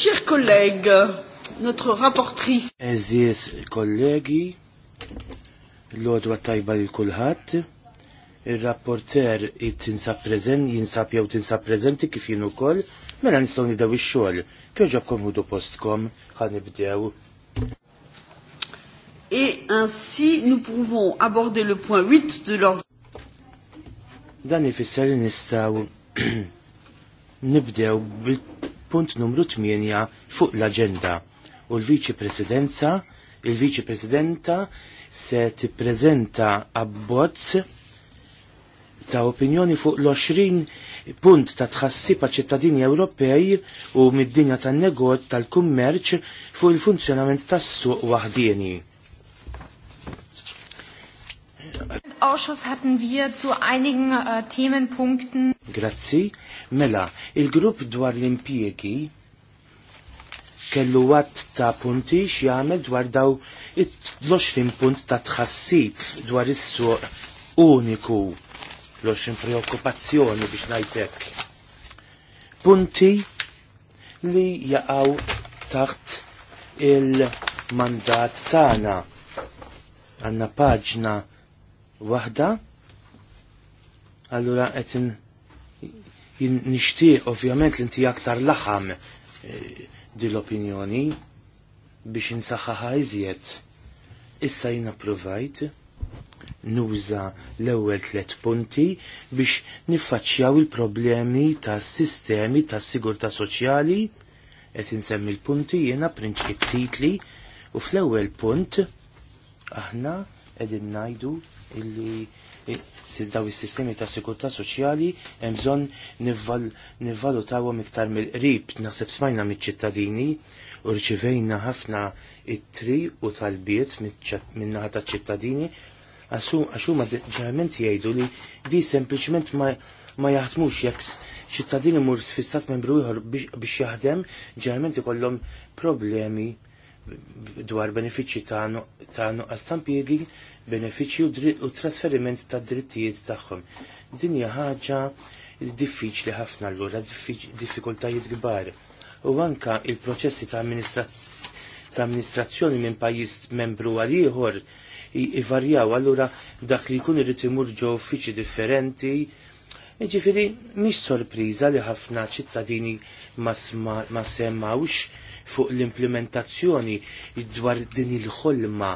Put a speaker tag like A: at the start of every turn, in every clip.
A: Chers collègues, notre rapportrice.
B: Aziz, Eżies l'ordre taïba il kulhat, il rapporteur il tinsa jinsab il jinsab ou tinsab prezenti kif jien ukoll, mela nistgħu nidew ix-xogħol. Kieġobkom ħudu postkom ħanibdew.
A: Et ainsi nous pouvons aborder le point 8 de l'ordre.
B: Dan ifisser nistgħu nibdew bil punt numru 8 fuq l-agenda u l-Viċi Presidenza, il-Viċi Presidenta se tippreżenta abbozz ta' opinjoni fuq l-20 punt ta' tħassiba ċittadini Ewropej u mid-dinja tan-negozju tal-kummerċ fuq il-funzjonament tas-suq waħdieni. Ausschuss hatten wir zu einigen uh,
C: Themenpunkten.
B: Grazie. Mela, il-grupp dwar l-impiegi kellu għat ta' punti x'jagħmel dwar daw l-20 punt ta' tħassib dwar is-suq uniku l-20 preokkupazzjoni biex ngħidlek. Punti li jaqgħu taħt il-mandat tagħna għanna paġna waħda, allura qed nixtieq ovvjament li inti aktar laħam eh, din l-opinjoni biex insaħħaħa iżjed. Issa jina provajt nuża l-ewwel tliet punti biex niffaċċjaw il-problemi tas-sistemi tas-sigurtà soċjali qed insemmi l-punti jiena prinċ titli u fl-ewwel punt aħna qegħdin ngħidu illi daw is-sistemi ta' sikurtà soċjali hemm bżonn nivvalutawhom iktar mill-qrib naħseb smajna miċ-ċittadini u rċivejna ħafna it-tri u talbiet min-naħa taċ-ċittadini għax huma ġerament jgħidu li di sempliċement ma ma jaħdmux jekk ċittadini mur sfistat membru ieħor biex jaħdem ġerament ikollhom problemi dwar benefiċċji ta' nuqqas tampiegi benefiċċji u trasferiment ta' drittijiet tagħhom. Din hija ħaġa diffiċli ħafna allura, diffikultajiet kbar. U anka il-proċessi ta' amministrazzjoni minn pajjiż membru għal ieħor ivarjaw, allura dak li jkun irid imur ġew uffiċi differenti. Ġifieri mhix sorpriża li ħafna ċittadini ma semmawx fuq l-implementazzjoni dwar din il-ħolma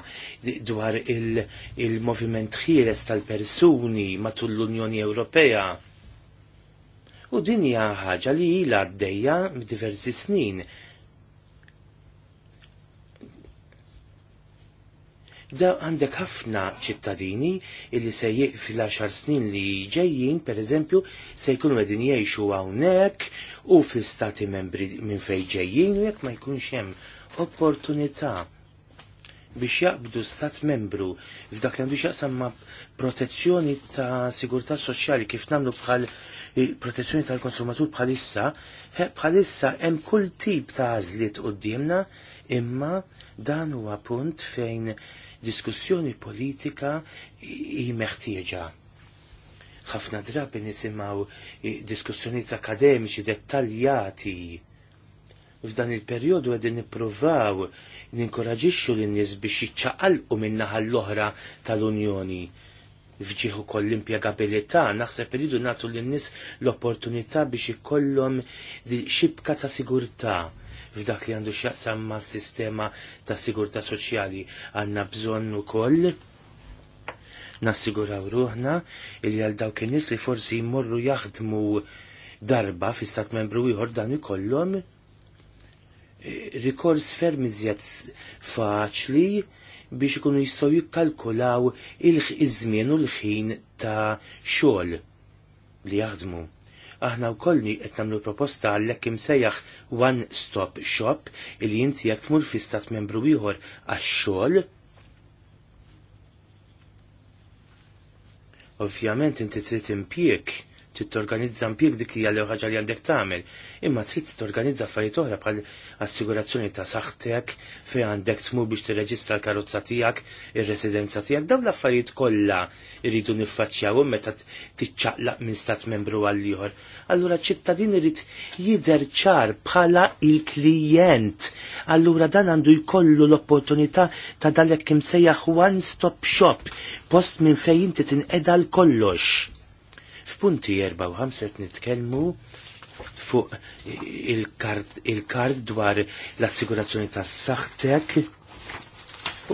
B: dwar il-moviment ħieles tal-persuni matul l-Unjoni Ewropea. U din hija ħaġa li ilha għaddejja diversi snin Da għandek ħafna ċittadini illi se fil-10 snin li ġejjin, per eżempju, se jkunu għedin jiexu għawnek u fl-istati membri minn fej ġejjin u jekk ma jkunx hemm opportunità biex jaqbdu stat membru f'dak li għandu xaqsam ma' protezzjoni ta' sigurtà soċjali kif namlu bħal protezzjoni tal-konsumatur bħalissa, bħalissa hemm kull tip ta' għażliet qudiemna imma dan huwa punt fejn diskussjoni politika meħtieġa. ħafna drabi nisimaw diskussjoniet akademiċi dettaljati. F'dan il-perjodu għedin niprovaw ninkoraġixxu lin-nies biex jiċċaqalqu min-naħa l-oħra tal-Unjoni fġiħu koll l-impiegabilità, naħseb rridu natu l-nis l-opportunità biex ikollhom xibka ta' sigurtà f'dak li għandu x'jaqsam ma' sistema ta' sigurtà soċjali. Għandna bżonn ukoll nassiguraw ruħna il għal dawk in-nies li forsi jmorru jaħdmu darba fi stat membru ieħor dan ikollhom eh, rikors ferm iżjed faċli biex ikunu jistgħu jikkalkulaw il-żmien u l-ħin ta' xogħol li jaħdmu aħna wkoll qed nagħmlu proposta għallek imsejjaħ one stop shop il inti jekk tmur fi stat membru ieħor għax-xogħol. Ovvjament inti trid impjek trid torganizza impjieg dik hija l ħaġa li għandek tagħmel, imma trid torganizza affarijiet oħra bħal assigurazzjoni ta' saħħtek fejn għandek tmur biex tirreġistra l-karozza tiegħek, ir-residenza tiegħek, dawn l-affarijiet kollha jridu niffaċċjaw meta tiċċaqlaq minn stat membru għal ieħor. Allura ċittadin irid jidher ċar bħala il-klijent. Allura dan għandu jkollu l-opportunità ta' dalek imsejjaħ one-stop shop, post minn fejn inti tinqeda l-kollox F'punti 4 u 5 nitkellmu fuq il-kard il dwar l-assigurazzjoni tas saħtek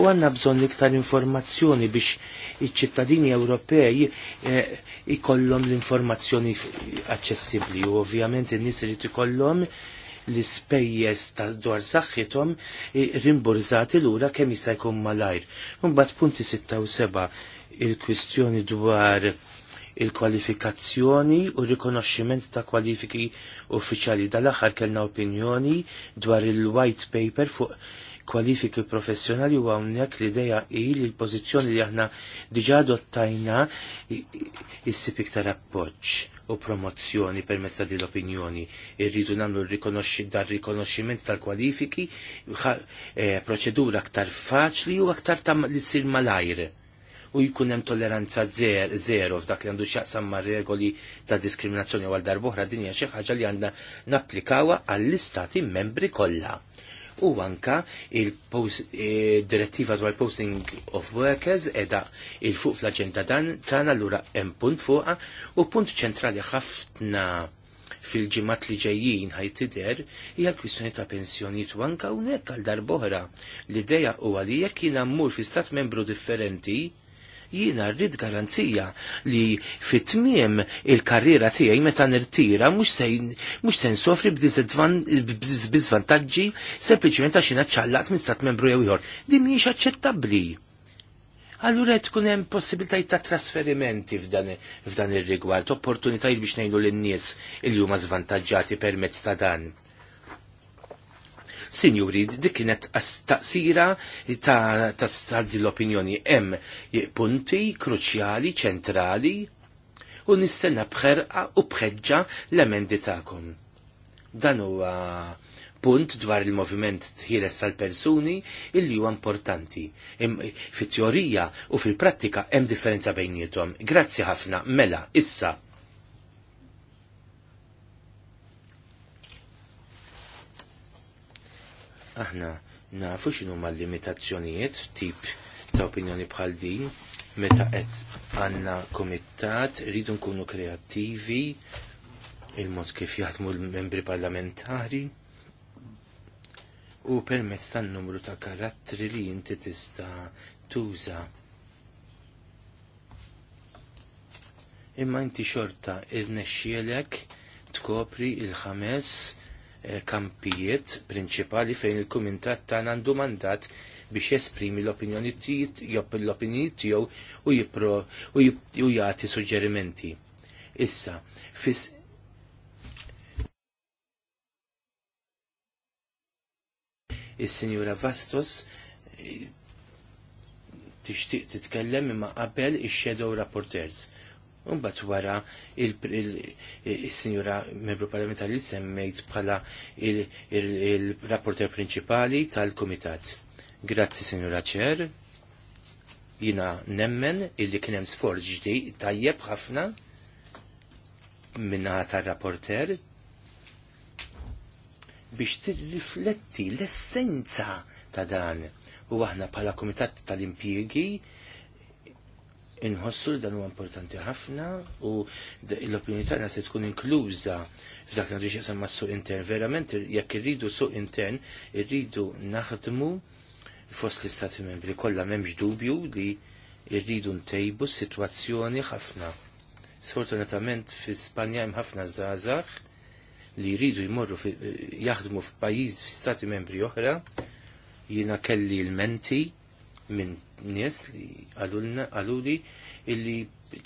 B: u għanna bżon iktar informazzjoni biex iċ-ċittadini Ewropej eh, ikollhom l-informazzjoni aċċessibbli u ovvjament in-nies irid ikollhom l-ispejjeż ta' dwar saħħithom eh, rimburzati lura kemm jista' jkun malajr. Mbagħad punti 6 u 7 il-kwistjoni dwar il-kwalifikazzjoni u rikonoxximent ta' kwalifiki uffiċjali. Dal-aħħar kellna opinjoni dwar il-white paper fuq kwalifiki professjonali u għawnek l-ideja i li l-pozizjoni li aħna diġa dottajna jissib iktar appoġġ u promozzjoni per mesta di l-opinjoni. Irridu namlu dar rikonoxximent tal-kwalifiki, eh, proċedura aktar faċli u aktar tam li sir malajre u jkun hemm tolleranza zero f'dak li għandu x'jaqsam ma' regoli ta' diskriminazzjoni għal darbohra din hija xi ħaġa li għandna napplikawha għall-istati membri kollha u anka il-direttiva eh, dwar posting of workers edha il-fuq fl aġenda dan tana l-ura hemm punt fuqa u punt ċentrali ħafna fil-ġimat li ġejjin ħajtider hija l-kwistjoni ta' pensjonijiet u anka hawnhekk għal darbohra l-idea huwa li jekk jien mmur fi stat membru differenti Jiena rrid garanzija li fit-tmiem il-karriera tiegħi meta nirtira mhux se nsofri b'diżvantaġġi sempliċement għax inaċċallaqt minn stat membru jew ieħor. Din mhijiex aċċettabbli. Allura qed tkun hemm possibilitajiet ta' trasferimenti f'dan ir-rigward, opportunitajiet biex ngħidu lin-nies il huma żvantaġġati permezz ta' dan. Sinjuri, dik kienet taqsira ta' staddi l-opinjoni hemm punti kruċjali, ċentrali u nistenna bħerqa u bħeġġa l-emendi tagħkom. Dan huwa punt dwar il-moviment tħieles tal-persuni illi huwa importanti. Fit-teorija u fil-prattika hemm differenza bejnietom. Grazzi ħafna, mela, issa Aħna nafu x'inhu l limitazzjonijiet f'tip ta' opinjoni bħal din meta qed għandna kumittat rridu nkunu kreattivi il-mod kif jaħdmu l-membri parlamentari u permezz tan-numru ta' karattri li inti tista' tuża. Imma inti xorta irnexxielek tkopri il-ħames Eh, kampijiet prinċipali fejn il-kumintat tan għandu mandat biex jesprimi l-opinjoni tiegħu u jipro u jagħti suġġerimenti. Issa, fis Is-Sinjura Vastos eh, tixtieq titkellem imma qabel ix-Shadow Rapporters Unbat wara il-sinjura membru parlamentari semmejt bħala il-rapporter principali tal-komitat. Grazzi, sinjura ċer. Jina nemmen illi kienem sforz ġdi tajjeb ħafna minna tal-rapporter biex tirrifletti l-essenza ta' dan u aħna bħala komitat tal-impjegi inħossu li dan huwa importanti ħafna u l-opinjoni tagħna se tkun inkluża f'dak li x'isem mas-suq intern. Verament jekk irridu suq intern, irridu naħdmu fost l-Istati Membri kollha m'hemmx dubju li irridu ntejbu sitwazzjoni ħafna. Sfortunatament fi Spanja hemm ħafna żgħażagħ li jridu jmorru jaħdmu f'pajjiż f'Stati Membri oħra, jiena kelli l-menti minn nies li għaluli illi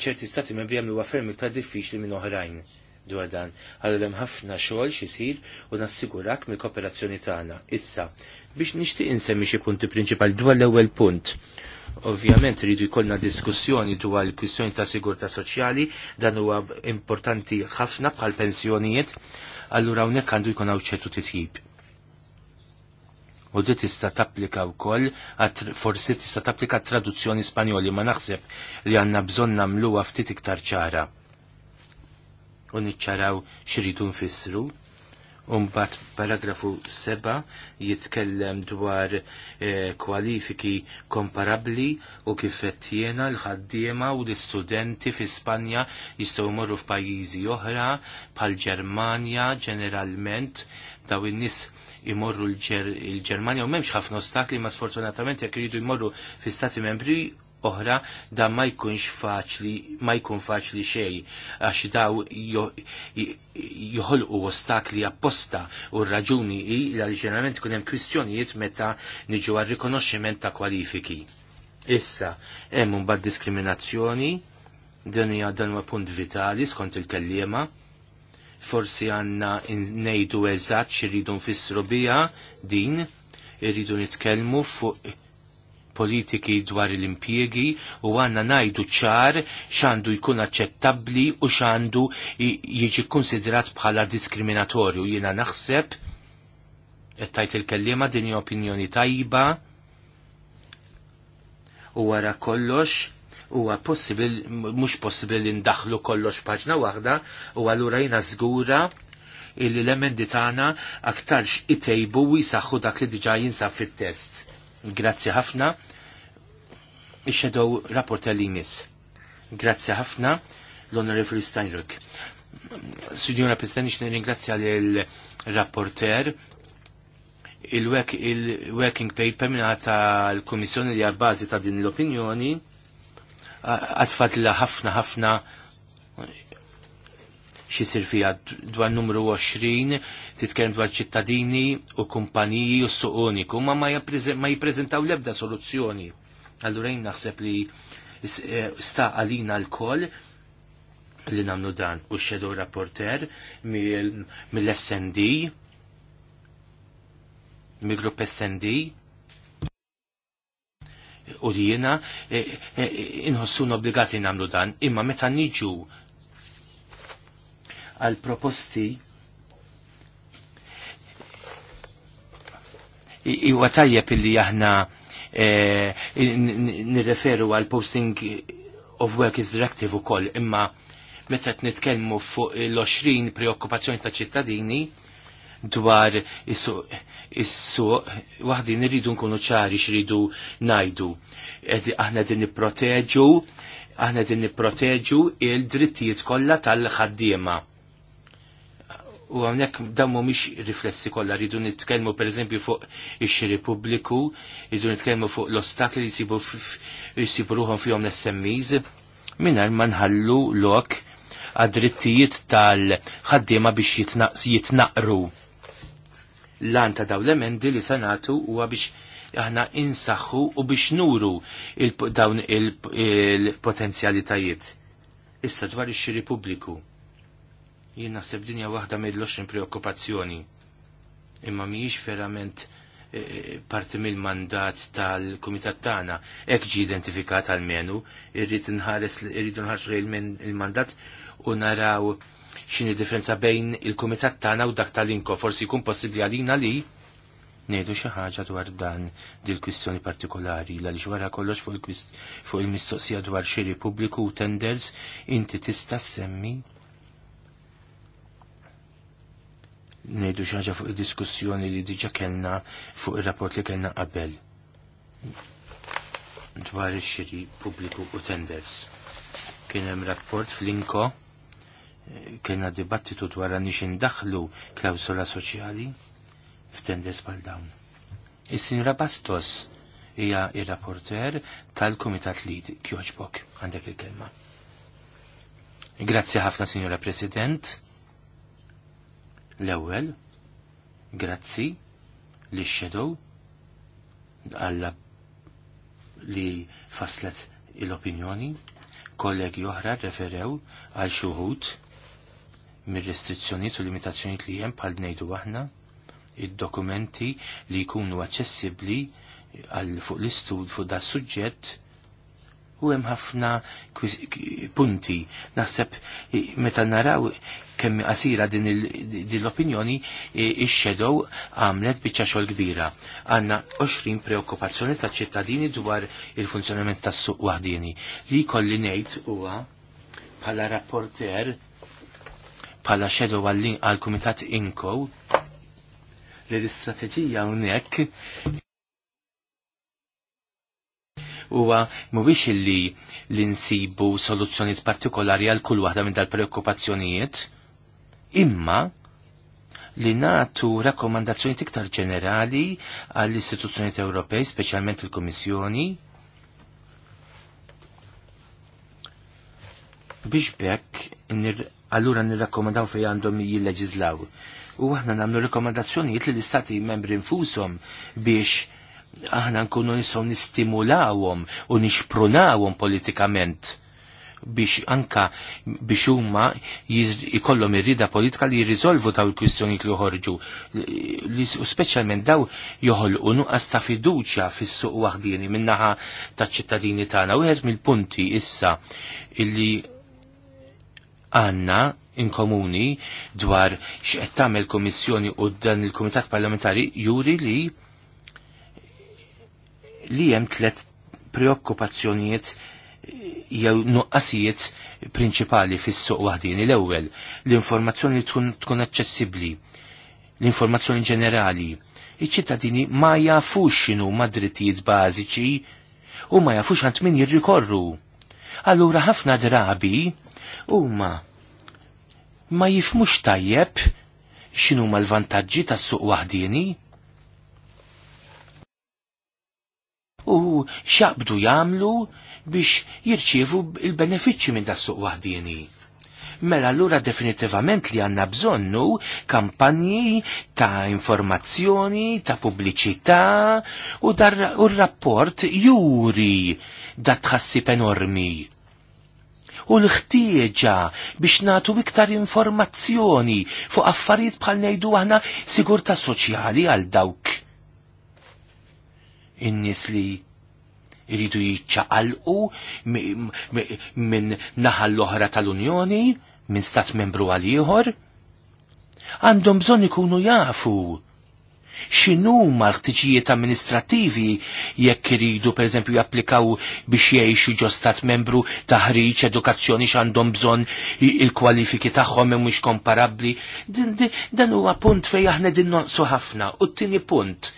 B: ċerti stati membri għamlu għaffer iktar diffiċli minn oħrajn dwar dan. Għallu hemm ħafna xogħol xisir u nassigurak mill-kooperazzjoni tagħna. Issa, biex nixtieq insemmi xi punti prinċipali dwar l-ewwel punt. Ovvjament rridu jkollna diskussjoni dwar il-kwistjoni ta' sigurta soċjali, dan huwa importanti ħafna bħal pensjonijiet, allura hawnhekk għandu jkun hawn ċertu titjib u di tista tapplika wkoll forsi tista tapplika traduzzjoni Spanjoli ma naħseb li għandna bżonn nagħmluha ftit iktar ċara. U niċċaraw xiridu nfissru. Umbat paragrafu 7 jitkellem dwar eh, kwalifiki komparabli u kifet jena l-ħaddiema u l-istudenti fi Spanja jistaw morru f'pajjiżi oħra bħal Ġermanja ġeneralment daw in-nies imorru l-Ġermanja u memx ħafna ostakli ma sfortunatament jekk iridu jmorru fi stati membri oħra da ma jkunx faċli ma jkun faċli xej għax daw joħolqu ostakli apposta u raġuni i l-ġenerament hemm kwistjonijiet meta niġu għal rikonoxximent ta' kwalifiki. Issa, hemm bad diskriminazzjoni, dan hija dan huwa punt vitali skont il-kelliema, forsi għanna nejdu eżatt xirridu nfissru bija din, irridu nitkellmu fuq politiki dwar l impiegi u għanna najdu ċar xandu jkun aċċettabli u xandu jieġi konsiderat bħala diskriminatorju. Jena naħseb, ettajt il-kellima din opinjoni tajba u wara kollox huwa possibil, mhux possibil li ndaħlu kollox paġna waħda u allura jina żgura illi l-emendi tagħna aktarx itejbu u jisaħħu dak li diġà jinsab fit-test. Grazzi ħafna. Ix-xedow rapporter li Grazzi ħafna l-Onorevoli Steinrück. Sinjora President, nirringrazzja l-rapporter il-working paper minna ta' l-Komissjoni li għabbażi ta' din l-opinjoni la ħafna ħafna sir fija dwar numru 20 titkellem dwar ċittadini u kumpaniji u Suqoni, kumma ma jiprezentaw jippreżentaw l-ebda soluzzjoni. Allura naħseb li eh, sta għalina l-koll li namnu dan u xedu rapporter mill-SND, mill-grupp SND, u li jena eh, eh, inħossun obbligati namlu dan, imma meta niġu għal proposti huwa tajjeb illi aħna eh, nirreferu għal posting of workers directive koll, imma meta nitkellmu fuq l-20 preokkupazzjoni ta' ċittadini dwar is-suq, waħdin irridu nkunu ċari xridu najdu. Aħna din nipproteġu, aħna din nipproteġu il-drittijiet kollha tal-ħaddiema. U għamnek dammu miex riflessi kollha rridu nitkellmu pereżempju fuq ix-xiri pubbliku, rridu nitkellmu fuq l-ostakli li jisibu ruħom fihom l-SMEs, mingħajr ma nħallu lok għad-drittijiet tal-ħaddiema biex jitnaqru. Lan ta' dawn l-emendi li sanatu huwa biex aħna insaħħu u biex nuru il dawn il-potenzjalitajiet. Issa dwar ix-xiri pubbliku. Jien naħseb dinja waħda mill loxin preokkupazzjoni. Imma mhijiex verament e, e, parti mill-mandat tal-Kumitat tagħna hekk ġi identifikat għal-menu, irrid nħares irrid nħarsu il-mandat u naraw xini differenza bejn il-kumitat tagħna u dak tal-inko forsi jkun possibbli għalina li ngħidu xi ħaġa dwar dan dil-kwistjoni partikolari l wara kollox fuq il-mistoqsija dwar xiri pubbliku u tenders inti tista' semmi ngħidu xaħġa ħaġa fuq id-diskussjoni li diġa' kellna fuq ir-rapport li kellna qabel dwar ix-xiri pubbliku u tenders. Kien hemm rapport fl-inko kena dibattitu dwar nix indaħlu klawsola soċjali f'tendes bħal dawn. Is-sinra Bastos hija ir-rapporter tal-Kumitat Lid Kjoġbok għandek il-kelma. Grazzi ħafna, Sinjora President. L-ewwel, grazzi li xedow għalla li faslet il-opinjoni kollegi oħra referew għal xuħut mir-restrizzjonijiet u limitazzjonijiet li hemm bħal ngħidu aħna id-dokumenti li jkunu aċċessibbli għal fuq l-istud fuq da' suġġett u hemm ħafna punti. Naħseb meta naraw kemm qasira din l-opinjoni ix-xedow għamlet biċċa xogħol kbira. Għandna 20 preokkupazzjoni tal ċittadini dwar il-funzjonament tas-suq waħdini. Li kolli ngħid huwa bħala rapporter Pala xedu għal-Kumitat Inko li l-istrateġija hawnhekk huwa mhuwiex illi l-insibu soluzzjonijiet partikolari għal kull waħda minn dal-preokkupazzjonijiet, imma li natu rakkomandazzjoni iktar ġenerali għall istituzzjonijiet Ewropej, speċjalment il-Kummissjoni, biex bekk nir, allura nirrakkomandaw fej għandhom jilleġizlaw. U aħna nagħmlu rekomandazzjonijiet li l-istati membri nfusom biex aħna nkunu nisom nistimulawhom u nixprunawom politikament biex anka biex huma jkollhom irrida politika li jirrizolvu daw il kwistjoni li joħorġu. Speċjalment daw joħolqu nuqqas ta' fiduċja fis-suq waħdini minnaħa taċ-ċittadini tagħna. Wieħed mill-punti issa illi għanna inkomuni dwar x'qed tagħmel kummissjoni u dan il-Kumitat Parlamentari juri li li hemm tliet preokkupazzjonijiet jew nuqqasijiet prinċipali fis-suq waħdin. L-ewwel, l-informazzjoni tkun tkun aċċessibbli, l-informazzjoni ġenerali. Iċ-ċittadini ma jafux x'inhu ma drittijiet bażiċi u ma jafux għand min jirrikorru. Allura ħafna drabi huma ma jifmux tajjeb xinu ma l-vantaġġi tas-suq wahdini? U x'jaqbdu jagħmlu biex jirċievu il-benefiċċji minn das-suq wahdini? Mela allura definitivament li għanna bżonnu kampanji ta' informazzjoni, ta' pubbliċità u, dar, u rapport juri da' tħassib enormi u l-ħtieġa biex natu iktar informazzjoni fuq affarijiet bħal ngħidu aħna sigurta soċjali għal dawk. In-nies li jridu jiċċaqalqu minn naħa l-oħra tal-Unjoni, minn stat membru għal ieħor, għandhom bżonn ikunu jafu xinu ma ħtiġijiet amministrativi jekk iridu pereżempju japplikaw biex jgħixu ġo stat membru ħriġ edukazzjoni x'għandhom bżonn il-kwalifiki tagħhom hemm mhux komparabbli. Dan huwa punt fejn aħna din noqsu ħafna. U t-tieni punt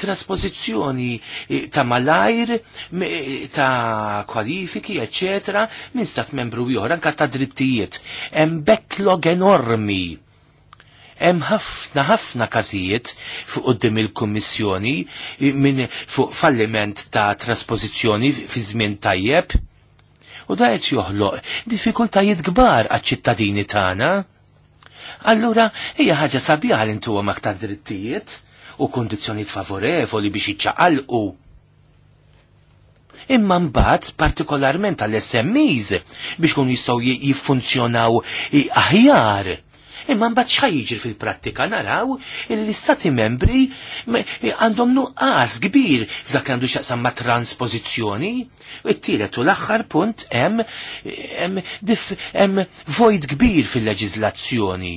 B: trasposizjoni e, ta' malajr, e, ta' kwalifiki, ecc. minn stat membru ieħor anka ta' drittijiet. Hemm backlog enormi Hemm ħafna ħafna każijiet fuq qudiem il-Kummissjoni minn fuq falliment ta' trasposizzjoni fi żmien tajjeb u da qed joħloq diffikultajiet kbar għaċ-ċittadini tagħna. Allura hija ħaġa sabiħa li ntuhom aktar drittijiet u kondizzjonijiet favorevoli biex jiċċaqalqu. imma mbagħad partikolarment għall smes biex kun jistgħu jiffunzjonaw aħjar Imma mbagħad xa fil-prattika naraw l-istati membri għandhom nuqqas kbir f'dak għandu x'aqsam ma' transpożizzjoni. It-tielet u l-aħħar punt hemm hemm void kbir fil-leġiżlazzjoni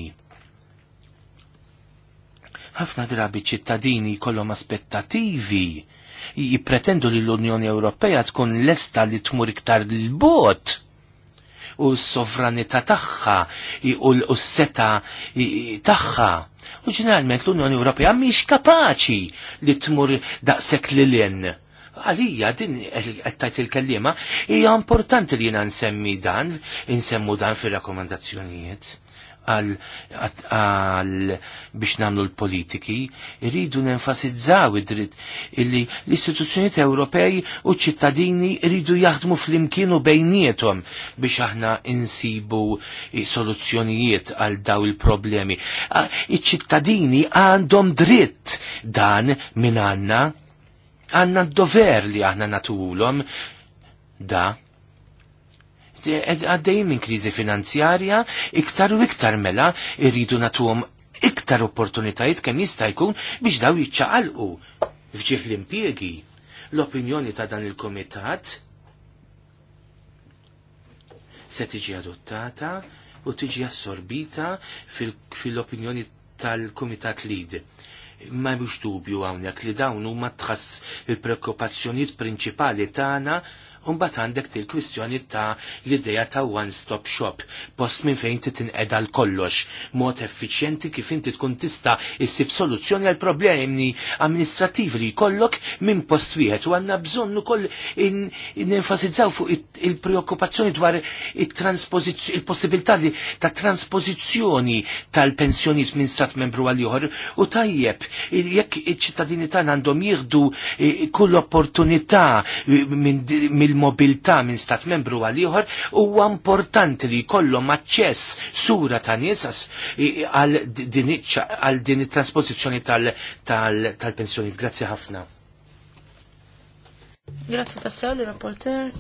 B: ħafna drabi ċittadini kollhom aspettativi jippretendu li l-Unjoni Ewropea tkun lesta li tmur iktar l-bot u s-sovranità tagħha u l-seta tagħha. U ġeneralment l-Unjoni Ewropea mhix kapaċi li tmur daqshekk lilien. Għalija din għattajt il-kellima hija importanti li jina nsemmi dan, nsemmu dan fir rakkomandazzjonijiet għal biex namlu l-politiki, rridu nenfasizzaw id-dritt illi l-istituzzjoniet Ewropej u ċittadini rridu jaħdmu fl-imkienu bejnietom biex aħna insibu soluzzjonijiet għal daw il-problemi. Iċ-ċittadini għandhom dritt dan minn għanna, għanna d-dover li aħna natulom da għaddej minn kriżi finanzjarja iktar u iktar mela irridu natuhom iktar opportunitajiet kemm jista' jkun biex daw jiċċaqalqu fġieħ l-impjiegi. L-opinjoni ta' dan il-komitat se tiġi adottata u tiġi assorbita fil-opinjoni tal-Kumitat Lid. Ma mhux dubju hawnhekk li dawn huma tħass il-preokkupazzjonijiet prinċipali tagħna bat għandek til-kwistjoni ta' l-ideja ta' one-stop shop, post minn fejn titinqeda l-kollox, mod effiċjenti kif inti tkun tista' issib soluzzjoni għal problemi amministrativi li jkollok minn post wieħed u għandna bżonn ukoll nenfasizzaw fuq il-preokkupazzjoni dwar il-possibilità ta' transpozizjoni tal pensjoni minn stat membru għal joħor, u tajjeb jekk iċ-ċittadini tagħna għandhom jieħdu eh, kull opportunità eh, minn il-mobilità minn stat membru għal ieħor huwa importanti li jkollhom aċċess sura ta' nies għal din għal din it trasposizzjoni tal-pensjonijiet. Grazzi ħafna.
C: Grazzi tassew li rapporter.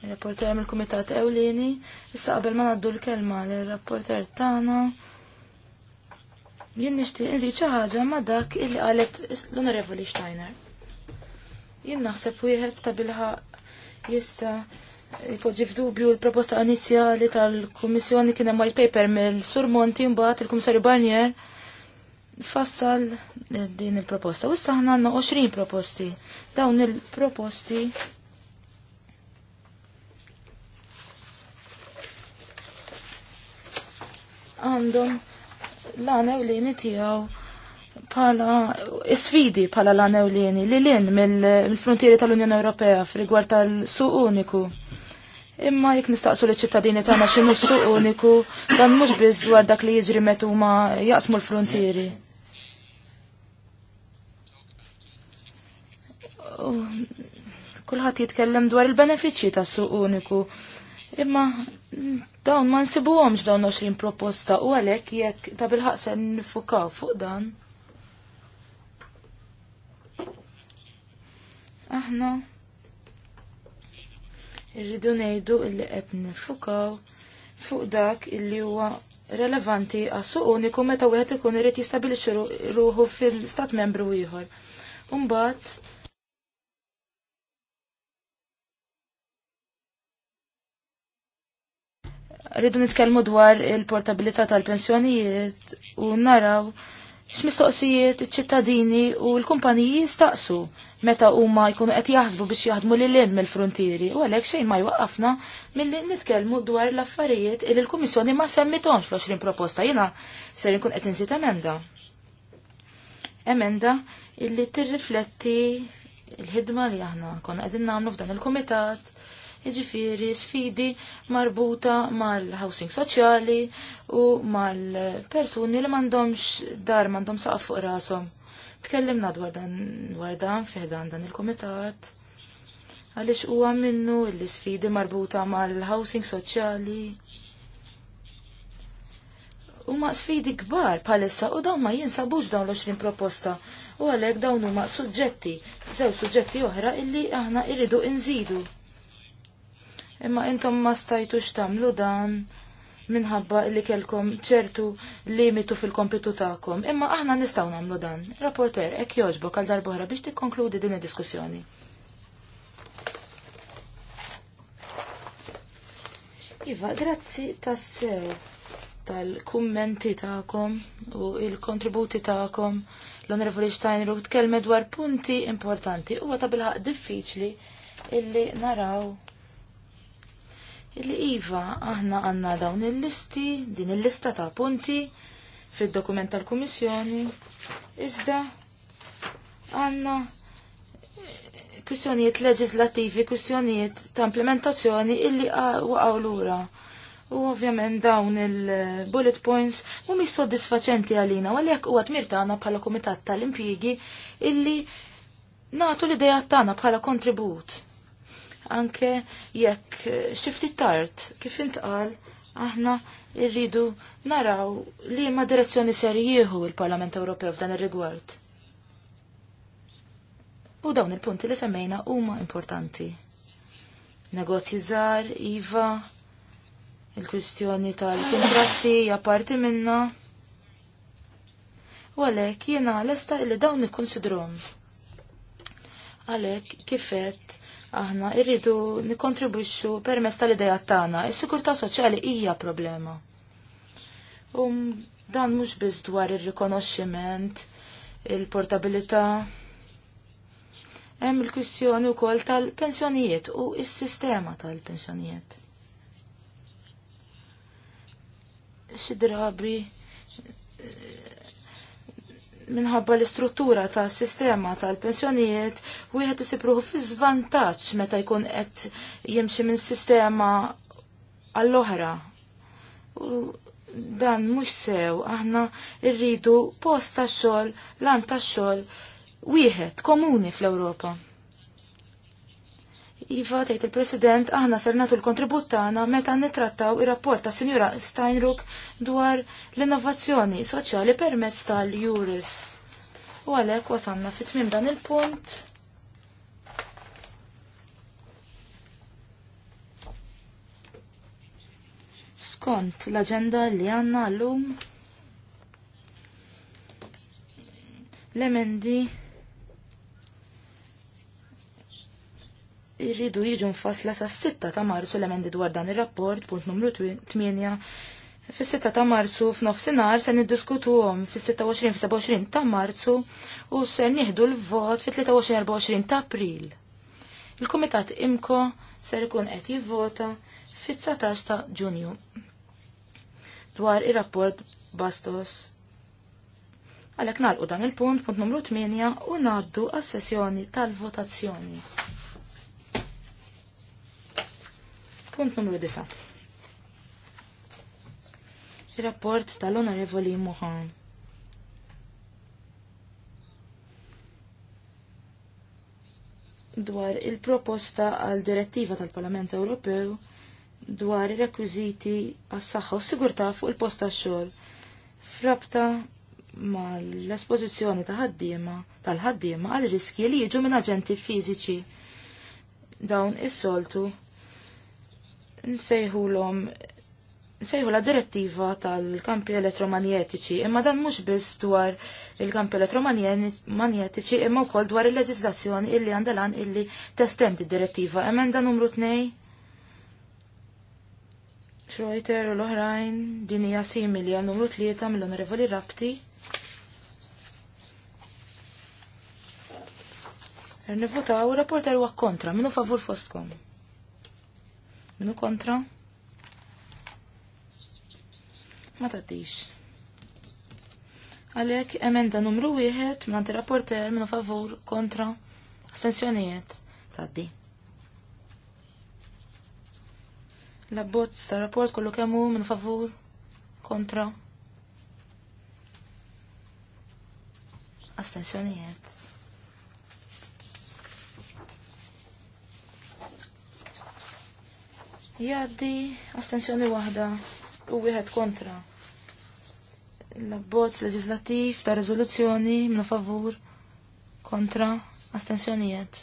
C: Il-rapporter mill-Kumitat Ewlieni, issa qabel ma ngħaddu l-kelma l-rapporter tagħna. Jien nixtieq inżid xi ħaġa ma' dak illi qalet l-Onorevoli Steiner. Jien naħseb wieħed ta' bilħa jista' jpoġġi f'dubju l-proposta inizjali tal-Kummissjoni kien hemm white paper mill-Sur Monti mbagħad il-Kummissarju Barnier fassal din il-proposta. U issa ħna għandna 20 proposti. Dawn il-proposti għandhom l anewlini tijaw pala sfidi pala l anewlini li l-in mill-frontieri tal-Unjoni Ewropea f'rigward tal-suq uniku. Imma jek nistaqsu li ċittadini tagħna x'inhu suq uniku dan mhux biss dwar dak li jiġri meta huma jaqsmu l-frontieri. Kulħadd jitkellem dwar il-benefiċċji tas-suq uniku. Imma dawn ma nsibuhomx dawn 20 proposta u għalhekk jekk ta' bil-ħaqsa nifukaw fuq dan. Aħna irridu ngħidu illi qed nifukaw fuq dak illi huwa relevanti għassu uniku meta wieħed ikun irid jistabilixxi ruħu fil-stat membru ieħor. Umbagħad Rridu nitkellmu dwar il-portabilità tal-pensjonijiet u naraw x'mistoqsijiet iċ-ċittadini u l-kumpaniji jistaqsu meta huma jkunu qed jaħsbu biex jaħdmu lil lin mill-frontieri u għalhekk xejn ma jwaqafna milli nitkellmu dwar l-affarijiet li l-Kummissjoni ma semmitonx fl-20 proposta jiena ser inkun qed inżid emenda. Emenda illi tirrifletti il-ħidma li aħna konna qegħdin nagħmlu f'dan il-kumitat jiġifieri sfidi marbuta mal-housing soċjali u mal-persuni li m'għandhomx dar m'għandhom saqaf fuq rashom. Tkellimna dwar dan dwar dan fiħdan dan il-kumitat għaliex huwa minnu l-isfidi marbuta mal-housing soċjali ma' sfidi kbar palissa u daw ma jinsabux dawn l-20 proposta u għalek dawn huma suġġetti, żew suġġetti oħra illi aħna irridu inżidu imma intom ma stajtux tagħmlu dan minħabba li kelkom ċertu limitu fil-kompitu tagħkom. Imma aħna nistgħu nagħmlu dan. Rapporter, hekk jogħġbok għal darbohra biex tikkonkludi din id-diskussjoni. Iva, grazzi tassew tal-kummenti ta'kom u il-kontributi ta'kom. L-Onorevoli Steinruck tkellme dwar punti importanti. Huwa ta' bilħaq diffiċli illi naraw li iva aħna għanna dawn il-listi, din il-lista ta' punti fil-dokument tal-Kummissjoni, iżda għanna eh, kwistjonijiet leġislativi, kwistjonijiet ta' implementazzjoni illi waqgħu lura. U ovvjament dawn il-bullet points u mis soddisfaċenti għalina, għalli għak u għatmir bħala komitat tal-impjigi illi nagħtu l-idea tagħna bħala kontribut anke jekk xifti tard kif intqal aħna irridu naraw li ma direzzjoni ser jieħu il-Parlament Ewropew f'dan ir-rigward. U dawn il-punti li semmejna huma importanti. Negozji żgħar, iva, il-kwistjoni tal-kontratti hija parti minna. U għalhekk jiena lesta li dawn nikkonsidrom. Għalhekk kifet aħna irridu nikontribwixxu permezz tal-idea tagħna. Is-sikurtà soċjali hija problema. U dan mhux biss dwar ir-rikonoxximent, il il-portabilità. Hemm il-kwistjoni wkoll tal-pensjonijiet u s-sistema tal-pensjonijiet. Xi drabi minħabba l-istruttura ta' sistema tal-pensjonijiet wieħed isipruħu fi zvantaċ meta jkun qed jimxi minn sistema għall-oħra. U dan mhux sew aħna rridu post ta' xogħol lan tax-xogħol wieħed komuni fl-Ewropa. Iva, tgħid il-President, aħna ser nagħtu l-kontribut tagħna meta nittrattaw ir-rapport ta' Sinjura Steinruck dwar l-innovazzjoni soċjali permezz tal-Juris. U għalhekk wasanna fit tmiem dan il-punt. Skont l-aġenda li għandna lum l-emendi irridu jiġu nfasla sa' 6 ta' marzu l-emendi dwar dan ir-rapport, punt numru 8, fis-6 ta' marzu f'nofsinhar se niddiskutuhom fis-26 27 ta' marzu u se nieħdu l-vot fit-23-24 ta' April. Il-Kumitat Imko ser ikun qed jivvota fit-19 ta' Ġunju dwar ir-rapport Bastos għalek nalqu dan il-punt, punt numru 8, u naddu għas sessjoni tal-votazzjoni. Punt numru 9. Il-rapport tal-Onorevoli Mohan. dwar il-proposta għal direttiva tal-Parlament Ewropew dwar ir-rekwiżiti għas-saħħa u sigurtà fuq il posta tax-xogħol frabta mal-espożizzjoni ta' tal-ħaddiema għal riski li jiġu minn aġenti fiżiċi dawn is-soltu l-om nsejħu la direttiva tal-kampi elettromagnetiċi, imma dan mhux biss dwar il-kampi elettromagnetiċi, imma wkoll dwar il-leġislazzjoni illi għandalan illi testendi direttiva. Emenda numru t-nej Schroeter u l-oħrajn din hija simili għal numru t-lieta mill-Onorevoli Rapti. Nifutaw, rapporter huwa kontra, minnu favur fostkom. Minu kontra? Ma taddix. Għalek, emenda numru wieħed minn rapporter minu favur kontra astensjonijiet taddi. La abbozz rapport kollu kemmu minu favur kontra astensjonijiet Jaddi astensjoni waħda u wieħed kontra. L-abbozz leġislattiv ta' rezoluzzjoni minn favur kontra astensjonijiet.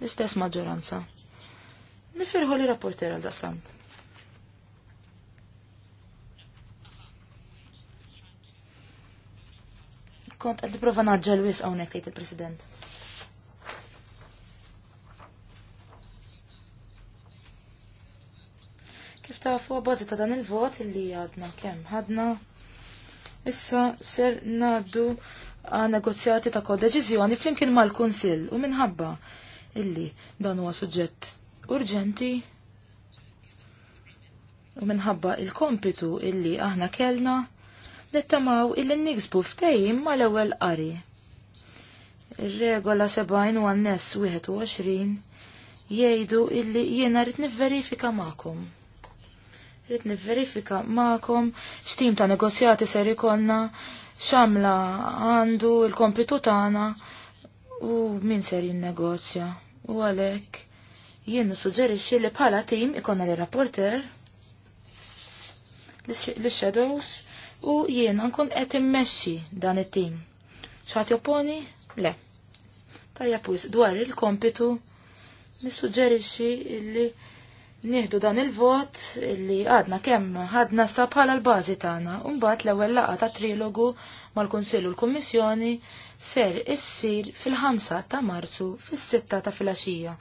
C: L-istess maġġoranza. Nifirħu li rapporter għal dasan. Kont għad prova naġġel wis għonek, il-President. Kif fu bażi ta' dan il-vot illi għadna kemm għadna. Issa ser naddu għal negozjati ta' kodeċiżjoni flimkien mal-Kunsill u minħabba illi dan huwa suġġett urġenti u minħabba il-kompitu illi aħna kellna nittamaw illi niksbu ftejim mal ewwel qari. Ir-regola 70 u għannes 21 jgħidu illi jiena rrid nivverifika magħkom rrit nivverifika ma'kom x'tim ta' negozjati ser ikonna x'amla għandu il-kompitu tagħna u min ser jinnegozja. U għalhekk jien nissuġġerixxi li bħala tim ikonna li rapporter li shadows u jien nkun qed immexxi dan it-tim. X'ħadd jopponi? Le. Tajja pwis dwar il-kompitu nissuġġerixxi li Nieħdu dan il-vot li għadna kemm ħadna sa bħala l-bażi tagħna u mbagħad l-ewwel laqgħa ta' trilogu mal-Kunsill u l-Kummissjoni ser issir fil-5 ta' Marzu fis-6 ta' filgħaxija.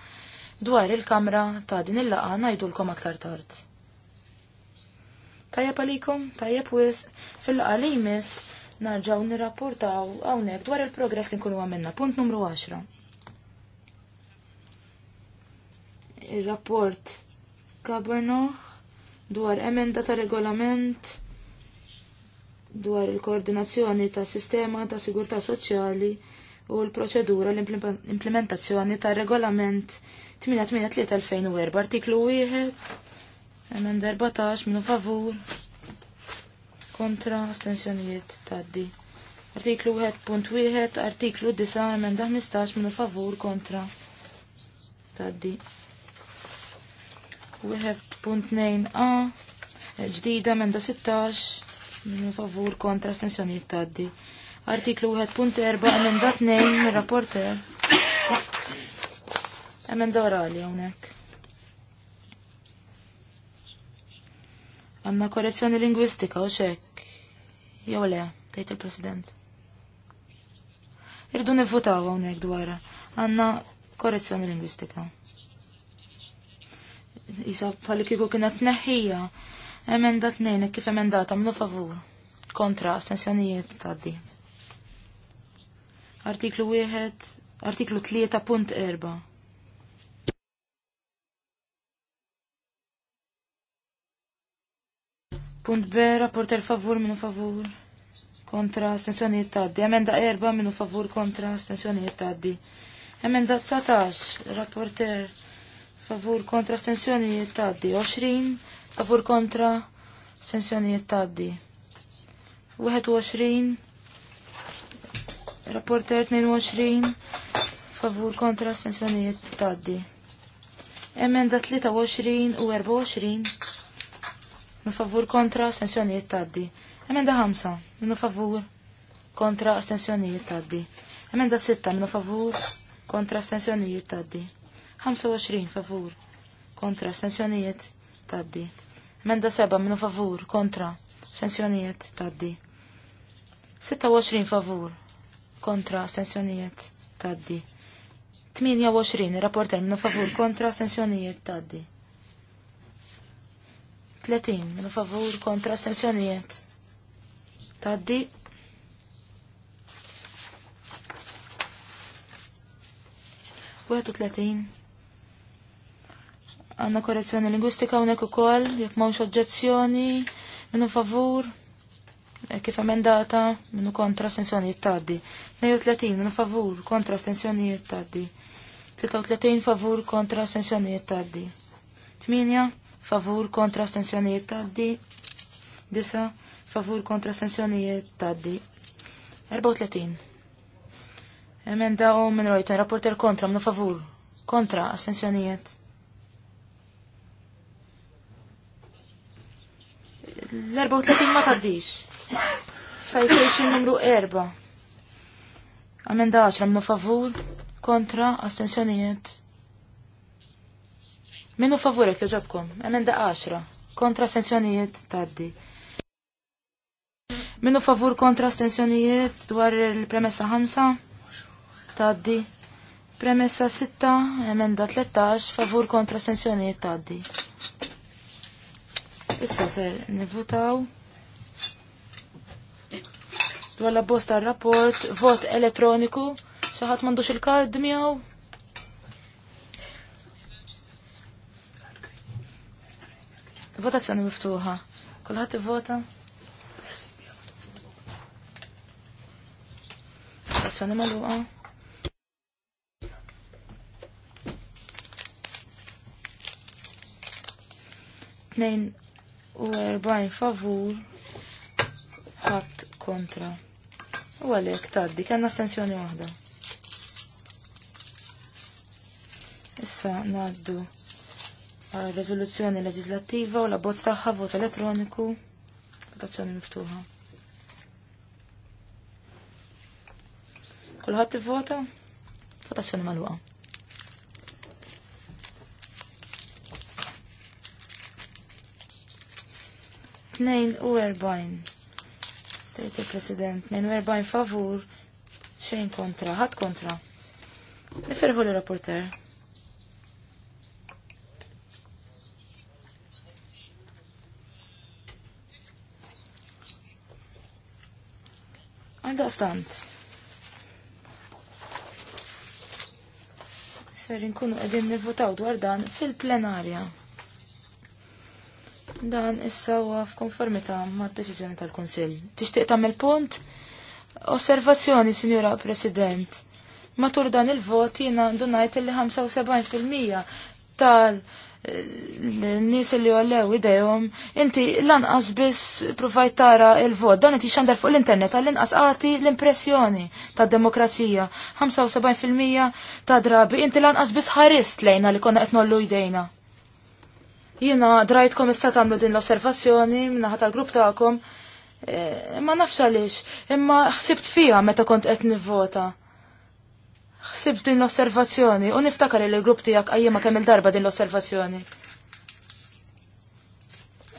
C: Dwar il-kamra ta' din il-laqgħa ngħidulkom aktar tard. Tajjeb għalikom, tajjeb wis, fil-laqgħa li jmiss narġaw nirrapportaw hawnhekk dwar il-progress li nkunu għamilna. Punt numru 10. Il-rapport Cabernet dwar emenda ta' regolament dwar il-koordinazzjoni ta' sistema ta' sigurtà soċjali u l-proċedura l-implementazzjoni ta' regolament 883-2004, artiklu 1, emenda 14, minu favur, kontra astensjonijiet ta' D. Artiklu 1.1, artiklu 9, emenda 15, minu favur, kontra ta' 1.2 A ġdida menda 16 minn favur kontra astensjonijiet taddi. Artiklu 1.4 emenda 2 minn rapporter. Emenda orali hawnhekk. Għanna korrezzjoni lingwistika u xek. Jew le, tgħid il-President. Irdu nifutaw hawnhekk dwarha. Għanna korrezzjoni lingwistika jisa bħalli kieku kienet neħija. Emenda tnejn, kif emendata, għamlu favur. Kontra, astensjonijiet taddi. Artiklu 1, artiklu 3.4. Punt B, rapporter favur minu favur. Kontra, astensjonijiet taddi. Emenda erba' minu favur kontra, astensjonijiet taddi. Emenda 19, rapporter favur kontra stensjonijiet taddi, 20 favur kontra stensjonijiet taddi. 21 rapporter 22 favur kontra stensjonijiet taddi. Emenda 23 u 24 minn favur kontra stensjonijiet taddi. Emenda 5 minn favur kontra stensjonijiet taddi. Emenda 6 minn favur kontra stensjonijiet taddi. 25 favur kontra astensjonijiet taddi. Menda 7 minu favur kontra astensjonijiet taddi. 26 favur kontra astensjonijiet taddi. 28 rapporter minu favur kontra astensjonijiet taddi. 30 minu favur kontra astensjonijiet taddi. Wieħed tletin għanna korrezzjoni lingwistika unek ukoll jekk mawx oġġezzjoni minnu favur e, kif emendata minnu kontra stensjonijiet tgħaddi. 32 minnu favur kontra stensjonijiet jittaddi. 33 favur kontra stensjonijiet tgħaddi. 8 favur kontra stensjonijiet jittaddi. 9 favur kontra stensjonijiet jittaddi. 34 Emenda u minn rojten, rapporter kontra, minnu favur, kontra, assenzjonijiet? l-34 ma taddix. Citation numru 4. Amenda 10 minnu favur, kontra, astensjonijiet. Minnu favurek joġobkom. Amenda 10. Kontra astensjonijiet taddi. Minnu favur kontra astensjonijiet dwar il-premessa 5. Taddi. Premessa 6, emenda 13, favur kontra astensjonijiet taddi. Issa ser nivutaw. Dwar la bosta rapport, vot elettroniku, xaħat mandux il-kard miegħu. Votazzjoni miftuħa. Kulħadd ivvota. Votazzjoni magħluqa. Tnejn u 40 favur ħat kontra. U għalhekk taddi, kanna stensjoni waħda. Issa ngħaddu għal riżoluzzjoni leġislattiva u la bozz tagħha vot elettroniku votazzjoni miftuħa. Kulħadd vota Votazzjoni maluqa. u Tejt il-President, erbajn favur, xejn kontra, ħadd kontra. Nifirħu l-rapporter. stant. Ser nkunu qegħdin nivvotaw dwar dan fil-plenarja. Dan issa konformita f'konformità mad-deċiżjoni tal-Kunsill. Tixtieq tagħmel punt? Osservazzjoni, Sinjura President. Matur dan il-vot jina dunajt li 75% tal- n-nis eh, li għallew idejom, inti lanqas biss provajt tara il-vot, dan inti xandar fuq l-internet, għall-inqas għati l-impressjoni ta' demokrazija. 75% ta' drabi, inti lanqas biss ħarist lejna li konna etnollu idejna. Jiena drajtkom issa tagħmlu din l-osservazzjoni minnaħa tal-grupp tagħkom. E, ma nafx għaliex, imma ħsibt fija meta kont qed nivvota. Ħsibt din l-osservazzjoni u niftakar li l-grupp tiegħek qajjima kemm il-darba din l-osservazzjoni.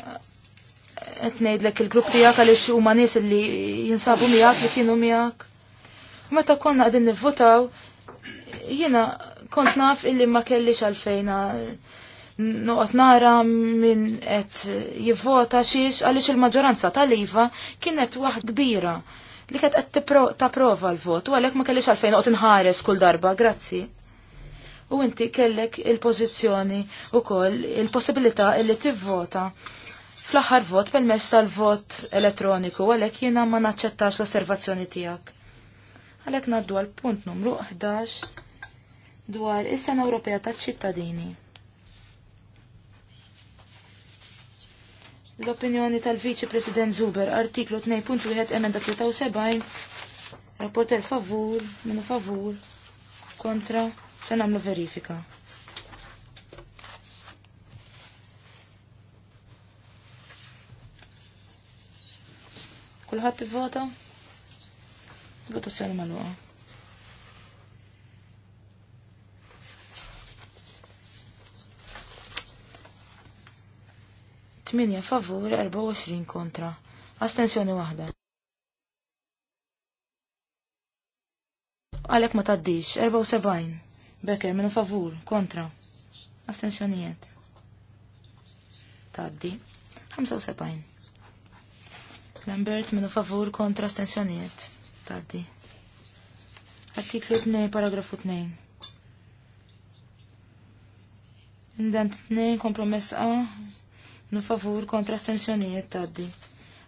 C: Qed ngħidlek il-grupp tiegħek għaliex huma nies li jinsabu miegħek li kienu miegħek. Meta konna qegħdin nivvotaw, jiena kont naf illi ma kellix għalfejna Noqot nara minn qed jivvota xiex għaliex il-maġġoranza tal-iva kienet waħd kbira li kienet qed prova l-vot u għalhekk ma kellix għalfejn noqgħod inħares kull darba, grazzi. U inti kellek il-pożizzjoni koll il-possibilità li tivvota fl-aħħar vot permezz tal-vot elettroniku għalhekk jiena ma naċċettax l-osservazzjoni tiegħek. Għalhekk ngħaddu għal punt numru 11 dwar is-Sena Ewropea taċ-ċittadini. L-opinjoni tal-Viċi President Zuber, artiklu 2.1, emenda 73, rapporter favur, minu favur, kontra, se namlu verifika. Kulħat t-vota? Votazzjoni mal-waqa. 8 favur, 24 kontra. Astensjoni wahda. Għalek ma taddix, 74. Becker, minu favur, kontra. Astensjonijiet. Taddi. 75. Lambert, minu favur, kontra, astensjonijiet. Taddi. Artiklu 2, paragrafu 2. Indent 2, kompromess A, nu favur kontra stensjonijiet taddi.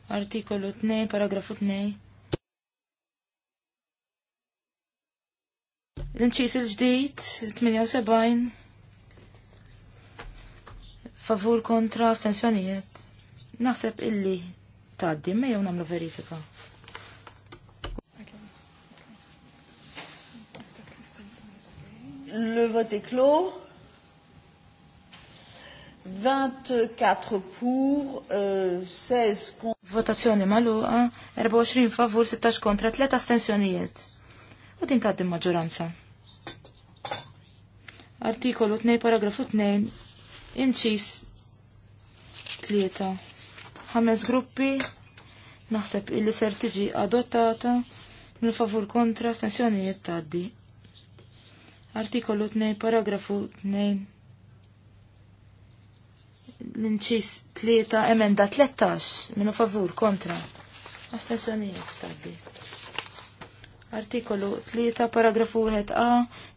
C: Artikolu 2, paragrafu 2. L-inċis il-ġdijt, 78, favur kontra stensjonijiet? Naħseb illi taddi, me jew namlu verifika. Le vote est clos. 24 pour, uh, 16 contre. Votazzjoni maluqa, 24 favur, 16 kontra, 3 astensjonijiet. U din taddim maġġoranza. Artikolu 2, paragrafu 2, inċis 3. Ħames gruppi, naħseb illi ser tiġi adottata mill favur kontra astensjonijiet taddi. Artikolu 2, paragrafu 2, l-inċis tlieta emenda tlettax minu favur kontra astensjonijiet tabbi. Artikolu tlieta paragrafu 1a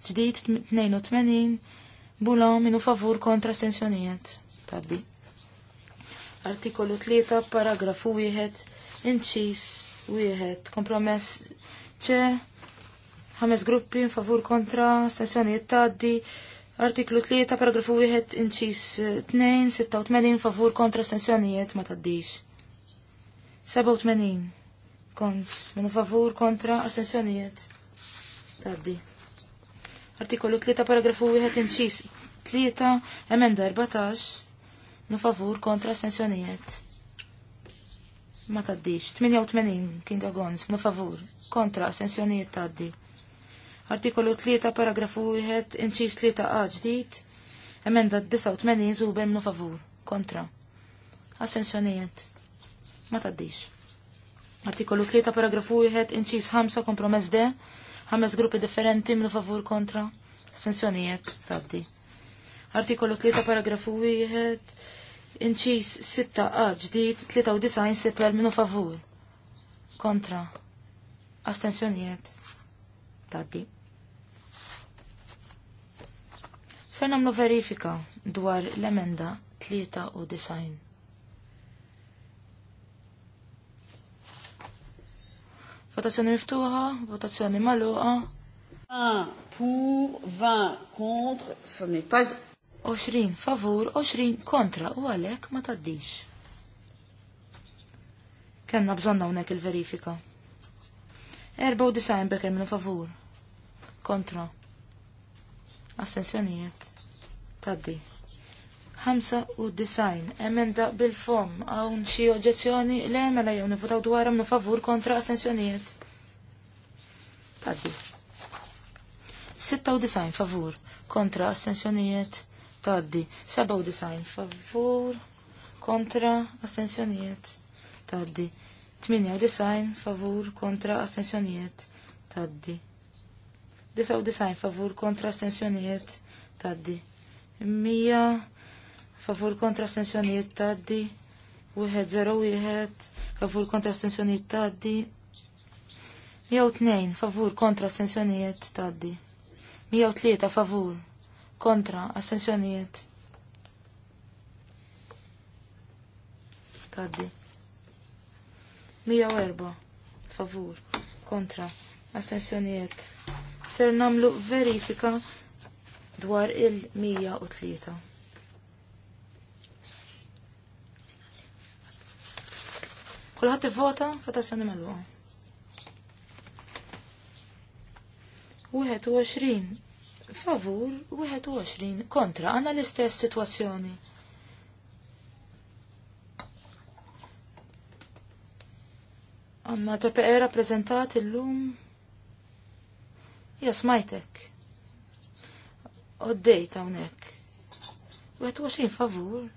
C: ġdid 82 bula minu favur kontra astensjonijiet taddi. Artikolu 3 paragrafu 1 inċis 1 kompromess ċe ħames gruppi favur kontra astensjonijiet tabbi. Artiklu 3, paragrafu 1, inċis 2, eh, 86, favur kontra stensjonijiet ma taddix. 87, kons, minu favur kontra stensjonijiet, Taddi. Artiklu 3, paragrafu 1, inċis 3, emenda 14, minu favur kontra stensjonijiet. Ma taddix. 88, kinga gons, minu favur kontra stensjonijiet, taddi. Artikolu 3 paragrafu 1 inċis 3 A ġdid. Emenda 89 zuber minu favur. Kontra. Assenzjonijiet. Ma taddix. Artikolu 3 paragrafu 1 inċis 5 kompromess D. Ħames gruppi differenti minu favur kontra. Assenzjonijiet. Taddi. Artikolu 3 paragrafu 1 inċis 6 A ġdid 93 sipel minu favur. Kontra. Astensjonijiet. Taddi. Ser namlu verifika dwar l-emenda 3 u design. Votazzjoni miftuħa, votazzjoni maluqa. 1 pour, 20 contre, 20 favur, oxrin kontra u għalek ma taddix. Kenna bżonna unek il-verifika. disajn bekem minu favur. Kontra. Assenzjonijiet. Taddi. 95 emenda bil-fom hawn xi oġġezzjoni le mela jew nifutaw dwar hemm favur kontra astensjonijiet. Taddi. 96 favur kontra astensjonijiet. Taddi. 97 favur kontra assenzjonijiet Taddi. 98 favur kontra astensjonijiet. Taddi. 99 favur kontra stensjonijiet taddi. 100 favur kontra stensjonijiet taddi. 101 favur kontra stensjonijiet taddi. 102 favur kontra stensjonijiet taddi. 103 favur kontra astensjonijiet taddi. 104 favur kontra astensjonijiet ser namlu verifika dwar il-103. Kulħat il-vota, fata s-sani mal-luqa. 21 favur, 21 kontra, għanna l-istess situazzjoni. Għanna PPE rappresentat il-lum Jasmajtek. Oddejt hawnhekk. 21 favur,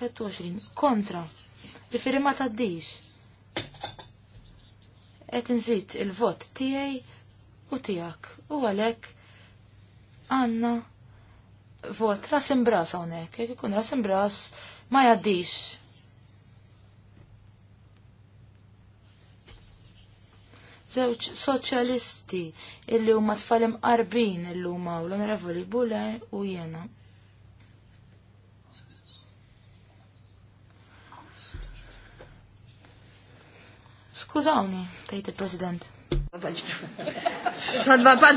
C: 21 kontra. Ġifieri ma taddix. Qed inżid il-vot tiegħi u tiegħek u għalhekk għandna vot ras imbras hawnhekk, jekk ikun ras imbras ma jgħaddix. żewġ soċjalisti illi huma tfal imqarbin illi huma l-Onorevoli Bule u jena. Skużawni, tgħid il-President. Salva pa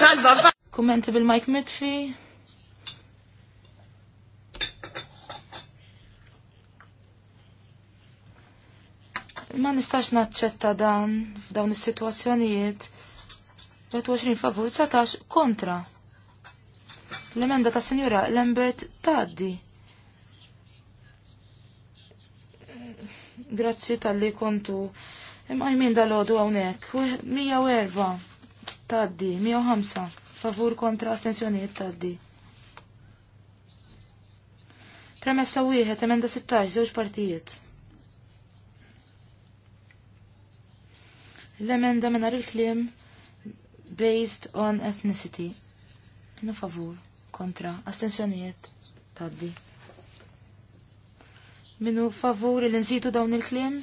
C: Salva pa. Kumenti bil-Mike Mitfi. Ma nistax naċċetta dan f'dawn is-sitwazzjonijiet 20 favur 19 kontra. L-emenda ta' Sinjura Lambert Taddi. Grazzi tal-li kontu jmin dal-ħodu għawnek. 104 tgħaddi, 105 favur kontra astensjonijiet tgħaddi. Premessa wieħed emenda 16 żewġ partijiet. L-emenda minar il-klim based on ethnicity. Na favur, kontra, astensjonijiet, taddi. Minu favur il nżitu dawn il-klim,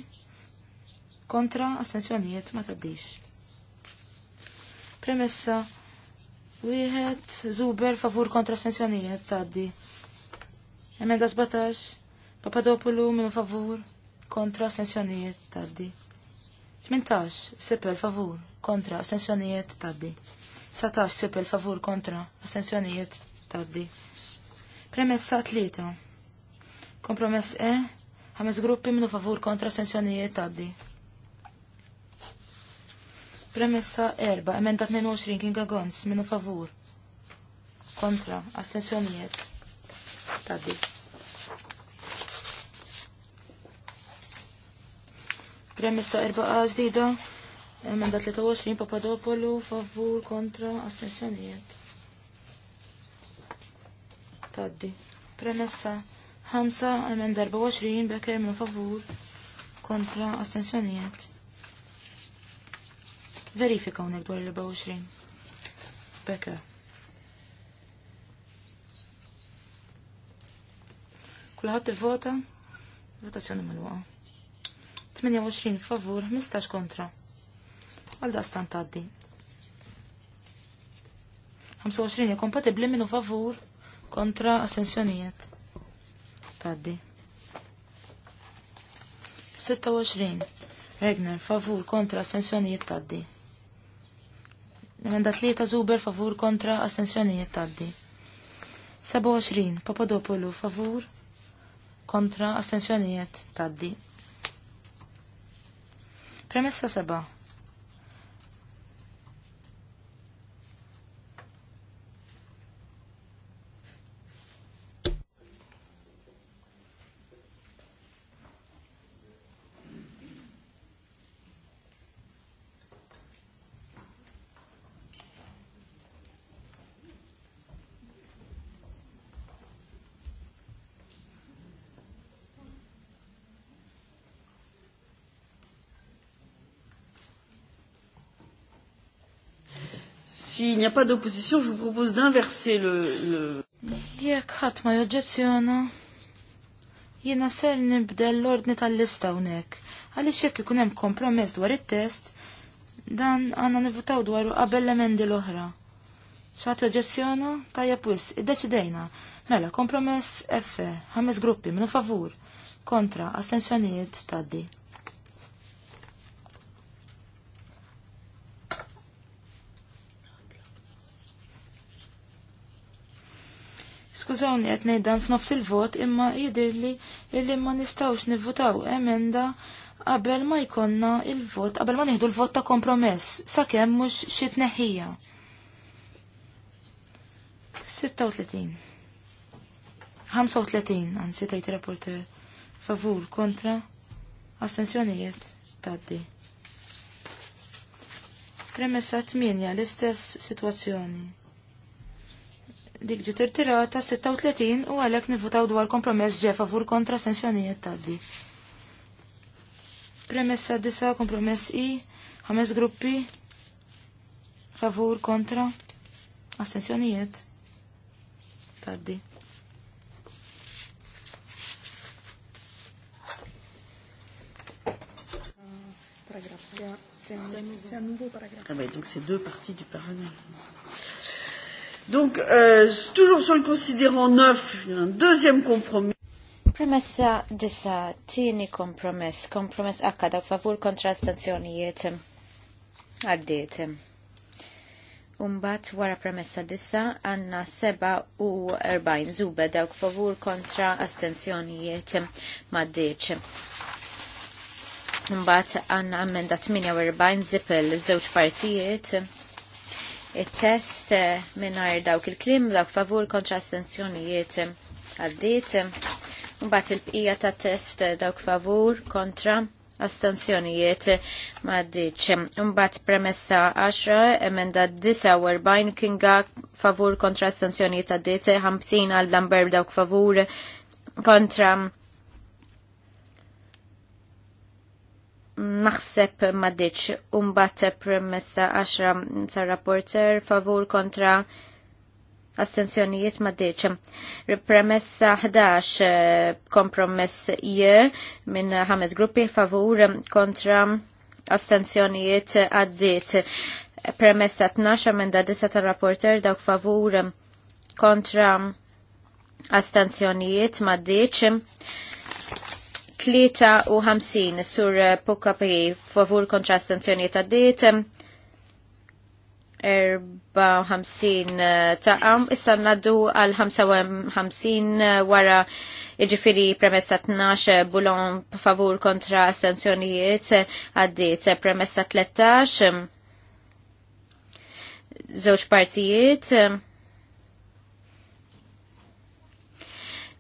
C: kontra, astensjonijiet, ma taddix. Premessa, wieħed, zuber, favur, kontra, astensjonijiet, taddi. Emenda 17, Papadopoulou, minu favur, kontra, astensjonijiet, taddi. 18 sipel favur kontra ascensjonijiet taddi. Satax sepel favur kontra ascensjonijiet taddi. Premessa 3. Kompromess E. Ħames gruppi minnu favur kontra ascensjonijiet taddi. Premessa erba' Emenda 22 kinga gons minnu favur kontra astensjonijiet taddi. Premessa erba' a ġdida, emenda 23 Papadopolu, favur kontra astensjonijiet. Taddi. Premessa ħamsa emenda 24 beker minn favur kontra astensjonijiet. Verifika unek dwar 24. Kulħat Kulħadd vota Votazzjoni mal-waqa. 28 favur, 15 kontra. Għal daqstan taddi. 25 kompatibli minu favur kontra assenzjonijiet. Taddi. 26. Regner, favur kontra assenzjonijiet taddi. Emenda ta' Zuber, favur kontra assenzjonijiet taddi. 27. Papadopoulou, favur kontra assenzjonijiet taddi. Premessa seba'
A: S'il n'y a pas d'opposition, je vous propose d'inverser le...
C: Jek ħadd ma joġġezzjona, jiena ser nibdel l-ordni tal-lista hawnhekk. Għaliex jekk ikun hemm kompromess dwar it-test, dan għandna nivutaw dwar qabel l-emendi l-oħra. ċat oġezzjona, tajja pwis, id-deċidejna. Mela, kompromess F, ħames gruppi, minu favur, kontra, astensjonijiet, taddi. Skużawni qed ngħid dan f'nofs il-vot imma jidirli illi ma nistgħux nivvutaw emenda qabel ma jkonna il-vot, qabel ma nieħdu l-vot ta' kompromess, sakemm mhux xi tneħħija. 36. 35, anzi tajt rapporter. Favur, kontra, astensjonijiet, taddi. Premessa 8, l-istess situazzjoni dik ġiet irtirata 36 u għalhekk nivvutaw dwar kompromess ġe favur kontra sensjonijiet tgħaddi. Premessa disa kompromess i ħames gruppi favur kontra astensjonijiet tgħaddi. Paragraphe. C'est un nouveau paragraphe. Ah
A: ouais, donc c'est deux parties du paragraphe. Donc, euh, toujours sur le considérant neuf, un deuxième compromis. Promessa disa, tieni kompromess, kompromess akkada favur kontra stazzjonijiet għaddiet. Umbat wara premessa disa għanna seba u 40 zube dawk favur kontra astenzjonijiet maddiċ. Umbat għanna ammenda 48 zipel zewċ partijiet il-test eh, minnar dawk il-klim dawk favur kontra astensjonijiet eh, għaddit. Mbagħad il-bqija ta' test eh, dawk favur kontra astensjonijiet ma' ddiċ. Mbagħad premessa 10 emenda 49 kinga favur kontra astensjonijiet għaddit 50 għal blamber dawk favur kontra naħseb maddiċ umbat premessa 10 sar rapporter favur kontra astenzjonijiet maddiċ. Premessa 11 eh, kompromess je minn ħames gruppi favur kontra astenzjonijiet għaddit. Premessa 12 amenda 10 tar rapporter dawk favur kontra astenzjonijiet maddiċ u ħamsin, sur eh, Pri favur kontra stanzjoni ta' dit 54 eh, għam issa naddu għal 55 eh, wara iġifiri premessa 12 bulon favur kontra stanzjonijiet għaddit premessa 13 zewġ partijiet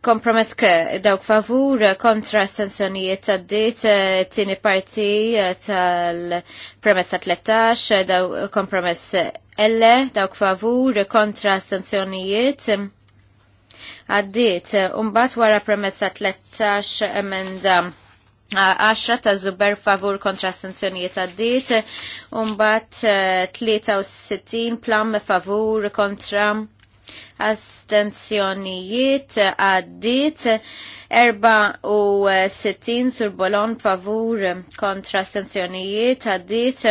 A: Kompromess ke dawk favur kontra sanzjonijiet għaddit eh, tini parti eh, tal-premessa 13 eh, daw kompromess L dawk favur kontra sanzjonijiet għaddit umbat wara premessa 13 emenda 10 ta' zuber favur kontra sanzjonijiet għaddit umbat 63 plam favur kontra astenzjonijiet għaddit 64 sur bolon favur kontra astenzjonijiet għaddit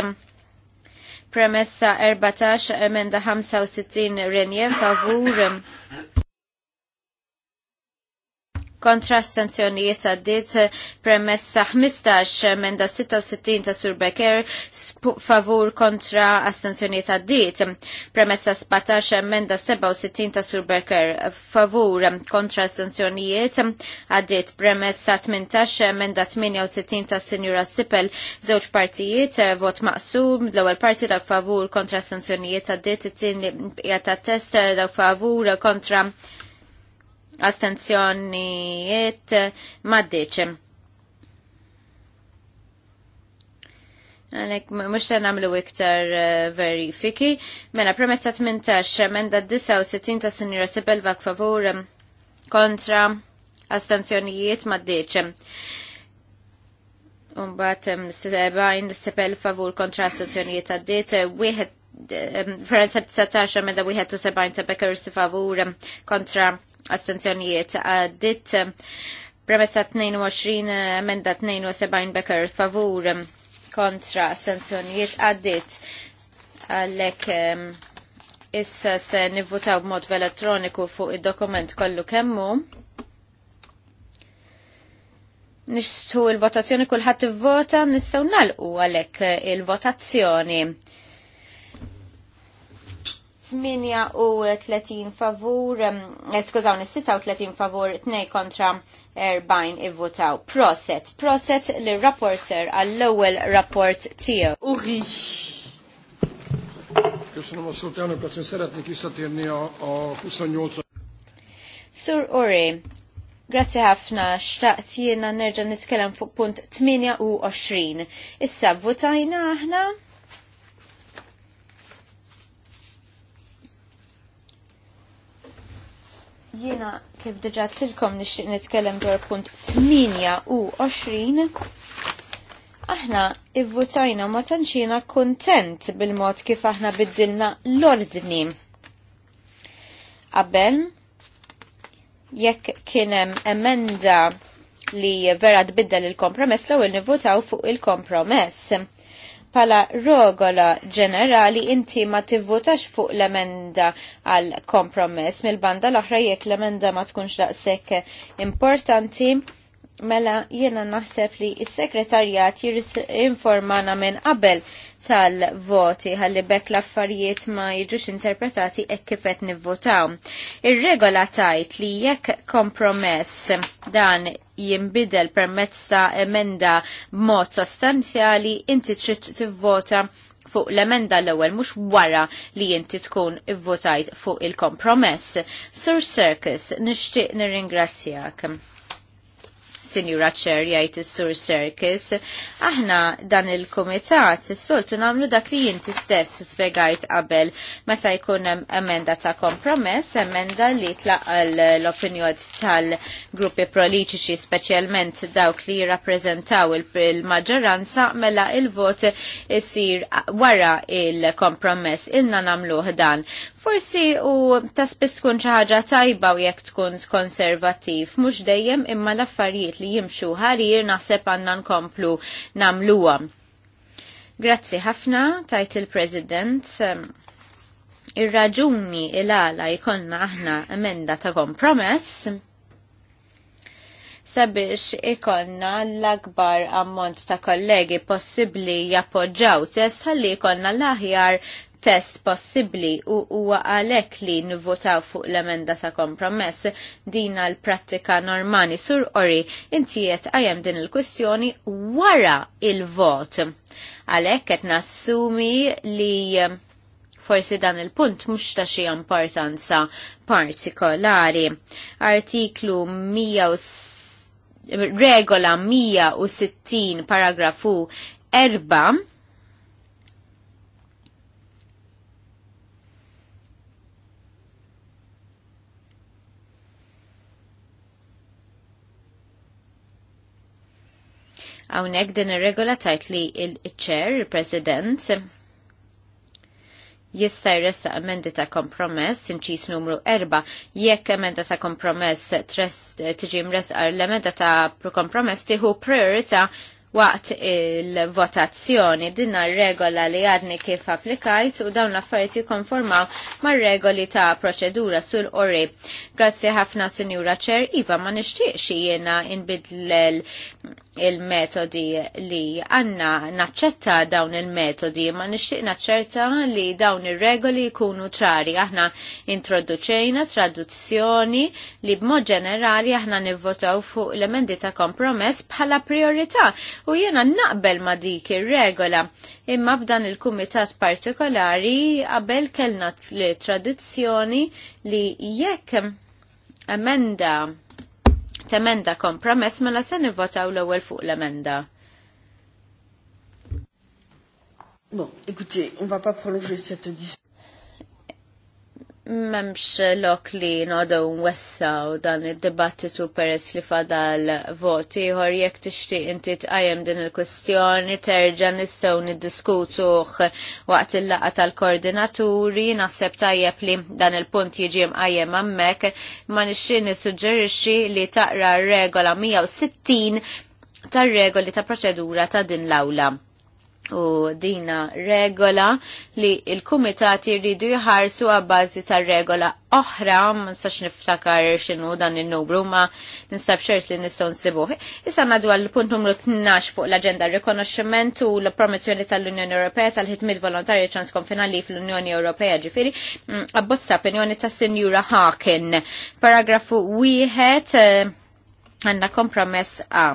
A: premessa 14 emenda 65 renje favur kontra stanzjonijiet għaddit premessa 15 minn da 66 ta' Sur Becker favur kontra astanzjonijiet għaddit premessa 17 minn da 67 ta' Sur Becker favur kontra astanzjonijiet għaddit premessa 18 minn da 68 ta' Sinjura Sipel zewċ partijiet vot maqsum l-ewwel parti da' favur kontra astanzjonijiet għaddit t-tini ta' test da' favur kontra astenzjonijiet maddiċ. Għalek, mux ta' namlu iktar eh, verifiki. Mela, premessa 18, menda 69 ta' sinjura sebel vak favur eh, kontra astenzjonijiet maddiċ. Umbat, eh, sebajn sebel favur kontra astenzjonijiet għaddit, wieħed Ferenza 19 menda 71 ta' Becker favur kontra astenzjonijiet għaddit premessa 22 emenda 72 beker favur kontra astenzjonijiet għaddit għallek issa se nivvutaw b'mod elettroniku fuq id-dokument kollu kemmu. Nishtu il-votazzjoni kullħat il-vota nistaw nalqu għalek il-votazzjoni. il votazzjoni 38 u 30 favur, skużawni, 36 favur, 2 kontra 40 ivvotaw. Proset, proset li rapporter għall-ewel rapport tiegħu. Uri.
B: Köszönöm a szót, elnök asszony, szeretnék visszatérni a, a 28
A: Sur Uri, grazzi ħafna, xtaqt jiena nerġa' nitkellem fuq punt 28. Issa votajna aħna Jiena kif diġa tilkom nixtieq nitkellem dwar punt 8 u 20. Aħna ivvutajna ma tantxina kontent bil-mod kif aħna biddilna l-ordni. Qabel jekk kien hemm emenda li vera tbiddel il-kompromess l-ewwel nivvutaw fuq il-kompromess pala rogola ġenerali inti ma tivvotax fuq l-emenda għal kompromess mill-banda l-oħra jekk l-emenda ma tkunx daqshekk importanti mela jiena naħseb li s-sekretarjat informana minn qabel tal-voti ħalli bekk l-affarijiet ma jiġux interpretati e kifet nivvotaw. Ir-regola tajt li jekk kompromess dan jimbidel permezz ta' emenda b'mod sostanzjali inti trid tivvota fuq l-emenda l-ewwel mhux wara li inti tkun ivvotajt fuq il-kompromess. Sur Circus, nixtieq nirringrazzjak. Sinjura Ċer jgħid is-Sur Circus, aħna dan il-kumitat is-soltu nagħmlu dak li inti stess spjegajt qabel meta jkun hemm emenda ta' kompromess, emenda li tlaqal l-opinjoni tal-gruppi proliċiċi speċjalment dawk li jirrappreżentaw il-maġġoranza mela il-vot isir wara il-kompromess ilna nagħmluh dan Forsi u ta' spiss tkun xi ħaġa tajba u jekk tkun konservattiv, mhux dejjem imma l-affarijiet li jimxu ħarir naħseb għandna nkomplu nagħmluha. Grazzi ħafna tajt il-President. Ir-raġuni il president ir raġuni il għala jkollna aħna emenda ta' kompromess sabiex ikonna l-akbar ammont ta' kollegi possibli jappoġġaw tess ħalli ikonna l-aħjar test possibbli u huwa għalhekk li nivvotaw fuq l-emenda ta' kompromess din l-prattika normali sur ori inti qed għajem din il-kwistjoni wara il-vot. Għalhekk qed nassumi li forsi dan il-punt mhux ta' xi importanza partikolari. Artiklu 100 regola 160 paragrafu 4 Hawnhekk din ir-regola tajt li il-ċer, il-President, jista' jressaq emendi ta' kompromess inċis numru 4 jekk emenda ta' kompromess tiġi mresqar l-emenda ta' kompromess tieħu priorità waqt il-votazzjoni dinna regola li għadni kif applikajt u dawn l-affarijiet jikonformaw mar regoli ta' proċedura sul qori Grazzi ħafna Sinjura Ċer, Iva ma nixtieqx jiena inbidl il-metodi li għanna naċċetta dawn il-metodi ma nixtieq naċċerta li dawn ir-regoli jkunu ċari. Aħna introduċejna traduzzjoni li b'mod ġenerali aħna nivvotaw fuq l-emendi ta' kompromess bħala priorità u jiena naqbel ma dik ir-regola. Imma f'dan il-kumitat partikolari qabel kellna li traduzzjoni li jekk emenda temenda kompromess mela se nivvotaw l-ewwel fuq l-emenda.
B: Bon, écoutez, on va pas prolonger cette discussion
A: memx lok li nodu u dan il-dibattitu peress li fadal voti ħor jek tixti inti tqajem din il-kwestjoni terġa nistaw niddiskutuħ waqt il-laqa tal-koordinaturi naħseb tajjeb li dan il-punt jiġi mqajem għammek ma nixxi nissuġġerixxi li taqra regola 160 tar-regoli ta' proċedura ta' din l-awla u dina regola li il-kumitati rridu jħarsu għabbażi ta' regola oħra, ma nistax niftakar xinu dan il-numru, ma nistab xert li nistaw nsibuħ. Issa madu għal-punt numru 12 fuq l-agenda rikonoxximent u l-promozjoni tal-Unjoni Ewropea tal-ħidmit volontarji transkonfinali fl-Unjoni Ewropea ġifiri, mm, abbozza opinjoni ta' Sinjura Hawken. Paragrafu wieħed eh, għanna kompromess A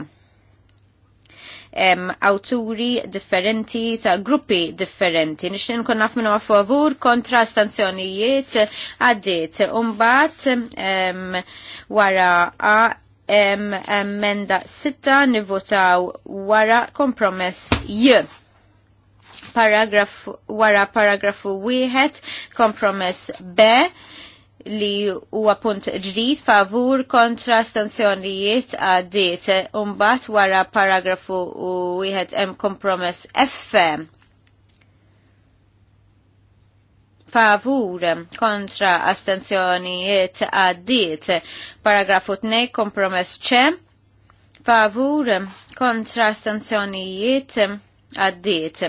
A: um, awturi differenti ta' gruppi differenti. Nixtin nkun naf minu favur kontra stanzjonijiet għaddit. Umbat um, wara a emenda sitta nivotaw wara kompromess j. Paragraf, wara paragrafu wieħed kompromess B li huwa punt ġdid favur kontra stanzjonijiet għaddiet umbat wara paragrafu u wieħed hemm kompromess F. Favur kontra astenzjonijiet għaddiet paragrafu 2 kompromess C. Favur kontra astenzjonijiet għaddiet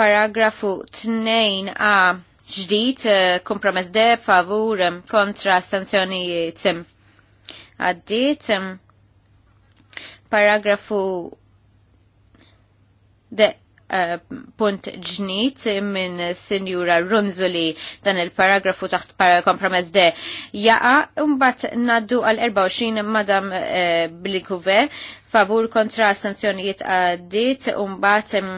A: Paragrafu 2a ġdid eh, kompromess de favur eh, kontra sanzjonijiet eh, għaddit. Paragrafu de Uh, punt ġnit minn Sinjura Runzuli dan il-paragrafu taħt kompromess de jaqa umbat naddu għal 24 madam uh, Blikuve favur kontra sanzjonijiet għaddit umbat um,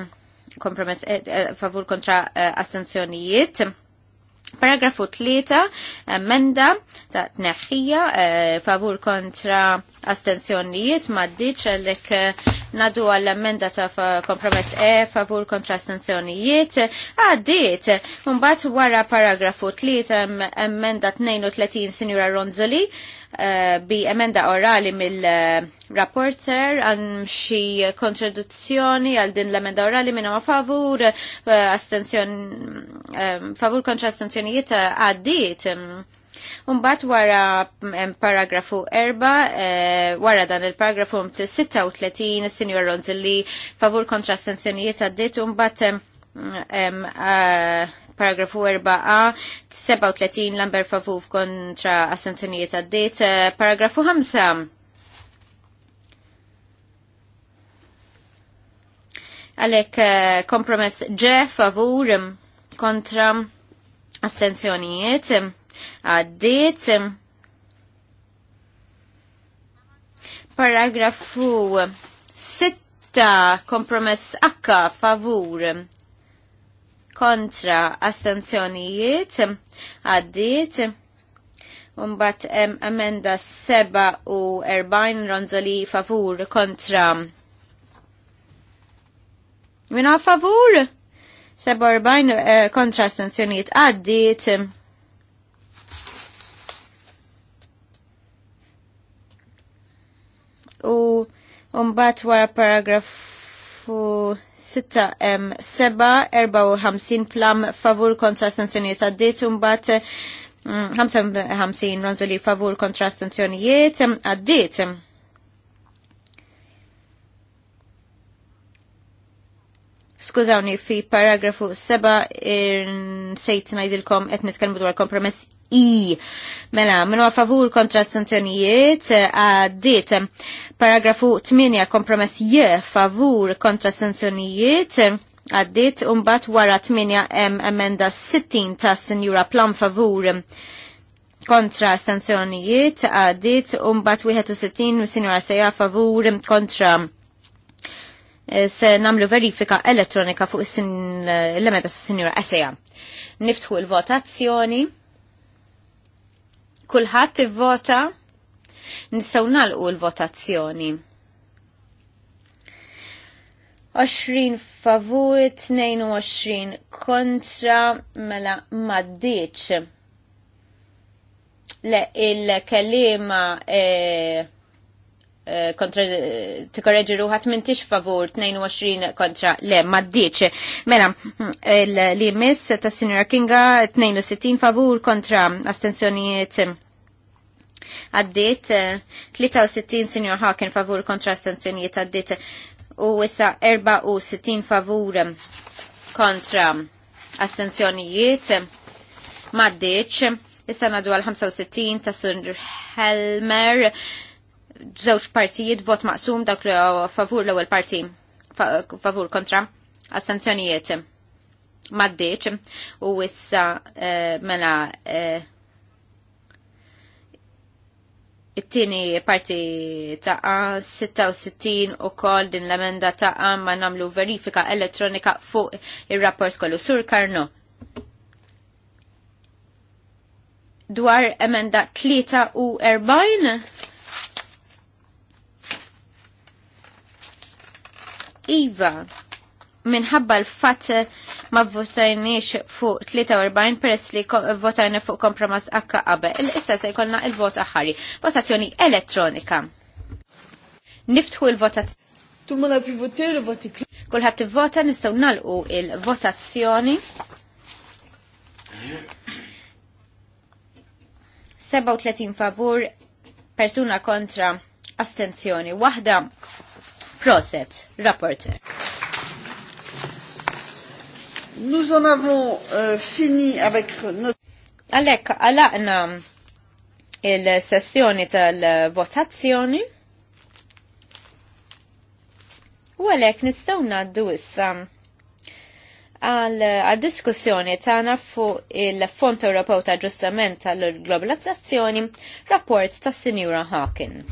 A: kompromess eh, eh, eh, favur kontra astenzjonijiet. Paragrafu 3, emenda ta' tneħħija, favur kontra astenzjonijiet, maddiċ għallek Nadu għall-emenda ta' kompromess E favur kontra sanzjonijiet. Għaddit, mbagħad wara paragrafu 3 emenda 32 Sinjura Ronzoli eh, bi emenda orali mill-rapporter għan xi kontraduzzjoni għal din l-emenda orali minna ma favur eh, astenzjon eh, favur kontra astenzjonijiet għaddit Umbat wara paragrafu 4, eh, wara dan il-paragrafu 36, il-Sinjor Ronzilli favur kontra sanzjonijiet għaddit, umbat eh, paragrafu 4a, 37 lamber favuf kontra assentunijiet għaddit, paragrafu 5. Għalek kompromess ġe favur kontra astenzjonijiet. Għaddit. Paragrafu 6 kompromess akka favur kontra astenzjonijiet għaddit. Umbat em, emenda 7 u 40 ronzoli favur kontra Mina favur? 47 eh, kontra astenzjoniet għaddit. u mbagħad wara paragrafu 6 em u 54 plam favur kontra sanzjonijiet għaddit u mbagħad 55 mm, ronzoli favur kontra sanzjonijiet għaddit. Skużawni, fi paragrafu 7 sejt najdilkom qed nitkellmu dwar kompromess I. Mela, minu favur kontra sanzjonijiet għaddit. Paragrafu 8 kompromess je favur kontra sanzjonijiet għaddit umbat wara 8 em emenda 60 ta' senjura Plan favur kontra sanzjonijiet għaddit umbat 61 senjura seja favur kontra e, se namlu verifika elettronika fuq l-emenda ta' senjura seja. Niftħu il-votazzjoni. Kulħadd ivvota vota Nistaw nalqu l-votazzjoni. 20 favur, 22 kontra, mela maddiċ. Le, il-kelima e, eh, e, eh, kontra t-korreġi ruħat mintix favur 22 kontra le maddiċ. Mela, l-limis ta' Sinjora Kinga 62 favur kontra astenzjonijiet għaddit 63 eh, senior Hawken favur kontra sanzjonijiet għaddit u issa 64 favur kontra astenzjonijiet maddiċ issa nadu għal 65 ta' Sir Helmer żewġ partijiet vot maqsum dak li favur l-ewwel parti favur kontra astenzjonijiet maddiċ u issa eh, mela eh, it-tieni parti taqa 66 u kol din l-emenda taqa ma namlu verifika elettronika fuq il-rapport kollu. Sur Karno. Dwar emenda 3 u 40. Iva, minħabba l-fat ma votajniex fuq 43 peress li votajna fuq kompromess akka qabe. Il-issa se jkollna il-vot aħari. Votazzjoni elettronika. Niftħu il-votazzjoni. Tu ma pi votare voti Kulħat vota nistaw nalqu il-votazzjoni. 37 favur, persuna kontra, astenzjoni. Wahda, proset, rapporter. Nous en avons euh, fini avec notre... Għalek, għalaqna il-sessjoni tal-votazzjoni. U għalek nistaw naddu issa għal-diskussjoni tagħna fuq il-Fond Ewropew ta' Ġustament tal-Globalizzazzjoni, rapport ta' Sinjura Hawking.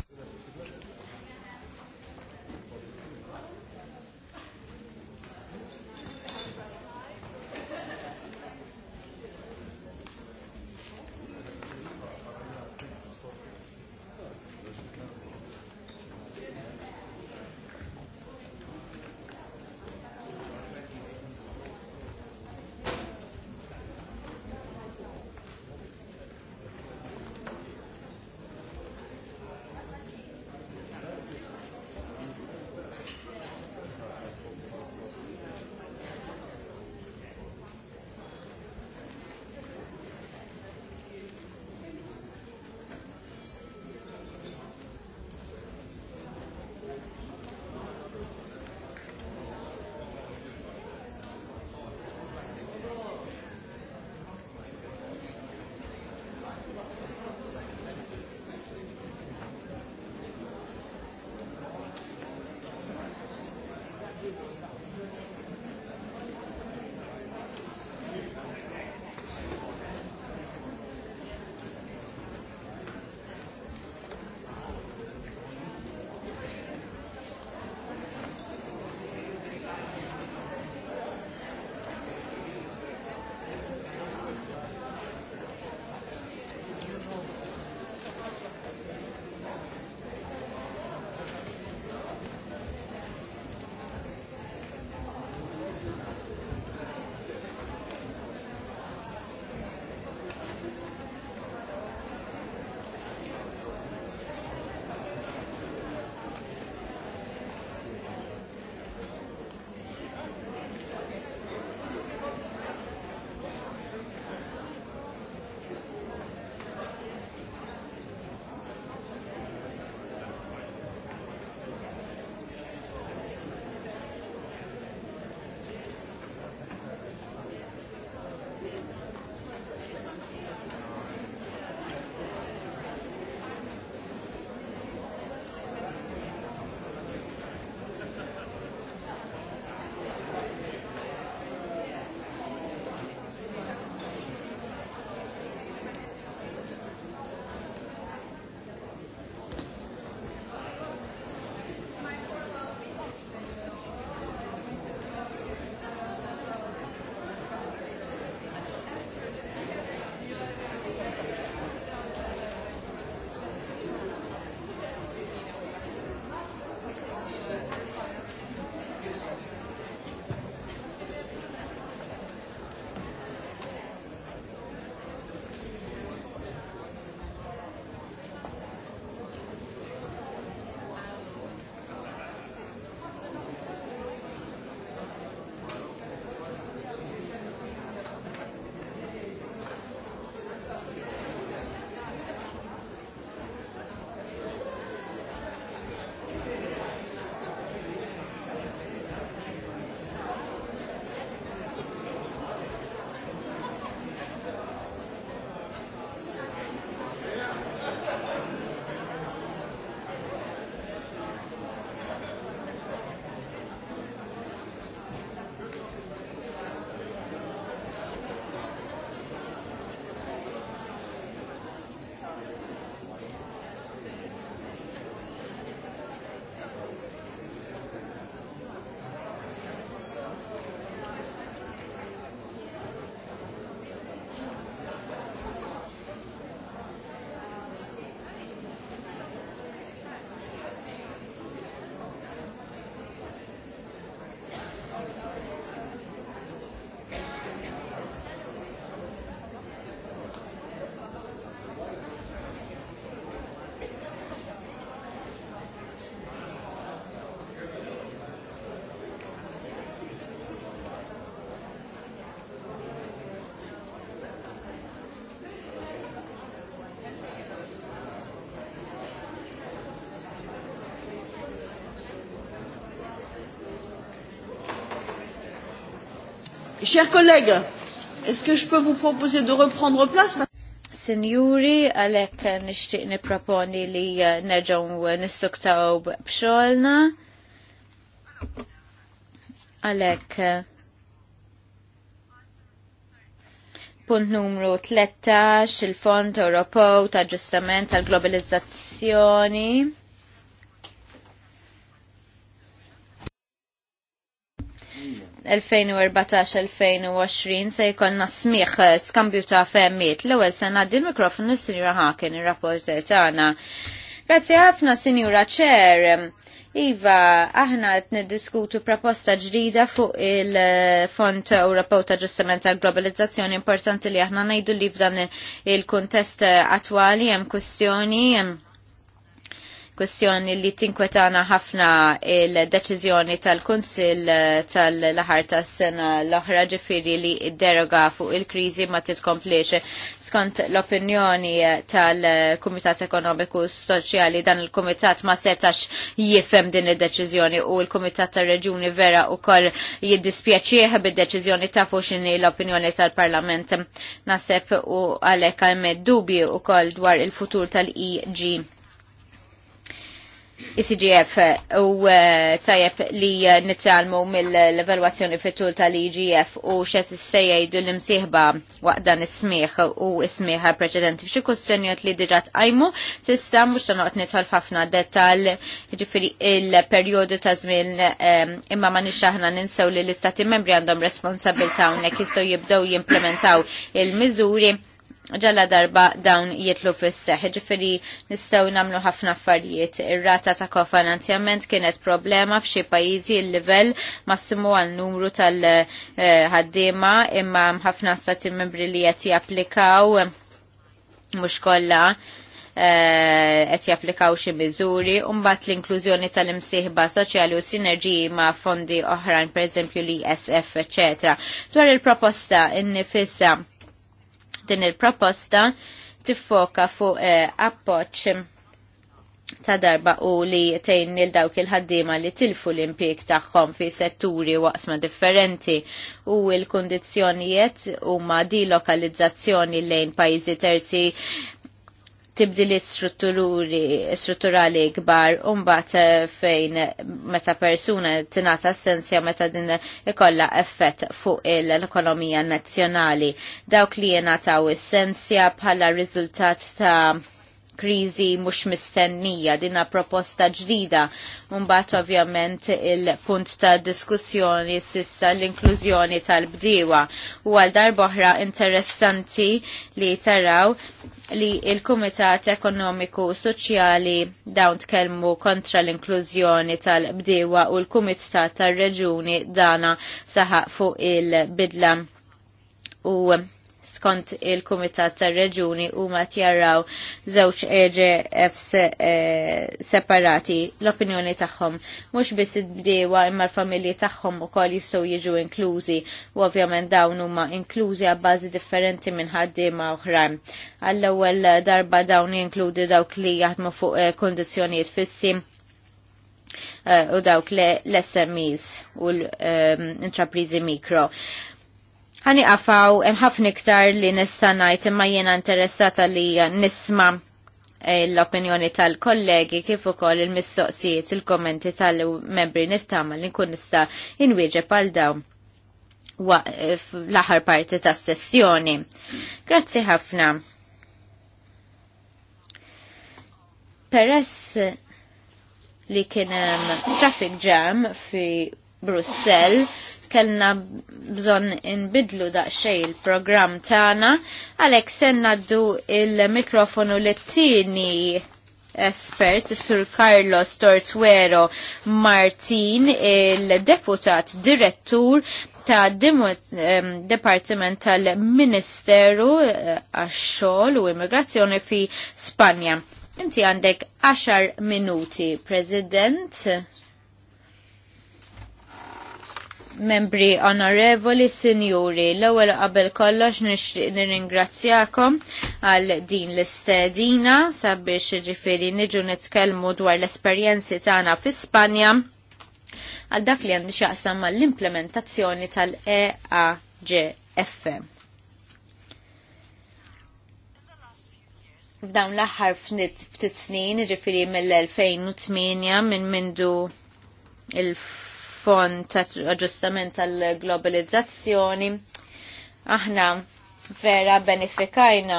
A: Chers collègues, est-ce que je peux vous proposer de reprendre place Sinjuri, għalek nishtiq niproponi li eh, nerġaw nissuktaw bxolna. Għalek. Eh, punt numru 13, il-Fond Ewropew ta' ġustament tal-globalizzazzjoni. 2014-2020 se jkollna smieħ eh, skambju ta' femmiet l-ewwel sena din l-mikrofonu s-Sinjura Haken ir-rapporter tagħna. Grazzi ħafna Sinjura Ċer. Iva, aħna qed niddiskutu proposta ġdida fuq il-Fond Ewropew ta' Ġustament tal Globalizzazzjoni importanti li aħna ngħidu li f'dan il-kuntest attwali hemm kwestjoni hemm kwestjoni li tinkwetana ħafna il-deċizjoni tal-Kunsil tal-laħar tas sena l-oħra ġifiri li deroga fuq il-krizi ma titkompliex. Skont l-opinjoni tal-Kumitat Ekonomiku Soċjali dan il-Kumitat ma setax jifem din il-deċizjoni u il-Kumitat tal-Reġuni vera u koll jiddispjaċieħ bid-deċizjoni ta' fuxini l-opinjoni tal-Parlament. Naseb u għalek għalmed dubi u koll dwar il-futur tal ig ICGF u uh, tajjeb li uh, nittalmu mill-evaluazzjoni fit-tul tal-IGF u xed sejjajdu l-imsieħba waqt dan is-smieħ u is preċedenti f'xi kussjonjot li diġà tqajmu s'issa mhux se noqgħod nidħol ħafna dettal jiġifieri il-perjodu ta' żmien um, imma ma nix aħna ninsew li l-istati membri għandhom responsabilità hawnhekk jistgħu jibdew jimplementaw il-miżuri ġalla darba dawn jitlu fis-seħ, Ġifieri nistgħu nagħmlu ħafna affarijiet. Ir-rata ta' kofinanzjament kienet problema f'xi pajjiżi l-livell massimu għal numru tal-ħaddiema imma ħafna stati membri li qed japplikaw mhux kollha eh, qed japplikaw xi miżuri u mbagħad l-inklużjoni tal-imsieħba soċjali u sinerġiji ma' fondi oħrajn pereżempju l-ISF, eċċetera. Dwar il-proposta innifissa din il-proposta tiffoka fuq eh, appoċ ta' darba u li tejn il dawk il-ħaddima li tilfu l-impjeg tagħhom fi setturi waqsma differenti u l-kundizzjonijiet huma lokalizzazzjoni lejn pajjiżi terzi tibdili strutturali kbar umbat eh, fejn meta persuna tinata essenzja meta din ikolla effett fuq l-ekonomija nazzjonali. Dawk li jenataw essenzja bħala riżultat ta' krizi mux mistennija, dina proposta ġdida. mbagħad ovvjament il-punt ta' diskussjoni sissa l-inklużjoni tal-bdiewa. U għal darboħra interessanti li taraw li il-Kumitat Ekonomiku Soċjali dawn tkellmu kontra l-inklużjoni tal-bdewa u l-Kumitat tal-Reġuni dana saħaq fuq il-bidla u skont il-Kumitat tar-Reġuni huma tjaraw żewġ EGF eh, separati l-opinjoni tagħhom. Mhux biss id-bdewa imma l-familji tagħhom ukoll jistgħu jiġu inklużi u ovvjament dawn huma inklużi għabbażi differenti minn ħaddiema oħrajn. Għall-ewwel darba dawn jinkludi dawk li jaħdmu fuq eh, kondizzjonijiet fissim eh, u dawk l-SMEs u l-intraprizi mikro ħani għafaw ħafna iktar li nista' ngħid imma jiena interessata li nisma' eh, l-opinjoni tal-kollegi kif ukoll il-mistoqsijiet il-kommenti tal-membri niftama li nkun nista' inwieġeb għal dawn l-aħħar parti tas-sessjoni. Grazzi ħafna. Peress li kien traffic jam fi Brussell, kellna bżon inbidlu daqxej il-program tana, għalek senna du il-mikrofonu l-tini espert, Sur Carlos Tortuero Martin, il-deputat direttur ta' Departiment tal-Ministeru eh, għax-xogħol u Immigrazzjoni fi Spanja. Inti għandek 10 minuti, President membri onorevoli sinjuri, l-ewwel qabel kollox nixtieq nirringrazzjakom għal din l-istedina sabiex jiġifieri niġu nitkellmu dwar l-esperjenzi tagħna fi Spanja għal dak li għandi xaqsam mal-implementazzjoni tal-EAGF. F'dawn l-aħħar ftit snin, ġifiri mill-2008 minn mindu il- fond ta' aġustament tal-globalizzazzjoni. Aħna vera benefikajna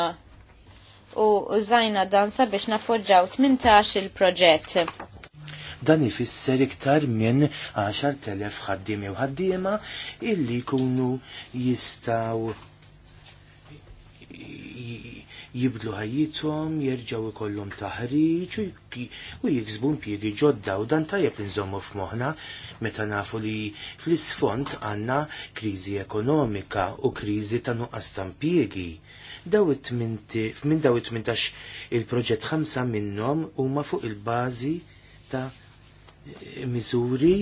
A: u użajna dan sabiex nappoġġaw 18 il-proġett.
B: Dan ifisser iktar minn 10.000 ħaddiemi u ħaddiema illi jkunu jistaw jibdlu ħajjithom, jerġgħu ikollum taħriġ u jiksbu impjiegi ġodda u dan tajjeb inżommu f'moħħna meta nafu li fl-isfond għandna kriżi ekonomika u kriżi ta' nuqqas ta' impjiegi minn daw it-tmintax il-proġett ħamsa minnhom huma fuq il-bażi ta' miżuri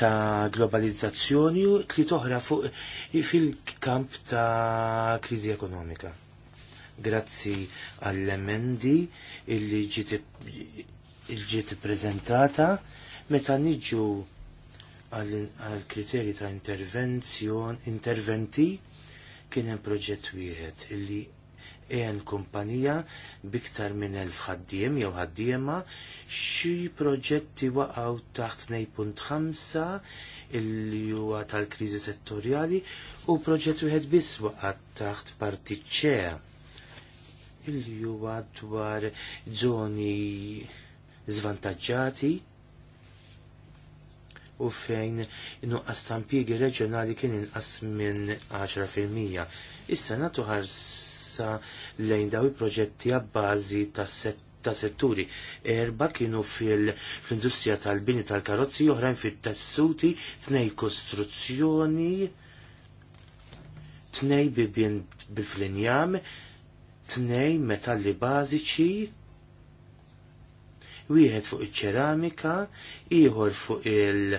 B: ta' globalizzazzjoni tliet oħra fuq fil-kamp ta' kriżi ekonomika grazzi għall-emendi illi ġiet prezentata meta niġu għal kriterji ta' intervenzjon, interventi kien hemm proġett wieħed illi qiegħen kumpanija biktar minn elf ħaddiem jew ħaddiema xi proġetti waqgħu taħt 2.5 illi huwa tal-kriżi settorjali u proġett wieħed biss waqgħu taħt parti illi huwa dwar żoni zvantaġġati u fejn nuqqas tampigi reġjonali kien inqas minn 10%. Issa natu ħarsa lejn daw il-proġetti għabbażi ta' setturi. Erba kienu fil-industrija tal-bini tal-karozzi, oħrajn fit-tessuti, tnej kostruzzjoni, tnej bibien bil-flinjam, bil tnejn metalli bażiċi wieħed fuq iċ-ċeramika, ieħor fuq il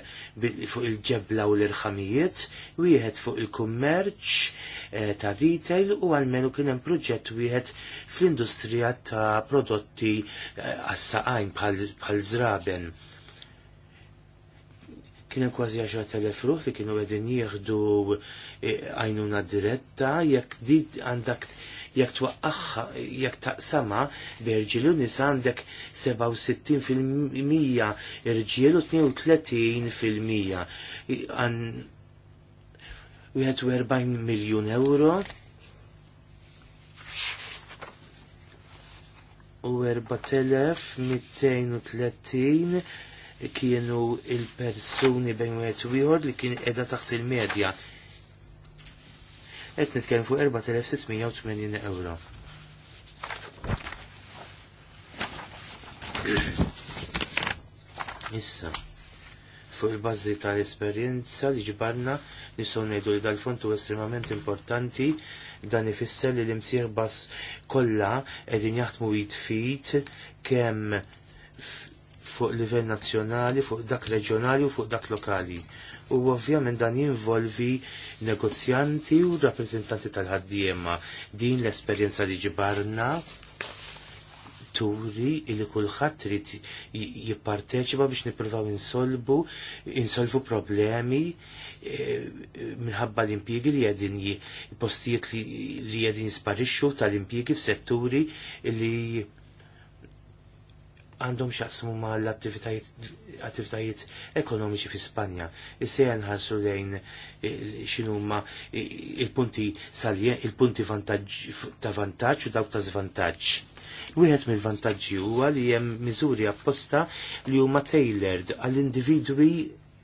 B: fuq il-ġebla u l-irħamijiet, wieħed fuq il-kummerċ eh, ta' retail u għalmenu kien hemm proġett wieħed fl-industrija ta' prodotti eh, għas-saqajn bħal żraben. Kien hemm kważi 10,000 ruħ li kienu qegħdin jieħdu eh, għajnuna diretta jekk dit għandak jekk twaqqaħħa jekk taqsama b'irġiel u nisa għandek 67% irġiel u 32% għan 41 miljon euro u 4230 kienu il-persuni bejn wieħed u li kien qiegħda taħt il-medja qed nitkellem fuq 4680 euro. Issa, fuq il-bazzi tal-esperjenza li ġibarna nistgħu ngħidu li dal fontu huwa estremament importanti dan ifisser li l bas kollha qegħdin jaħdmu jitfit kemm fuq livell nazzjonali, fuq dak reġjonali u fuq dak lokali u ovvjament dan jinvolvi negozjanti u rappresentanti tal-ħaddiema. Din l-esperjenza li ġibarna turi li kulħadd trid jipparteċipa biex nippruvaw insolbu insolvu problemi eh, minħabba l impjiegi li qegħdin postijiet li qegħdin jisparixxu tal impjiegi f'setturi li għandhom xaqsmu ma l-attivitajiet ekonomiċi fi Spanja. Issa nħarsu lejn eh, xinu ma il-punti salje, il-punti ta' vantaġġ u dawk ta' zvantaġġ. Wieħed mill-vantaġġi huwa li hemm miżuri apposta li huma tailored għall-individwi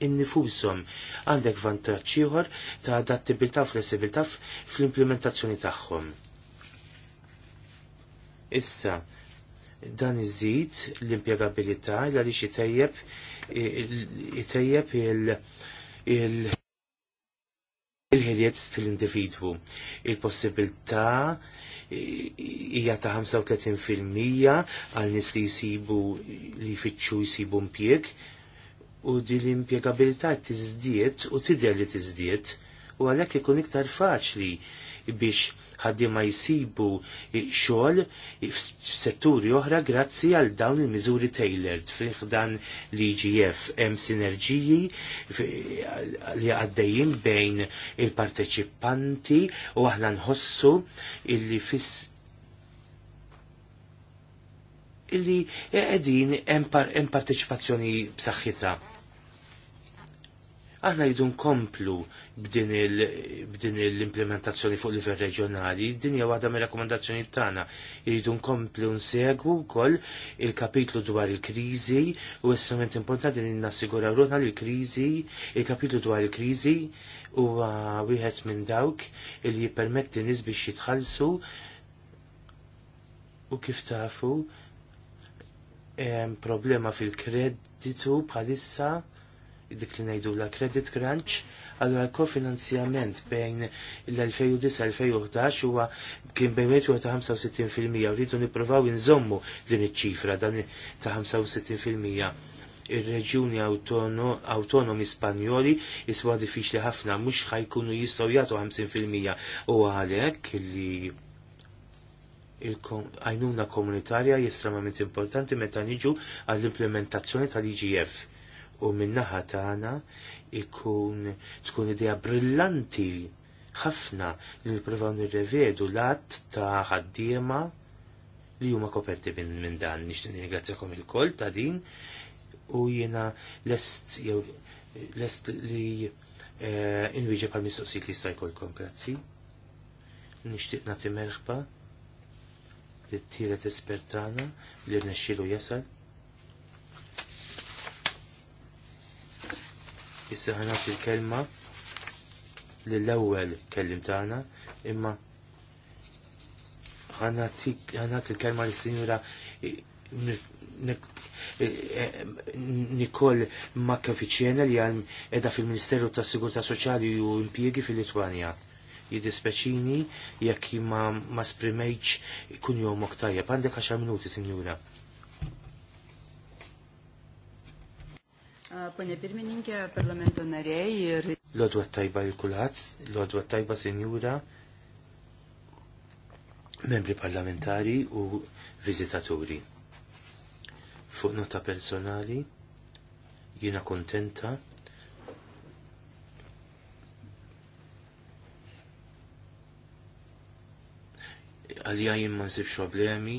B: innifushom għandek vantaġġ ieħor ta' adattibilità u flessibilità fl-implementazzjoni tagħhom. Issa, dan iżid l-impjegabilità għaliex itejjeb itejjeb il- il-ħiliet fil-individwu. Il-possibilità hija ta' 35% għal nis li jisibu li jfittxu jisibu impjeg u di l-impjegabilità tiżdiet u tidher li tiżdiet u għalhekk ikun iktar faċli biex Ħaddi ma jsibu xogħol f'setturi oħra grazzi għal dawn il-miżuri tailored fih dan l-IGF hemm sinerġiji li għaddejjin bejn il-parteċipanti u aħna nħossu illi fis illi qegħdin hemm parteċipazzjoni b'saħħitha Aħna jidu nkomplu b'din l-implementazzjoni fuq livell reġjonali, din hija waħda mir-rakkomandazzjoni tagħna. Jridu nkomplu nsegwu wkoll il-kapitlu dwar il-kriżi u estrament importanti li nassiguraw ruħna li l-kriżi, il-kapitlu dwar il-kriżi huwa wieħed minn dawk li jippermetti nies biex jitħallsu u kif tafu problema fil-kreditu bħalissa dik li ngħidu la credit crunch, allora l-kofinanzjament bejn l-2009-2011 huwa kien bejn wieħed ta' 65% u rridu nippruvaw inżommu din iċ-ċifra dan ta' 65% ir-reġjuni autonomi Spanjoli jiswa diffiċli ħafna mhux ħajkunu jistgħu jagħtu 50% u għalhekk li il-għajnuna komunitarja jistramament importanti meta niġu għall-implementazzjoni tal-IGF u minnaħa tagħna ikun tkun idea brillanti ħafna li nippruvaw nirrevedu l-att ta' ħaddiema li huma koperti minn min dan. Nixtieq nirringrazzjakom il-koll ta' din u jiena lest jew lest li uh, eh, inwiġi bħal mistoqsijiet li jista' jkollkom grazzi. Nixtieq nagħti merħba li t-tielet espertana li rnexxielu jasal Issa ħanaf il-kelma l-ewwel kellim tagħna, imma ħanat il-kelma l-Sinjura eh, Nikol eh, Makkafiċjena li għal edha fil-Ministeru ta' Sigurta Soċjali u impjiegi fil-Litwanja. Jidispeċini jekk ma, ma sprimejċ kun jom oktajja. Għandek 10 minuti, Sinjura.
C: Pone pirmininkė, parlamento nariai ir...
B: Lodwa tajba il-kulazz, lodwa tajba senjura, membri parlamentari u vizitaturi. Fuq nota personali, jina kontenta għalija jimman ma problemi,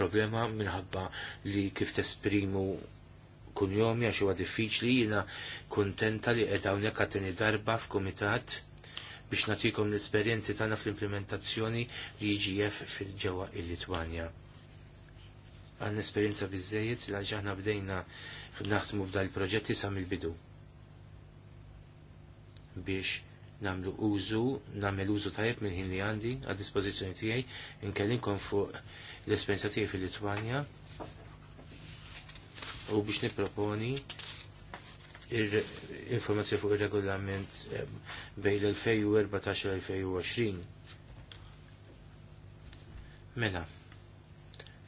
B: problema minħabba li kif tesprimu jomi għax huwa diffiċli jiena kuntenta li qed hawnhekk għatini darba f'kumitat biex natikom l-esperjenzi tagħna fl-implementazzjoni li IGF fil-ġewwa il-Litwanja. Għan esperjenza biżejjed li aħna bdejna naħdmu b'dal proġetti sa mill-bidu. Biex namlu użu, namel użu tajjeb minn ħin li għandi għad dispożizzjoni tiegħi, inkellinkom fuq l-esperjenza tiegħi fil-Litwanja, u biex niproponi informazzjoni fuq il-regolament eh, bejn l-2014-2020. Mela,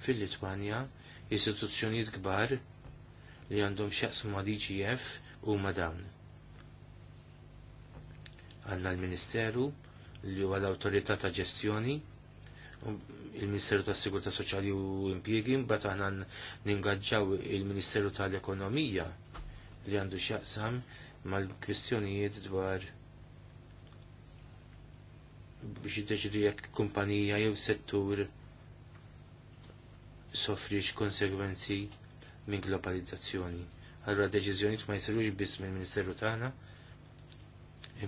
B: fil-Litwanja, istituzzjonijiet kbar li għandhom xaqs ma' DGF u ma' dawn. Għanna l-Ministeru li huwa l-Autorità ta' Ġestjoni il-Ministeru tas sigurtà Soċjali u Impjiegi, mbagħad aħna ningaġġaw il-Ministeru tal-Ekonomija li għandu x'jaqsam mal-kwistjonijiet dwar biex jiddeċidu jekk kumpanija jew settur sofrix konsegwenzi minn globalizzazzjoni. Allura deċiżjonijiet ma jsirux biss mill-Ministeru tagħna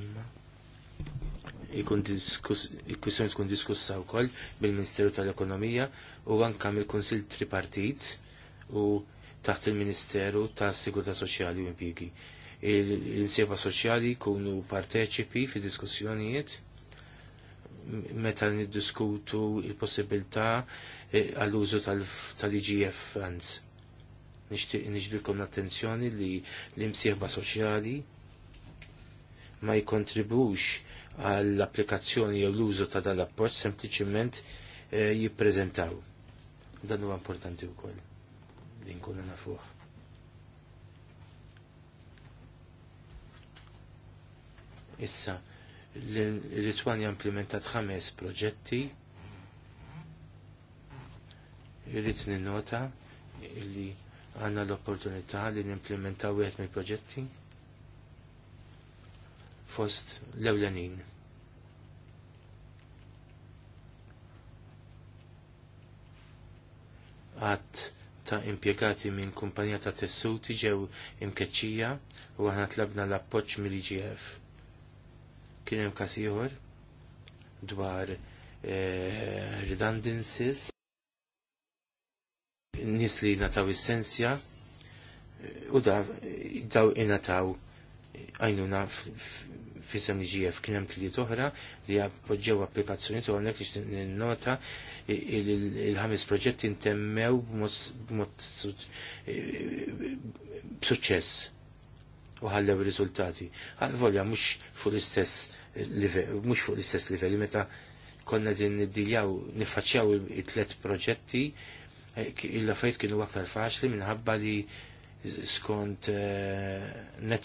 B: imma il kwissjoni tkun diskussa wkoll bil-Ministeru tal-Ekonomija u anke mill-Kunsill Tripartit u taħt il-Ministeru tas Sigurtà Soċjali u Impjigi. il sieba soċjali jkunu parteċipi fi diskussjonijiet meta niddiskutu il-possibilità eh, għall-użu tal-IGF funds. Nixdilkom l-attenzjoni li l-imsieħba soċjali ma jikontribux għall-applikazzjoni jew l-użu ta' dan l-appoġġ sempliċiment eh, jippreżentaw. Dan huwa importanti wkoll li nkunu nafuh. Issa, l-Litwanja implementat ħames proġetti irrit ninnota li għanna l-opportunità li nimplementaw wieħed mill-proġetti fost l-ewlenin għat ta' impjegati minn kumpanija ta' tessuti ġew imkeċċija u għana tlabna l-appoġġ mill-IGF. Kien hemm każ ieħor dwar eh, redundancies nis li nataw essenzja eh, u daw inataw għajnuna fisem IGF kien hemm tliet oħra li appoġġew applikazzjoni toħnek li nota il-ħames proġetti intemmew b'mod e, b'suċċess u ħallew riżultati. Għal-volja mhux fuq l-istess livell, mux fuq l-istess livell meta konna din niddiljaw nifacċaw it-tlet proġetti e, il-lafajt kienu aktar faċli minħabba li skont e, net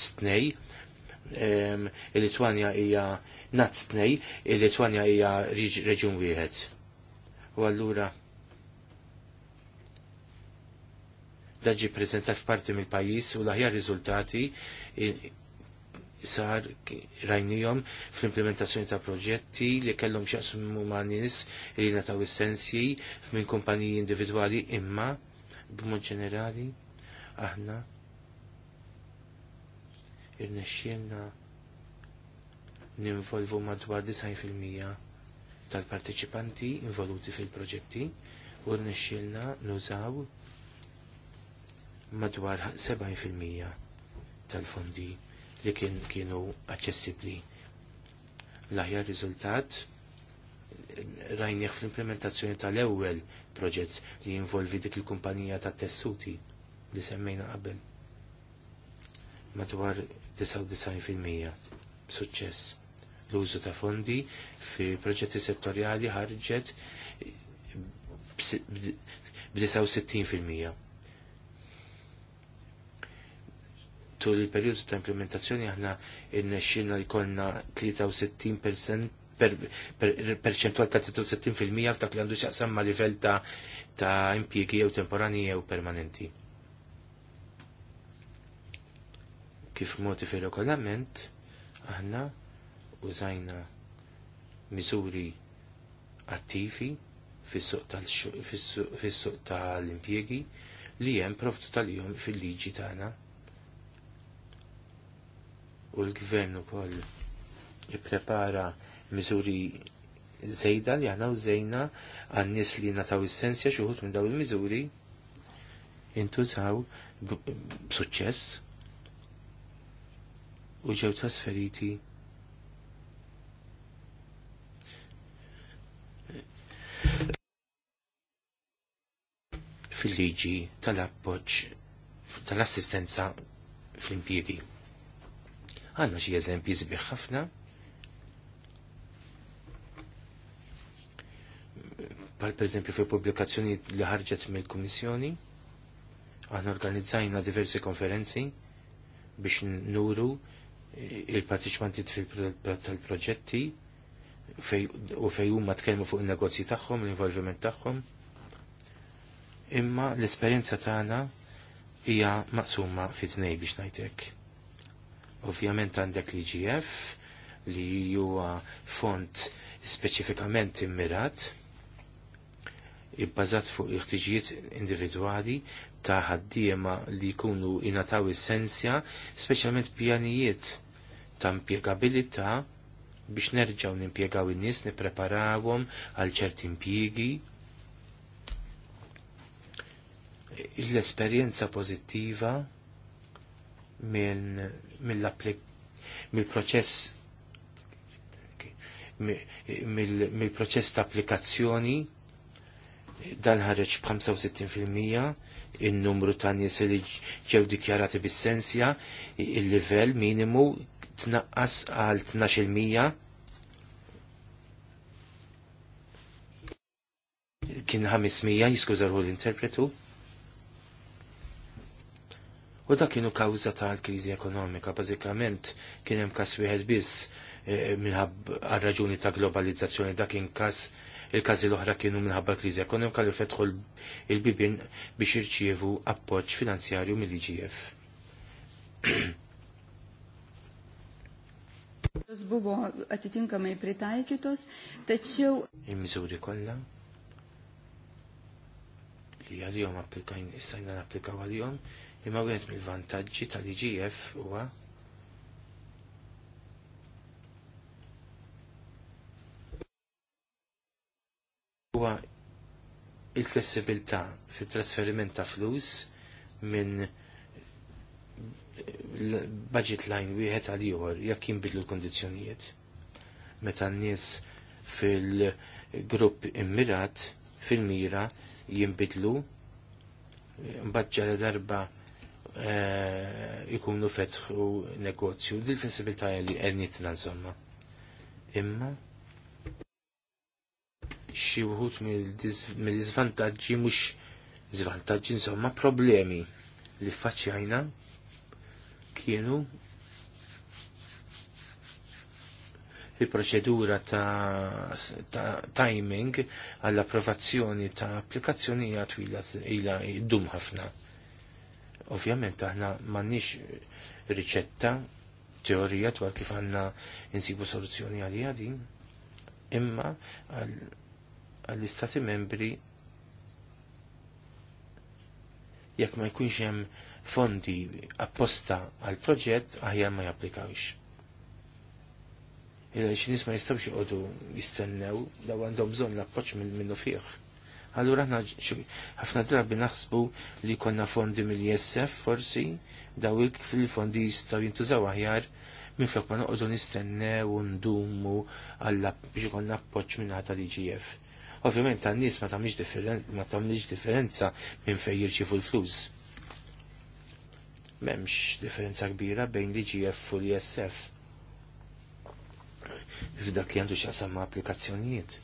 B: il-Litwanja hija nazz tnej, il-Litwanja hija reġjun wieħed. U allura daġi prezentat f'parti mill pajjiż u l-aħjar riżultati sar rajnijom fl-implementazzjoni ta' proġetti li kellhom xaqsmu ma' nies li nataw essenzji minn kumpaniji individwali imma b'mod ġenerali aħna irnexxielna ninvolvu madwar 90% tal-partiċipanti involuti fil-proġetti u rnexxielna nużaw madwar 70% tal-fondi li kien kienu aċċessibbli. L-aħjar riżultat rajnieħ fl-implementazzjoni tal-ewwel proġett li jinvolvi dik il-kumpanija tat tessuti li semmejna qabel madwar 99% suċċess. L-użu ta' fondi fi proġetti settorjali ħarġet b-69%. Tul il-periodu ta' implementazzjoni aħna irnexxilna li konna 63% perċentwal ta' 63% f'dak li għandu xaqsam ma' livell ta' impjiegi jew temporani jew permanenti Kif moti fil-regolament, aħna użajna miżuri attivi fis-suq tal-impjegi li hemm provtu tal-jom fil-liġi tagħna. U l-gvern ukoll ipprepara miżuri żejda li aħna użejna għan-nies li nataw is-sensja xi minn dawn il-miżuri intużaw b'suċċess u ġew trasferiti fil-liġi tal-appoġġ tal-assistenza fl-impjiegi. Għanna xi eżempji zbiħ ħafna Per pereżempju fil pubblikazzjoni li ħarġet mill-Kummissjoni, għanna organizzajna diversi konferenzi biex nuru il-partiċipanti tal-proġetti u fej huma tkellmu fuq in-negozji tagħhom, l-involviment tagħhom. Imma l-esperjenza tagħna hija maqsuma fi tnej biex ngħidlek. Ovvjament għandek l-IGF li huwa font speċifikament immirat ibbażat fuq il-ħtiġijiet individwali ta' ħaddiema li jkunu inataw essenzja, speċjalment pjanijiet ta' impjegabilità biex nerġaw nimpiegaw in-nies nippreparawhom għal ċerti impjiegi. L-esperjenza pożittiva mill-proċess mill-proċess ta' applikazzjoni dan ħareġ b'65% in-numru ta' nies li ġew dikjarati bis-sensja il-livell minimu tnaqqas għal 12% kien 500 jiskużaru l-interpretu u da kienu kawza tal-kriżi ekonomika bażikament kien hemm każ wieħed biss e, minħab għal-raġuni ta' globalizzazzjoni da kien kas il-każi l-oħra kienu minħabba kriżi ekonomika li fetħu il-bibin biex irċievu appoġġ finanzjarju mill-IGF.
A: Jos buvo atitinkamai pritaikytos, tačiau...
B: Il-mizuri kolla li għal-jom applikajn, istajna applikaw għal-jom, imma għed mill-vantagġi tal-IGF huwa huwa il-flessibilità fit-trasferiment ta' flus minn budget line wieħed għal ieħor jekk jinbidlu l-kondizzjonijiet. Meta n-nies fil-grupp immirat fil-mira jinbidlu mbagħad ġara darba eh, ikunu fetħu negozju dil flessibilità li qernitna insomma. Imma xi wħud mill-iżvantaġġi mhux żvantaġġi insomma problemi li faċċjajna kienu il-proċedura ta', ta timing għall-approvazzjoni ta' applikazzjoni twila ila id-dum ħafna. Ovvjament aħna m'għandniex riċetta teorija dwar kif għandna insibu soluzzjoni għalija din, imma għall-istati membri jekk ma jkunx hemm fondi apposta għal proġett aħjar ma japplikawx. Illa xi nies ma jistawx jgħodu jistennew daw għandhom bżon l-appoċ minnu fih. Allura ħna ħafna drabi naħsbu li konna fondi mill-ISF forsi daw fil-fondi jistaw jintużaw aħjar minn flok ma noqogħdu nistennew u ndumu biex ikollna appoġġ minn ħata l-IGF. Ovvjament għan-nies ma tagħmilx differenza minn fejn jirċifu l-flus memx differenza kbira bejn l-IGF u l-ISF. F'dak li għandu xasam ma' applikazzjonijiet.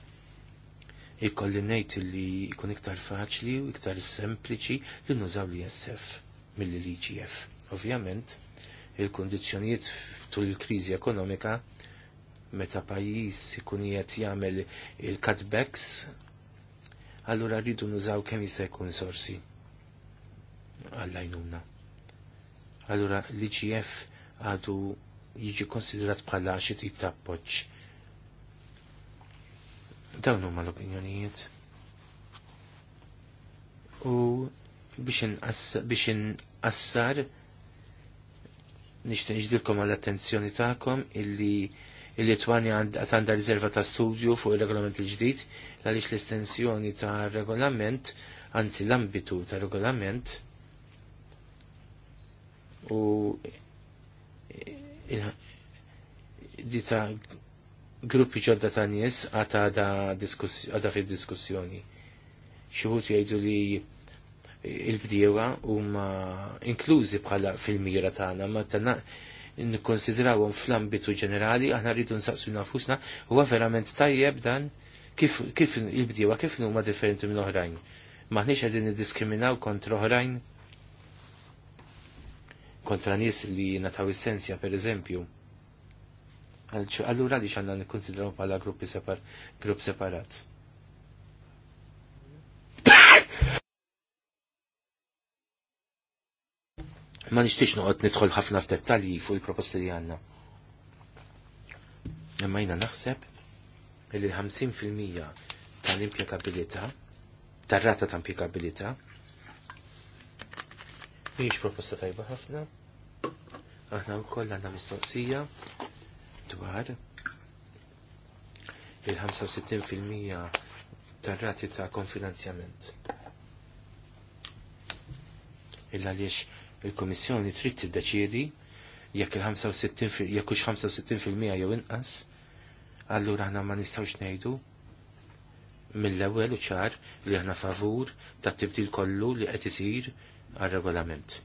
B: Ikolli nejt li jkun iktar faċli u iktar sempliċi li nużaw l-ISF mill l-IGF. Ovvjament, il-kondizjonijiet tul il-krizi ekonomika meta pajis ikun jiet jagħmel il-cutbacks, allura rridu nużaw kemm jista' jkun sorsi għallajnuna Allura l-IGF għadu jiġi konsiderat bħala xi tip ta' appoġġ. Dawn huma l-opinjonijiet. U biex inqassar nixtieq niġdilkom għall-attenzjoni tagħkom illi il għad għandha riserva ta' studju fuq il-regolament il-ġdid għaliex l-estensjoni ta' regolament, anzi l-ambitu ta' regolament, u dita gruppi ġodda ta' nies għata għada fil diskussjoni Xuħut jgħidu li il-bdiewa huma inklużi bħala fil-mira tagħna, ma tanna nikkonsidrawhom fl-ambitu ġenerali, aħna rridu nsaqsu nafusna, huwa verament tajjeb dan kif, il-bdiewa kif huma differenti minn oħrajn. Maħniex qegħdin niddiskriminaw kontra oħrajn kontra nies li nataw essenzja per eżempju. Allura li xanna nikkonsidraw pala gruppi separ, grupp separat. Ma nixtiex noqgħod nidħol ħafna f'dettalji fuq il-proposti li għandna. Imma jiena naħseb li l-50% tal-impjegabilità, tar-rata ta' impjegabilità, Miex proposta tajba ħafna. Aħna wkoll għandna mistoqsija dwar il-65% tar-rati ta' konfinanzjament. Illa għaliex il-Komissjoni trid tiddeċiedi jekk il-65 jekk hux 65% jew inqas, allura aħna ma nistgħux ngħidu mill-ewwel u ċar li aħna favur ta' tibdil kollu li qed isir għal-regolament.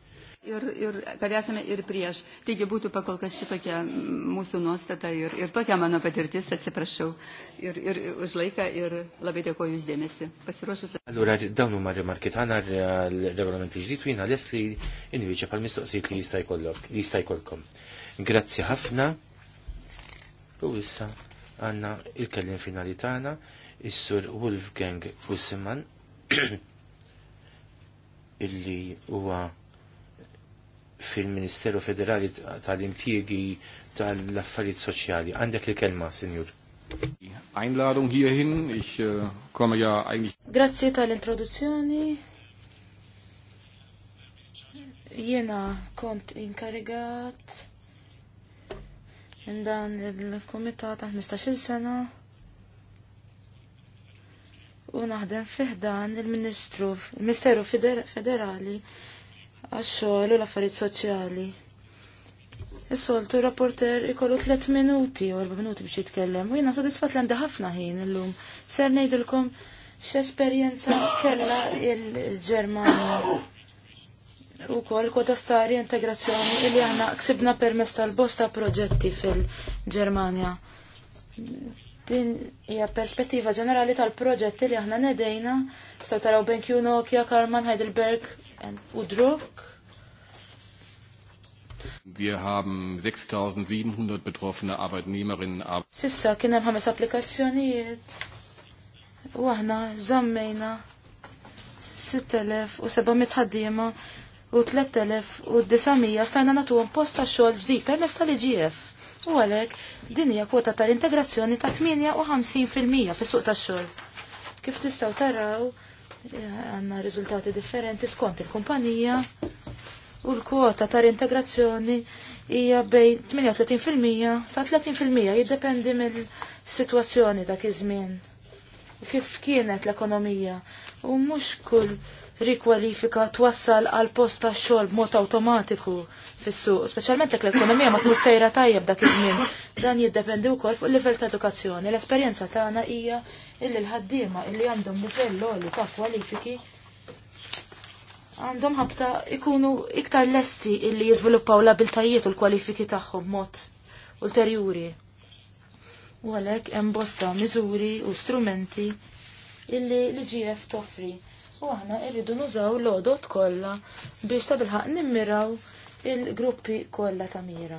B: Ir, ir kad esame ir prieš. Taigi būtų pakolkas šitokia mūsų nuostata ir, ir tokia mano patirtis, atsiprašau, ir, ir už laiką ir labai dėkoju uždėmesi. Pasiruošus. Allora, dawnu Marija rimarki tana regolamenti ġdijt vina lesli inviċa pal mistoqsijt li jistaj kolkom. Grazzi ħafna. U issa għanna il-kellim finali Wolfgang Fussiman. illi huwa fil-Ministeru Federali tal-Impjiegi tal-Affarijiet Soċjali. Għandek il-kelma, Senjur. Einladung hierhin, ich äh, komme ja eigentlich.
C: Grazzi tal-introduzzjoni. Jena kont inkarigat minn dan il-komitat għan 15 sena u naħdem fiħdan il-Ministru, il-Ministeru Federali għax-xogħol u l-affarijiet soċjali. Is-soltu rapporter ikollu 3 minuti u 4 minuti biex jitkellem u jiena sodisfat l ħafna ħin illum. Ser ngħidilkom x'esperjenza kellha il-Ġermanja u kol kota stari integrazzjoni li aħna ksibna permess tal-bosta proġetti fil-Ġermanja Din hija perspettiva ġenerali tal-proġetti li aħna nedejna, staw taraw BenQ Nokia, Karman, Heidelberg u Druk.
A: Wir haben 6700 betroffene Arbeitnehmerinnen ab. Sissa
C: kien hemm ħames applikazzjonijiet. U aħna żammejna 6700 ħaddiema u 3900 stajna nagħtuhom post ta' xogħol ġdid permezz tal-IGF U għalhekk din hija kwota tal-integrazzjoni ta' 58% fis-suq tax-xogħol. Kif tistgħu taraw eh, għandna riżultati differenti skont il-kumpanija u l-kwota tal-integrazzjoni hija bejn 38% sa 30% jiddependi mill-sitwazzjoni dak iż-żmien. Kif kienet l-ekonomija u mhux kull rikwalifika twassal għal post ta' xogħol b'mod awtomatiku fis-suq, speċjalment jekk l-ekonomija ma tkunx sejra tajjeb dak iż-żmien. Dan jiddependi wkoll fuq il-livell ta' edukazzjoni. L-esperjenza tagħna hija illi l-ħaddiema illi għandhom livell għoli ta' kwalifiki għandhom ħabta ikunu iktar lesti illi jiżviluppaw l-abiltajiet u l-kwalifiki tagħhom mod ulterjuri. U għalhekk hemm bosta miżuri u strumenti illi l-GF toffri. U aħna irridu nużaw l-odot kollha biex ta' bilħaq nimmiraw il-gruppi kollha ta' mira.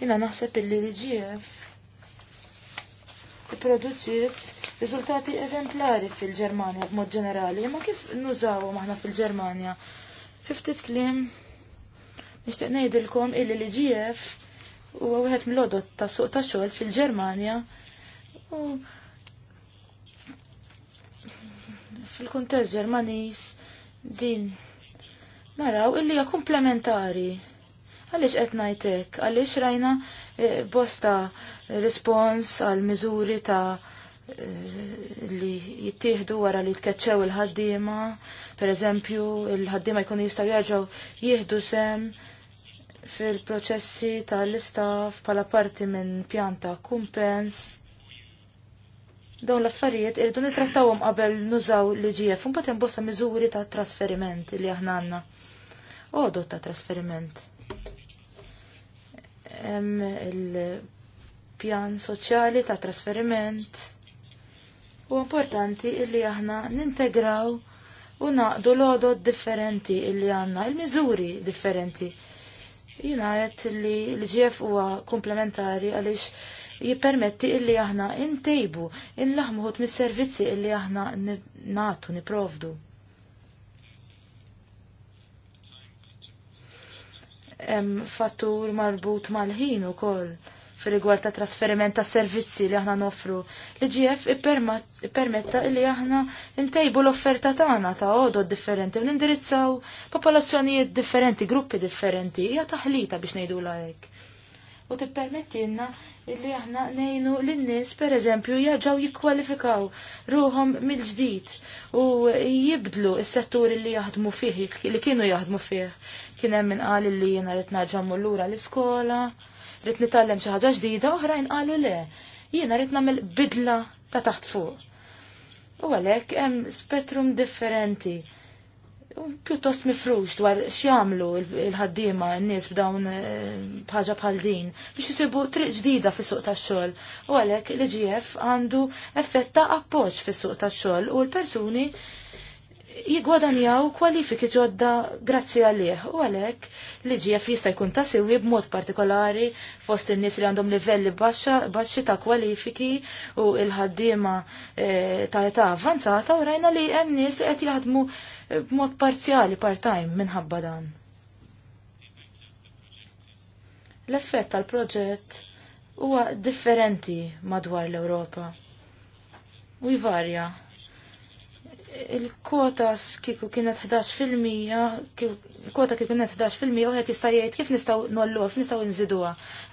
C: Jina naħseb il l-GF produċiet riżultati eżemplari fil-Ġermanja b'mod ġenerali, ma kif nużaw aħna fil-Ġermanja. Fiftit kliem nixtieq ngħidilkom il l-GF huwa wieħed mill-odot ta' suq ta' xogħol fil-Ġermanja u fil-kuntest Ġermaniż din naraw illi hija komplementari. Għaliex qed ngħid hekk, għaliex rajna e, bosta rispons għal miżuri ta' e, li jittieħdu wara li tkeċċew il-ħaddiema, per eżempju, il-ħaddiema jkunu jistgħu jerġgħu jieħdu sem fil-proċessi tal-istaff bħala parti minn pjanta kumpens Dawn l-affarijiet irridu nitrattawhom qabel nużaw l-IGF u mbagħad bosta miżuri ta' trasferiment li aħna għandna. Għodu ta' trasferiment. Hemm il-pjan soċjali ta' trasferiment. U importanti illi aħna nintegraw u naqdu l-għodod differenti illi għanna, il-miżuri differenti jina għet li l-ġef huwa komplementari għalix jippermetti illi aħna intejbu il-laħmuħut mis-servizzi illi aħna natu niprovdu. Hemm fattur marbut mal-ħin ukoll fir-rigward ta' trasferiment ta' servizzi li aħna noffru. l ġief ippermetta li aħna ntejbu l-offerta tagħna ta' għodod differenti u nindirizzaw popolazzjonijiet differenti, gruppi differenti, hija taħlita biex ngħidula hekk u tippermettilna illi aħna nejnu l-nis per eżempju jaġaw jikkwalifikaw ruhom mill-ġdid u jibdlu s-settur li jaħdmu fih, li kienu jaħdmu fih. Kien hemm min qal li jiena rrid l lura l-iskola, rrid nitgħallem xi ħaġa ġdida, oħrajn qalu le. Jiena rrid nagħmel bidla ta' taħt fuq. U għalhekk hemm spettrum differenti pjuttost mifrux dwar x'jagħmlu il ħaddiema n-nies b'dawn eh, bħaġa bħal din biex jisibu triq ġdida fis-suq tax-xogħol. U għalhekk l-IGF għandu effett ta' appoġġ fis-suq tax-xogħol u l-persuni jigwadanjaw kwalifiki ġodda grazzi għalih u għalek li ġiev jista' jkun ta' siwi b'mod partikolari fost in-nies li għandhom livelli baxxi ta' kwalifiki u l-ħaddiema e, ta' età avvanzata u rajna li hemm nies li qed jaħdmu e, b'mod parzjali part-time minħabba dan. L-effett tal-proġett huwa differenti madwar l-Ewropa u jvarja il kotas kiku kienet 11% il-kwota kiku kienet 11% u għet jista' jgħid kif nistgħu nollu, kif nistgħu fil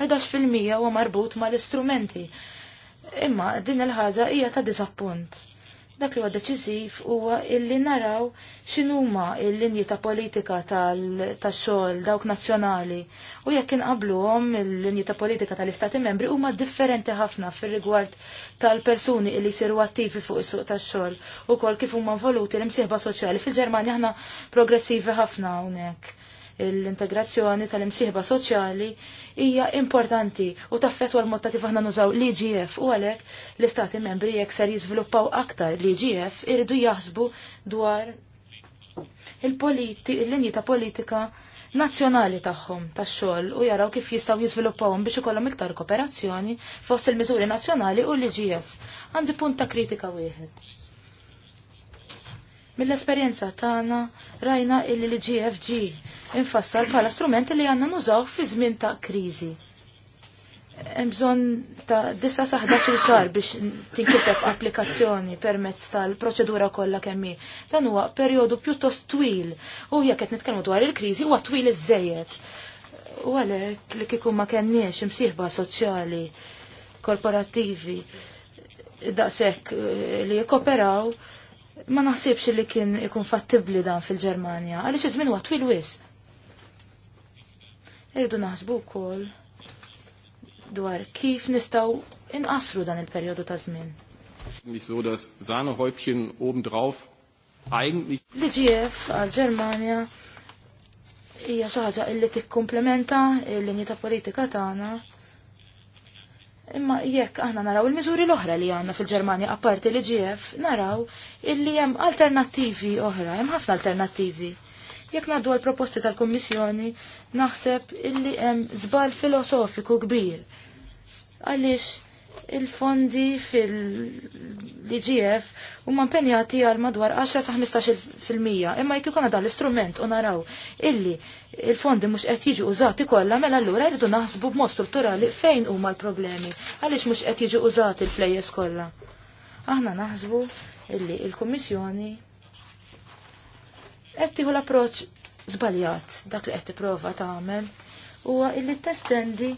C: 11% huwa marbut mal-istrumenti. Imma din il-ħaġa hija ta' disappunt dak li huwa deċiżiv huwa illi naraw x'inhuma l-linji ta' politika tax-xogħol dawk nazzjonali u jekk inqabluhom il-linji ta' politika tal-Istati membri huma differenti ħafna fir-rigward tal-persuni li jsiru attivi fuq is-suq tax-xogħol ukoll kif huma involuti l-imsieħba soċjali fil-Ġermanja aħna progressivi ħafna hawnhekk l-integrazzjoni tal-imsieħba soċjali hija importanti u taffet l motta kif aħna nużaw l-IGF u għalhekk l-istati membri jekk ser jiżviluppaw aktar l-IGF e iridu jaħsbu dwar il-linji ta' politika nazzjonali tagħhom tax-xogħol u jaraw kif jistgħu jiżviluppawhom biex ikollhom iktar kooperazzjoni fost il-miżuri nazzjonali u l-IGF. E Għandi punt ta' kritika wieħed Mill-esperjenza tagħna rajna illi l-GFG infassal bħala strumenti li għandna nużaw fi żmien ta' kriżi. Hemm bżonn ta' disa sa' il xahar biex tinkiseb applikazzjoni permezz tal-proċedura kollha kemm hi. Dan huwa perjodu pjuttost twil u jekk qed nitkellmu dwar il-kriżi huwa twil iż U għalhekk li kieku ma kenniex imsieħba soċjali korporattivi daqshekk eh, li jikoperaw ma naħsibx li kien ikun fattibli dan fil-Ġermanja, għaliex iż-żmien huwa twil wis. Irridu naħsbu wkoll dwar kif nistgħu inqasru dan il periodu ta' żmien.
A: so das Sahnehäubchen eigentlich. L-IGF
C: għal-Ġermanja hija xi ħaġa li tikkumplementa l-linji ta' politika tagħna Imma jekk aħna naraw il-miżuri l-oħra li għanna fil-Ġermanja apparti li ġief, naraw illi hemm alternattivi oħra, hemm ħafna alternattivi. Jekk naddu għal proposti tal-Kommissjoni, naħseb illi hemm żbal filosofiku kbir. Għaliex il-fondi fil-DGF huma penjati għal madwar 10-15% imma jekk ikun dan l-istrument u naraw illi il-fondi mhux qed jiġu użati kollha mela allura jridu naħsbu b'mod strutturali fejn huma l-problemi għaliex mhux qed jiġu użati l-flejjes kollha. Aħna naħsbu illi il-Kummissjoni qed tieħu l-approċċ żbaljat dak li qed tipprova tagħmel huwa illi testendi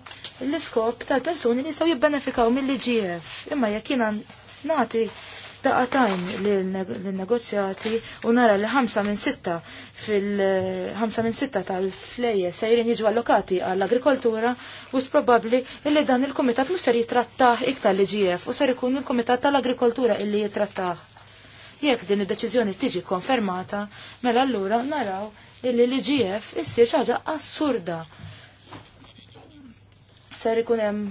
C: l-iskop tal-persuni li jistgħu jibbenefikaw mill-IGF. Imma jekk jiena nagħti daqatajn lin negozjati u nara li ħamsa minn sitta fil-ħamsa minn sitta tal-flejje sejrin jiġu allokati għall-agrikoltura u probabbli illi dan il-kumitat mhux ser jitrattaħ iktar l-IGF u ser ikun il-kumitat tal-agrikoltura illi jitrattaħ. Jekk din id-deċiżjoni tiġi konfermata, mela allura naraw illi l-IGF issir xi ħaġa assurda ser ikun hemm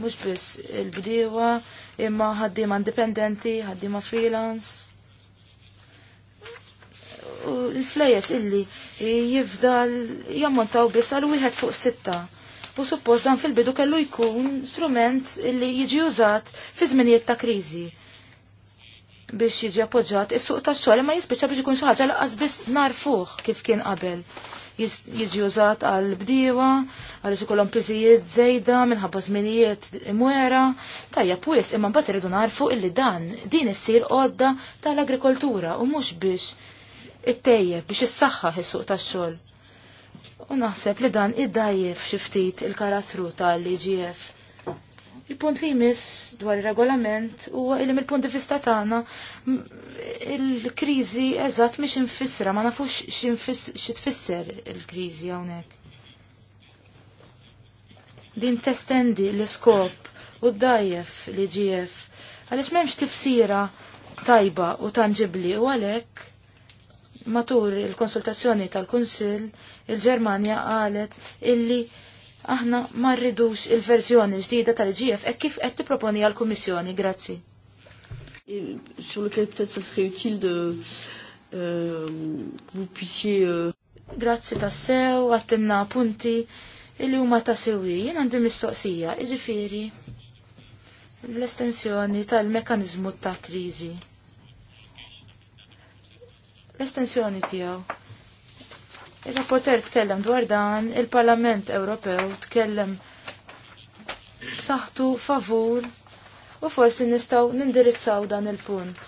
C: mhux biss il-bdiewa imma ħaddiema indipendenti, ħaddiema freelance. U l-flejes illi jifdal jammontaw biss għal wieħed fuq sitta. U suppost dan fil-bidu kellu jkun strument illi jiġi użat fi żminijiet ta' kriżi biex jiġi appoġġat is-suq tax-xogħol ma jispiċċa biex ikun xi ħaġa laqas biss nar fuq kif kien qabel jiġi użat għal bdiewa għaliex ikollhom piżijiet żejda minħabba żminijiet imwera. Tajja pwis imma mbagħad irridu narfu illi dan din issir għodda tal-agrikoltura u mhux biex ittejjeb biex is is-suq tax-xogħol. U naħseb li dan iddajjef xi ftit il-karattru tal-IGF. Il-punt li jmiss dwar il-regolament huwa il mill-punt di vista tagħna il-kriżi eżatt mhix infissra, ma nafux xi tfisser il-kriżi hawnhekk. Din testendi l-iskop u d-dajjef li ġief għaliex m'hemmx tifsira tajba u tangibli u għalhekk matur il-konsultazzjoni tal-Kunsill il-Ġermanja qalet illi aħna ma rridux il-verżjoni ġdida tal-GF e kif qed tipproponi għall-Kummissjoni. Grazzi. Euh, euh, Grazzi tassew, għattinna punti illi huma ta' sewi, jien għandi mistoqsija, jiġifieri l-estensjoni tal-mekanizmu ta' kriżi. L-estensjoni tiegħu Il-rapporter tkellem dwar dan, il-Parlament Ewropew tkellem b'saħħtu favur u forsi nistgħu nindirizzaw dan il-punt.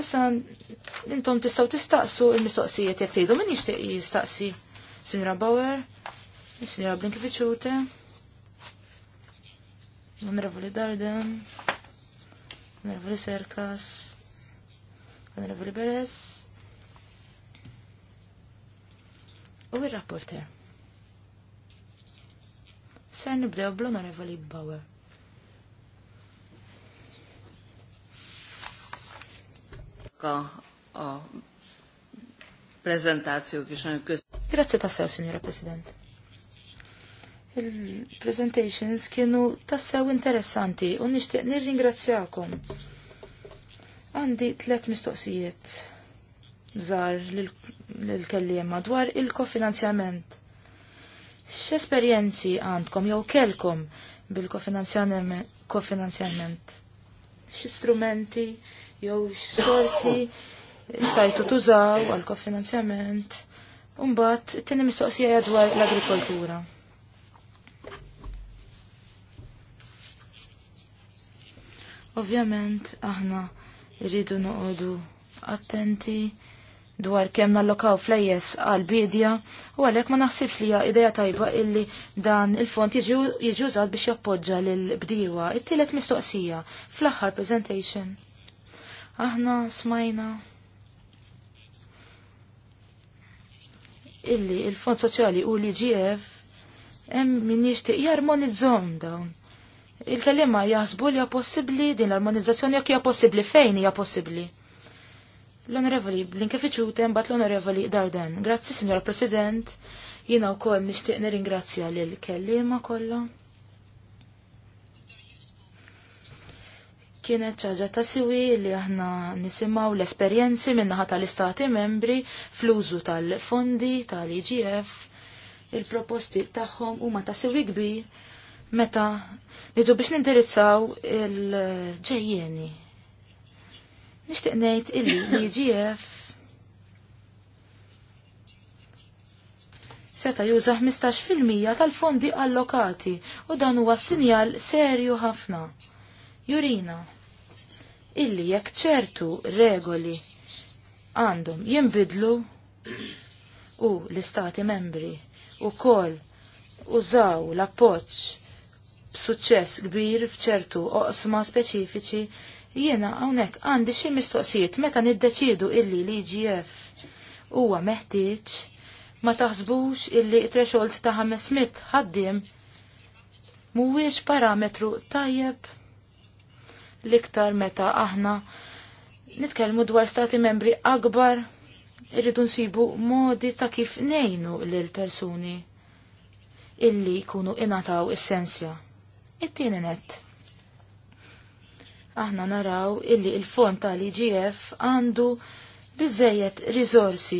C: Issa intom tistgħu tistaqsu il-mistoqsijiet jekk tridu min jixtieq jistaqsi. Sinra Bauer, Sinra Blinkeviċute, Onorevoli Darden, Onorevoli Serkas, Onorevoli Beres, u il-rapporter. Ser nibdew bl-onorevoli Bauer.
A: Ka prezentazzju kiexan
C: Grazie tassew, Signora President. Il-presentations kienu tassew interessanti u nishtiq nirringrazzjakom. Għandi tlet mistoqsijiet żar l-kelliem madwar il-kofinanzjament. X'esperjenzi għandkom jew kelkom bil-kofinanzjament? X'istrumenti jew x'sorsi stajtu tużaw għal kofinanzjament? Umbat, it-tieni mistoqsija dwar l-agrikoltura. Ovvjament, aħna rridu noqogħdu attenti dwar kemm nallokaw flejjes għal bidja u għalhekk ma naħsibx li hija idea tajba illi dan il-font jiġi biex jappoġġa l-bdiwa. It-tielet mistoqsija fl-aħħar presentation. Aħna smajna illi il-Fond Soċjali u l-IGF hemm min jixtieq jarmonizzom dawn. Il-kelima jaħsbu li hija possibbli din l-armonizzazzjoni jekk hija possibbli fejn hija possibbli. L-Onorevoli Blinkeviċute mbat l-Onorevoli Darden. Grazzi, Signor President. Jiena wkoll nixtieq nirringrazzja lil kellima kollha. kienet ċaġa ta' siwi li aħna nisimaw l-esperienzi minnaħa tal-istati membri fl-użu tal-fondi tal-IGF il-proposti tagħhom huma ta' siwi kbir meta niġu biex nindirizzaw il-ġejjeni Nixtieq ngħid illi l-IGF seta' juża 15% tal-fondi allokati u dan huwa sinjal serju ħafna. Jurina, illi jekk ċertu regoli għandhom jinbidlu u l-istati membri u kol użaw l-appoċ b'suċċess kbir f'ċertu oqsma speċifiċi Jiena hawnhekk għandi xi mistoqsijiet meta niddeċiedu illi l-IGF huwa meħtieġ ma taħsbux illi threshold ta' 500 ħaddiem mhuwiex parametru tajjeb l-iktar meta aħna nitkellmu dwar stati membri akbar irridu nsibu modi ta' kif nejnu lil persuni illi jkunu inataw essenzja. It-tieni net aħna naraw illi il-fond tal-IGF għandu bizzejet rizorsi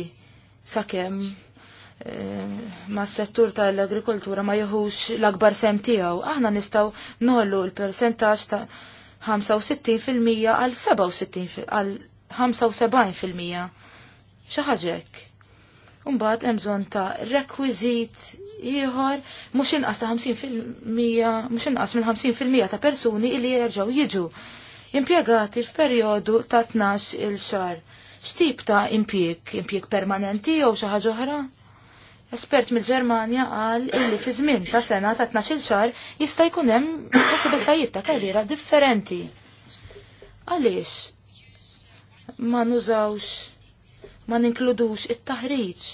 C: sakemm eh, ma s settur tal-agrikoltura ma jħux l-akbar sem tiegħu. Aħna nistgħu nollu l-persentaġġ ta' 65% għal 67 għal 75%. xaħġek. ħaġek. Umbagħad hemm bżonn ta' rekwiżit ieħor mhux inqas ta' 50% mhux inqas minn 50% ta' persuni li jerġgħu jiġu impjegati f'perjodu ta' 12 il-xar. X'tip ta' impjeg, impjeg permanenti jew xi ħaġa oħra? Espert mill-Ġermanja qal illi fi żmien ta' sena ta' 12 xar jista' jkun hemm possibiltajiet ta' karriera differenti. Għaliex ma nużawx ma ninkludux it-taħriġ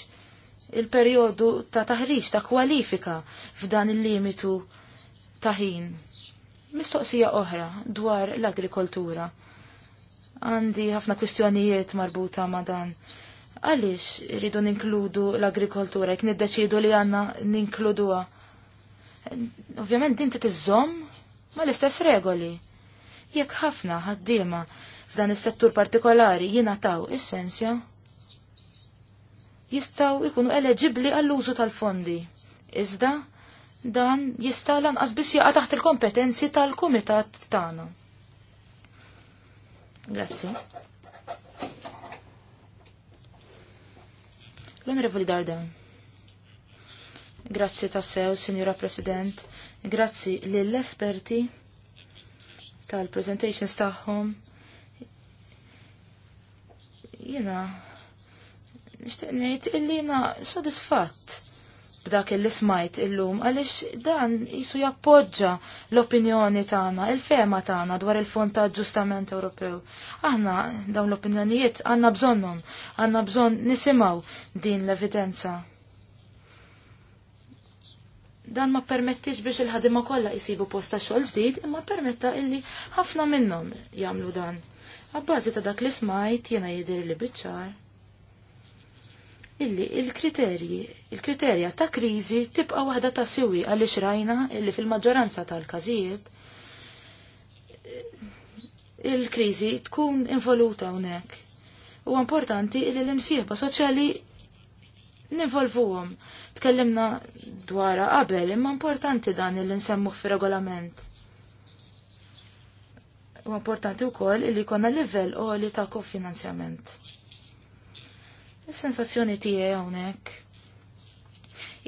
C: il-perjodu ta' taħriġ ta' kwalifika f'dan il-limitu ta' ħin Mistoqsija oħra dwar l-agrikoltura. Għandi ħafna kwistjonijiet marbuta ma' dan. Għaliex rridu ninkludu l-agrikoltura, jek niddeċidu li għanna ninkluduha. Ovvjament din titiżżomm ma l-istess regoli. Jekk ħafna ħaddiema f'dan is-settur partikolari jingħataw is-sensja, jistgħu jkunu eleġibbli għall-użu tal-fondi. Iżda, dan jista' lanqas biss jaqa' taħt il-kompetenzi tal-kumitat tagħna. Grazzi. L-Onorevoli Darden. Grazzi tassew, Sinjura President. Grazzi lill-esperti tal-presentations tagħhom. Jiena nixtieq ngħid illi na sodisfatt b'dak il smajt illum għaliex dan jisu jappoġġa l-opinjoni tagħna, il-fema tagħna dwar il-Fond ta' Ġustament Ewropew. Aħna dawn l-opinjonijiet għandna bżonnhom, għandna bżonn nisimgħu din l-evidenza. Dan ma permettix biex il-ħadima kollha jisibu posta xogħol ġdid, imma permetta illi ħafna minnhom jagħmlu dan. Għabbażi ta' dak l-ismajt jiena jidir li biċċar illi il-kriterji, il-kriterja ta' kriżi tibqa' waħda ta' siwi għaliex rajna illi fil-maġġoranza tal-każijiet il-kriżi tkun involuta hawnhekk. U importanti illi l-imsieħba soċjali nivolvuhom. Tkellimna dwar qabel, imma importanti dan il nsemmuh fir-regolament. U importanti wkoll li jkollna livell qoli ta' kofinanzjament. Is-sensazzjoni tiegħi hawnhekk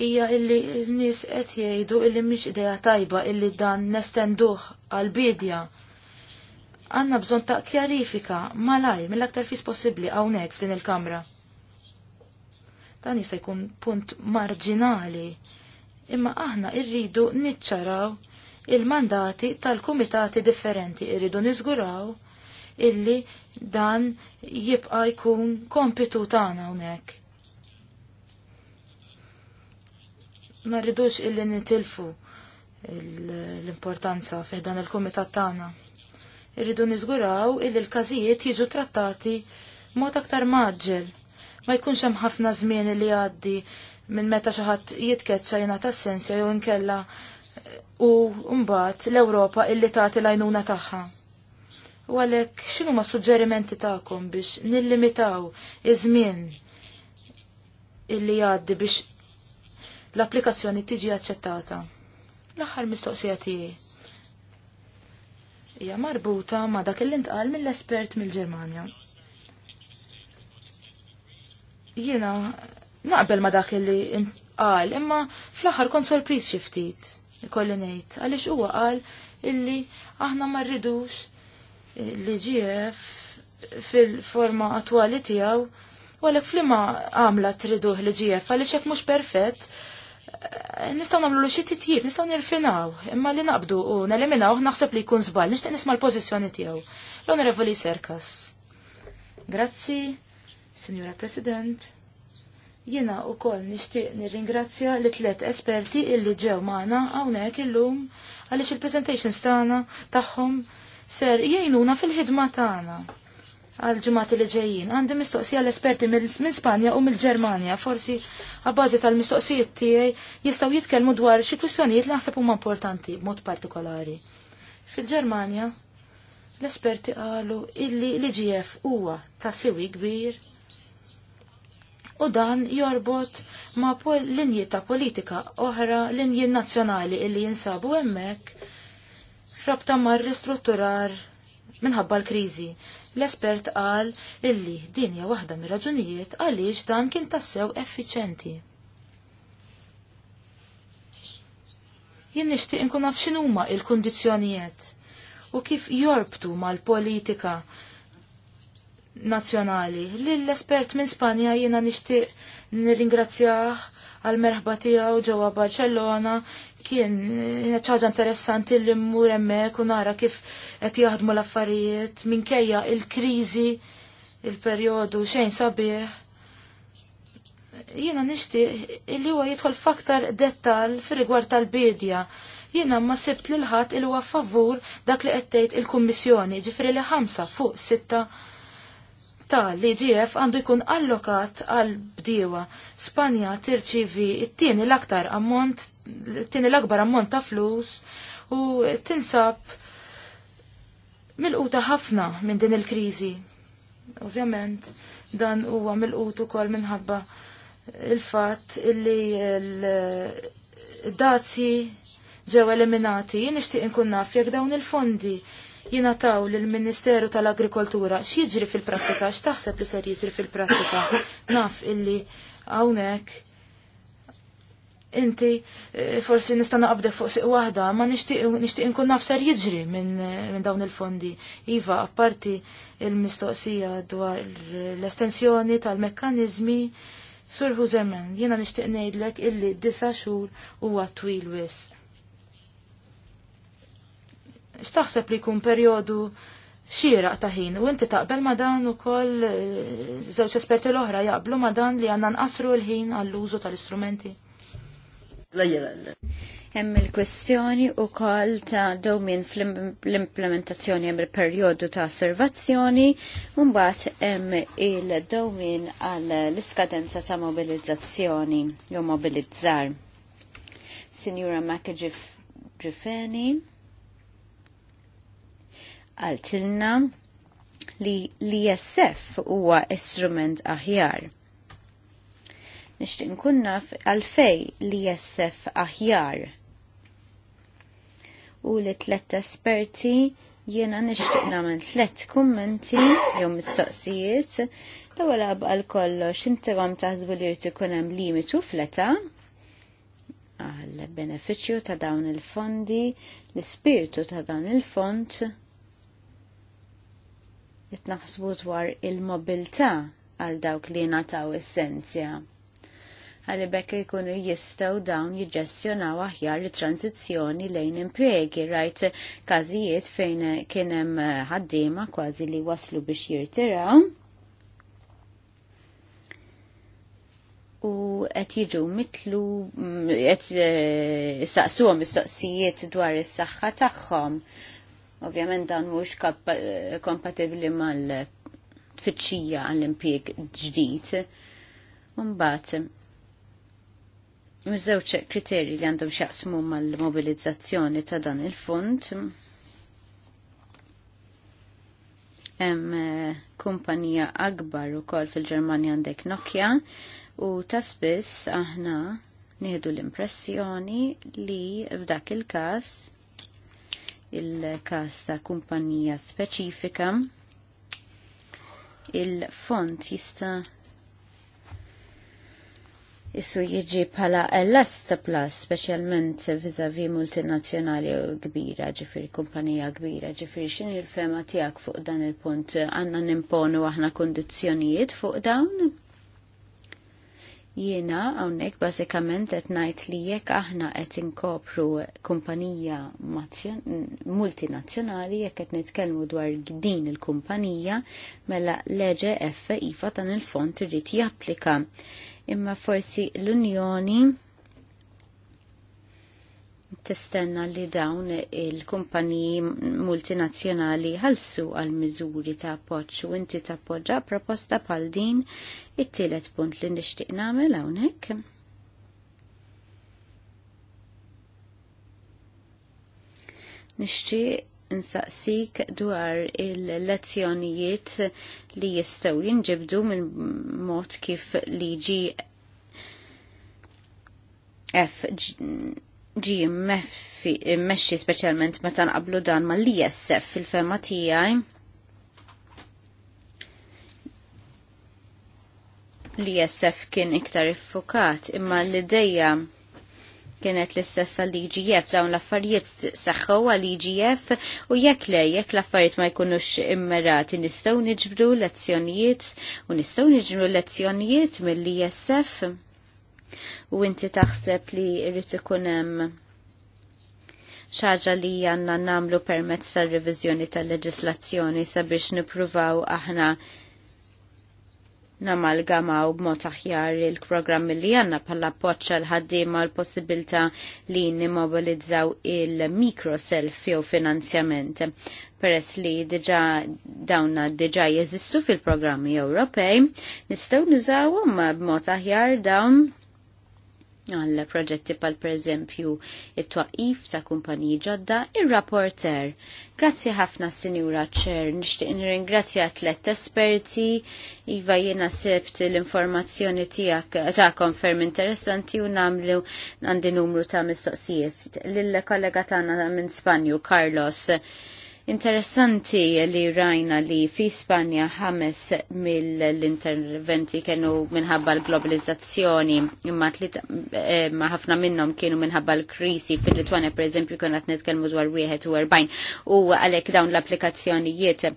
C: hija illi n-nies qed jgħidu illi mhix idea tajba illi dan nestenduh għal bidja. Għanna bżon ta' kjarifika malaj mill-aktar fis possibbli hawnhekk f'din il-kamra. Dan jista' jkun punt marġinali, imma aħna rridu niċċaraw il-mandati tal-kumitati differenti, irridu niżguraw illi dan jibqa' jkun kompitu tagħna hawnhekk. Ma rridux illi nitilfu l-importanza fih dan il-kumitat tagħna. Irridu niżguraw illi l-każijiet jiġu trattati mod aktar maġġel. Ma jkunx hemm ħafna żmien li għaddi minn meta xi ħadd jitkeċċa tas sensja jew inkella u mbagħad l-Ewropa illi tagħti l-għajnuna tagħha. U għalek, xinu ma suġġerimenti ta'kom biex nillimitaw iż-żmien illi jgħaddi biex l-applikazzjoni tiġi aċċettata. L-aħħar mistoqsija tiegħi hija marbuta ma' dak li intqal mill-espert mill-Ġermanja. Jiena naqbel ma' dak li intqal, imma fl-aħħar kont sorpriż xi ftit, ikolli ngħid, għaliex huwa qal illi aħna ma rridux li GF fil-forma attwali tiegħu u flima għamla triduh li GF għaliex hekk mhux perfett eh, nistgħu nagħmlu xi titjib, nistgħu nirfinaw, imma li naqbdu u neliminaw naħseb li jkun żball, nixtieq nisma' l-pożizzjoni tiegħu. L-Onorevoli Serkas. Grazzi, Signora President. Jena u koll nishtiq nir-ringrazzja li tlet esperti illi ġew maħna għawnek illum għalix il-presentation stana taħħom ser jgħinuna fil-ħidma tagħna għal-ġimati li ġejjin. Għandi mistoqsija l-esperti minn Spanja u mill-Ġermanja, forsi għabbażi tal-mistoqsijiet tiegħi jistgħu jitkellmu dwar xi kwistjonijiet li naħseb huma importanti b'mod partikolari. Fil-Ġermanja, l-esperti qalu illi l-IGF huwa ta' siwi kbir u dan jorbot ma' linji ta' politika oħra, linji nazzjonali illi jinsabu hemmhekk frabta mar ristrutturar minħabba l-kriżi. L-espert għal illi din hija waħda mir-raġunijiet għaliex dan kien tassew effiċenti. Jien nixtieq inkun naf x'inhuma il-kundizzjonijiet u kif jorbtu mal-politika nazzjonali. l espert minn Spanja jiena nixtieq nirringrazzjah għal merħba tiegħu ġewwa Barcellona kien ċaġa interessanti li mmur hemmhekk u nara kif qed jaħdmu l-affarijiet minkejja il-kriżi il-perjodu xejn sabiħ. Jiena nixtieq li huwa jidħol f'aktar dettal fir-rigward tal-bidja. Jiena ma sibt lil ħadd il huwa favur dak li qed tgħid il-Kummissjoni, ġifri li ħamsa fuq sitta ta' l-IGF għandu jkun allokat għal bdiewa. Spanja tirċivi t-tieni l-aktar ammont, t-tieni l-akbar ammont ta' flus u tinsab mil-quta ħafna minn din il-krizi. Ovvjament, dan huwa mil-qut ukoll minħabba il-fatt illi l-dazzi ġew eliminati. Jien nixtieq inkun naf jekk dawn il-fondi jinataw lill-Ministeru tal-Agrikoltura x'jiġri fil-prattika, x'taħseb li ser jiġri fil-prattika. Naf illi hawnhekk inti eh, forsi nista' naqbdek fuq siq waħda, ma nixtieq inkun naf ser jiġri minn eh, min dawn il-fondi. Iva, apparti il-mistoqsija dwar l-estensjoni tal-mekkaniżmi Sur Huzeman, jiena nixtieq ngħidlek illi disa xhur huwa twil wisq x'taħseb li jkun perjodu xieraq ta' ħin u inti taqbel ma dan ukoll eh, żewġ esperti l-oħra jaqblu ma dan li għandna nqasru l-ħin għall-użu
A: tal-istrumenti. Hemm il-kwestjoni u koll ta' domin fl-implementazzjoni hemm il-perjodu ta' osservazzjoni u mbagħad hemm il-domin għal l-iskadenza ta' mobilizzazzjoni jew mobilizzar. Sinjura Mackie Ġifeni għaltilna li l-ISF huwa instrument aħjar. Nixtieq kunna għalfej l-ISF aħjar. U li tlet esperti jiena nixtieq nagħmel tlett kummenti jew mistoqsijiet l-ewwel għal kollox integom taħsbu li jrid ikun hemm limitu fleta għal beneficju ta' dawn il-fondi, l-ispirtu ta' dawn il-fond jitnaħsbu dwar il-mobilta għal dawk li nataw essenzja. Għalli bekk jkunu jistaw dawn jġessjonaw aħjar il transizjoni lejn impjegi rajt kazijiet fejn kienem ħaddima kważi li waslu biex jirtiraw. u qed jiġu mitlu mm, qed eh, saqsuhom mistoqsijiet dwar is-saħħa tagħhom. Ovvjament dan mhux eh, kompatibbli mal-tfittxija għall-impjeg ġdid. Mbagħad Miż-żewġ kriterji li għandhom xaqsmu mal-mobilizzazzjoni ta' dan il-fond hemm eh, kumpanija akbar ukoll fil-Ġermanja għandek Nokia u ta' spiss aħna nieħdu l-impressjoni li f'dak il-każ il-kas ta' kumpanija speċifika il-font jista Issu jiġi pala elasta plus, specialment vizavi multinazzjonali kbira, ġifiri kumpanija kbira, ġifiri xin il-fema tijak fuq dan il-punt, għanna nimponu aħna kondizjonijiet fuq dawn? Jiena hawnhekk bażikament qed ngħid li jekk aħna qed inkopru kumpanija multinazzjonali jekk qed nitkellmu dwar din il-kumpanija mela leġe FIFA iva dan il-font irid japplika. Imma forsi l-Unjoni tistenna li dawn il-kumpaniji multinazzjonali ħalsu għal miżuri ta' appoġġ u inti tappoġġa proposta bħal din it-tielet punt li nixtieq nagħmel hawnhekk. Nixtieq nsaqsik dwar il-lezzjonijiet li jistgħu jinġibdu minn mod kif liġi F ġi meċi specialment meta nqablu dan ma li jessef fil-fema tijaj li jessef kien iktar iffukat imma l dejja kienet l-istess li igf dawn l-affarijiet saħħu għal-IGF u jekk le jekk l-affarijiet ma jkunux immerati nistgħu niġbru lezzjonijiet u nistgħu niġbru lezzjonijiet mill-ISF u inti taħseb li irrid ikun hemm xaġa li janna namlu permezz tal-revizjoni tal-leġislazzjoni sabiex nipruvaw aħna namalgamaw b'mod aħjar il-programmi li għanna pala poċċa l ħaddim l-possibilta li nimmobilizzaw il-microself jew finanzjament. Peress li diġa dawna diġa jeżistu fil-programmi Ewropej, nistgħu nużawhom b'mod aħjar dawn għal proġetti pal per eżempju it-twaqif ta' kumpaniji ġodda, ir-rapporter. Grazzi ħafna sinjura ċer, nixtieq nirringrazzja tlet esperti, iva jiena sebt l-informazzjoni tiegħek ta' konferm interessanti u nagħmlu għandi numru ta' mistoqsijiet. Lille kollega tagħna minn Spanju, Carlos, Interessanti li rajna li fi Spanja ħames mill-interventi kienu minħabba l-globalizzazzjoni imma eh, ma ħafna minnhom kienu minħabba l-krisi fil-Litwana per eżempju kienu qed nitkellmu dwar 41 u għalhekk dawn l-applikazzjonijiet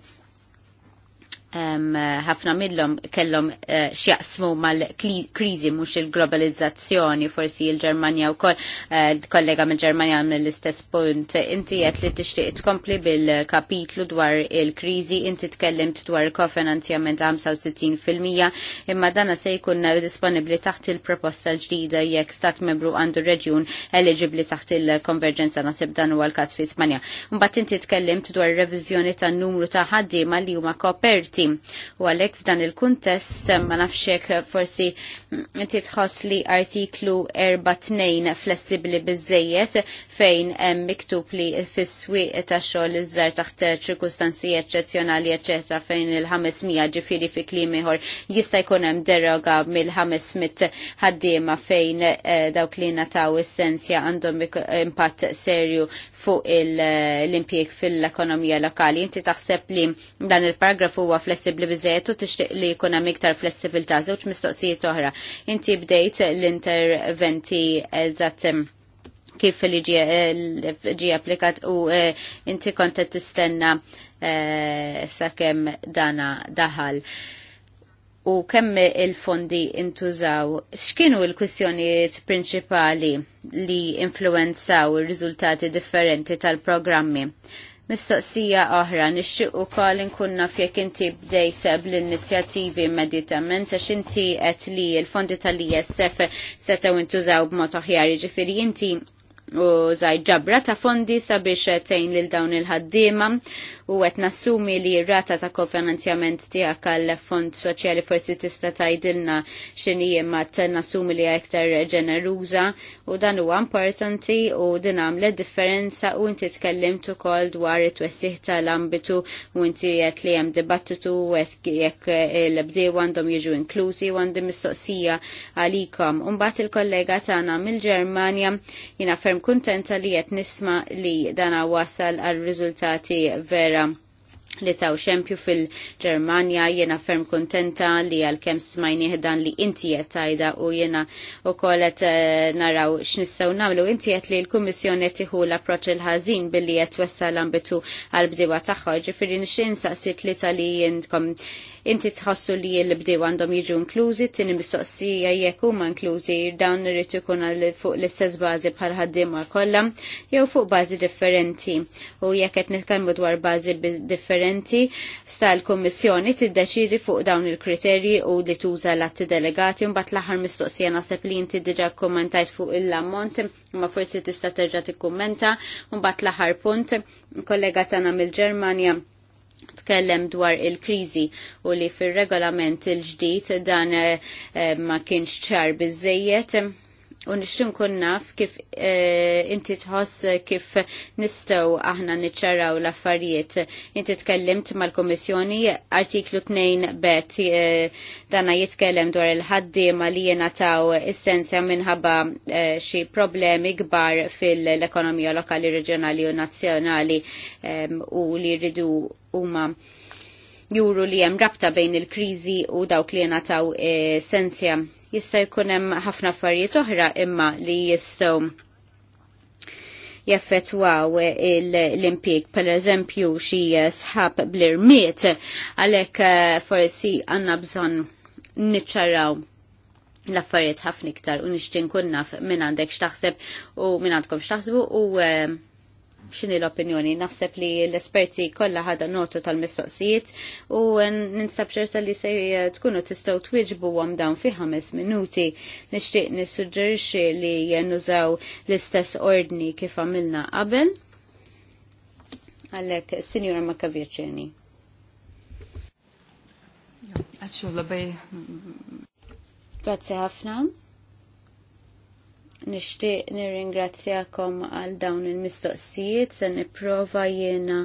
A: ħafna um, millhom kellhom uh, eh, x'jaqsmu mal-kriżi mhux il-globalizzazzjoni, forsi il-Ġermanja wkoll uh, kollega mill-Ġermanja mill-istess punt. Inti qed li tixtieq tkompli bil-kapitlu dwar il-kriżi, inti tkellimt dwar kofinanzjament 65% imma dana se jkun disponibbli taħt il-proposta l-ġdida jekk stat membru għandu reġjun eligibbli taħt il-konverġenza nasib dan huwa l-każ fi Spanja. Mbagħad inti tkellimt dwar reviżjoni tan-numru ta' ħaddiema li huma koperti riski. U għalhekk f'dan il-kuntest ma nafxek forsi mm, titħoss li artiklu 4-2 flessibli bizzejiet fejn hemm miktub li fis-swieq ta' xogħol iżżar taħt ċirkustanzi eċċezzjonali eċċetera fejn il-500 ġifieri fi kliem ieħor jista' jkun hemm deroga mill-500 ħaddiema fejn eh, dawk li nataw essenzja għandhom impatt serju fuq l-impjeg fil-ekonomija lokali. Inti taħseb li dan il-paragrafu huwa fl flessibli biżejt u tixtieq li jkun hemm iktar flessibilità żewġ mistoqsijiet oħra. Inti bdejt l-interventi eżatt kif li ġi applikat u e, inti kont qed tistenna e, sakemm dana daħal u kemm il-fondi intużaw, x'kienu l-kwistjonijiet prinċipali li influenzaw ir-riżultati differenti tal-programmi? Mistoqsija oħra, nixtieq ukoll inkun naf jekk inti bdejt bl-inizjattivi immedjatament għax inti qed li l-fondi tal-ISF setgħu intużaw b'mod aħjar, jiġifieri inti u zaħi ġabra ta' fondi sabiex tejn lil dawn il-ħaddima u għet nassumi li rata ta' kofinanzjament tijak għal-fond soċjali forsi tista tajdilna xini imma nassumi li għektar ġeneruza u dan huwa importanti u din għamle differenza u inti tkellimt ukoll dwar it-twessiħ tal-ambitu u inti għet li hemm dibattitu u jekk l-bdew għandhom jiġu inklużi u għandhom mistoqsija għalikom. Umbat il-kollega tagħna mill-Ġermanja jina ferm kuntenta li qed nisma li dana wasal għal riżultati ver vera li taw xempju fil ġermania jena ferm kontenta li għal-kem smajni dan li inti jettajda u jena u kolet eh, naraw xnissaw namlu inti jett li l-Kummissjoni tiħu l-approċ il-ħażin billi jett wessa l-ambitu għal-bdiba tagħha ġifieri nixin saqsit li tal-li jintkom inti tħassu li l-bdew għandhom jiġu inklużi, tini mistoqsija jekk huma inklużi dawn irid ikun fuq l-istess bażi bħal ħaddiema kollha jew fuq bażi differenti. U jekk qed nitkellmu dwar bażi differenti, sta l-Kummissjoni tiddeċidi fuq dawn il-kriterji u li tuża l-atti delegati mbagħad l-aħħar mistoqsija naħseb li inti diġà kommentajt fuq il-ammont ma forsi tista' terġa' tikkummenta mbagħad l-aħħar punt kollega tagħna mill-Ġermanja tkellem dwar il-krizi u li fil-regolament il-ġdid dan eh, ma kienx ċar biżejjed u nixtru kunnaf naf kif e, inti tħoss kif nistgħu aħna niċċaraw l-affarijiet. Inti tkellimt mal-Kummissjoni artiklu 2 bet e, dana jitkellem dwar il-ħaddiema li jingħataw is-sensja minħabba e, xi problemi kbar fil-ekonomija lokali, reġjonali u nazzjonali u li jridu huma juru li hemm rabta bejn il-kriżi u dawk li jingħataw sensja jista' jkun hemm ħafna affarijiet oħra imma li jistgħu jaffetwaw l-impjeg, per eżempju, xi sħab bl-irmiet, għalhekk eh, forsi għandna bżonn niċċaraw l-affarijiet ħafna iktar u nixtin kun naf minn għandek xtaħseb u minn għandkom xtaħsbu u eh, xini l-opinjoni. Naħseb li l-esperti kollha ħada notu tal-mistoqsijiet u ninsab ċerta li se tkunu tistgħu twiġbu għam dawn fi ħames minuti. Nixtieq nissuġġerixxi li nużaw l-istess ordni kif għamilna qabel. Għallek, Sinjora Makavieċeni.
B: Għadxu l-bej.
A: Grazie ħafna nixtieq nirringrazzjakom għal dawn il-mistoqsijiet se nipprova jiena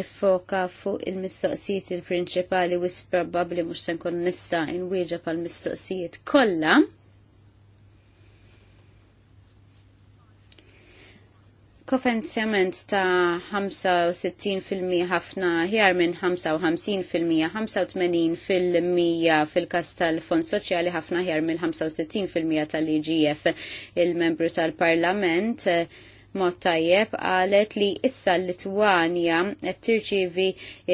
A: nifoka fuq il-mistoqsijiet il-prinċipali wis probabbli mhux se nkun nista' nwieġeb għall mistoqsijiet kollha. kofenzjament ta' 65% ħafna ħjar minn 55%, 85% fil-kas tal-Fond Soċjali ħafna ħjar minn 65% tal-IGF il-membru tal-Parlament. Uh, mod tajjeb għalet li issa l-Litwanja qed tirċivi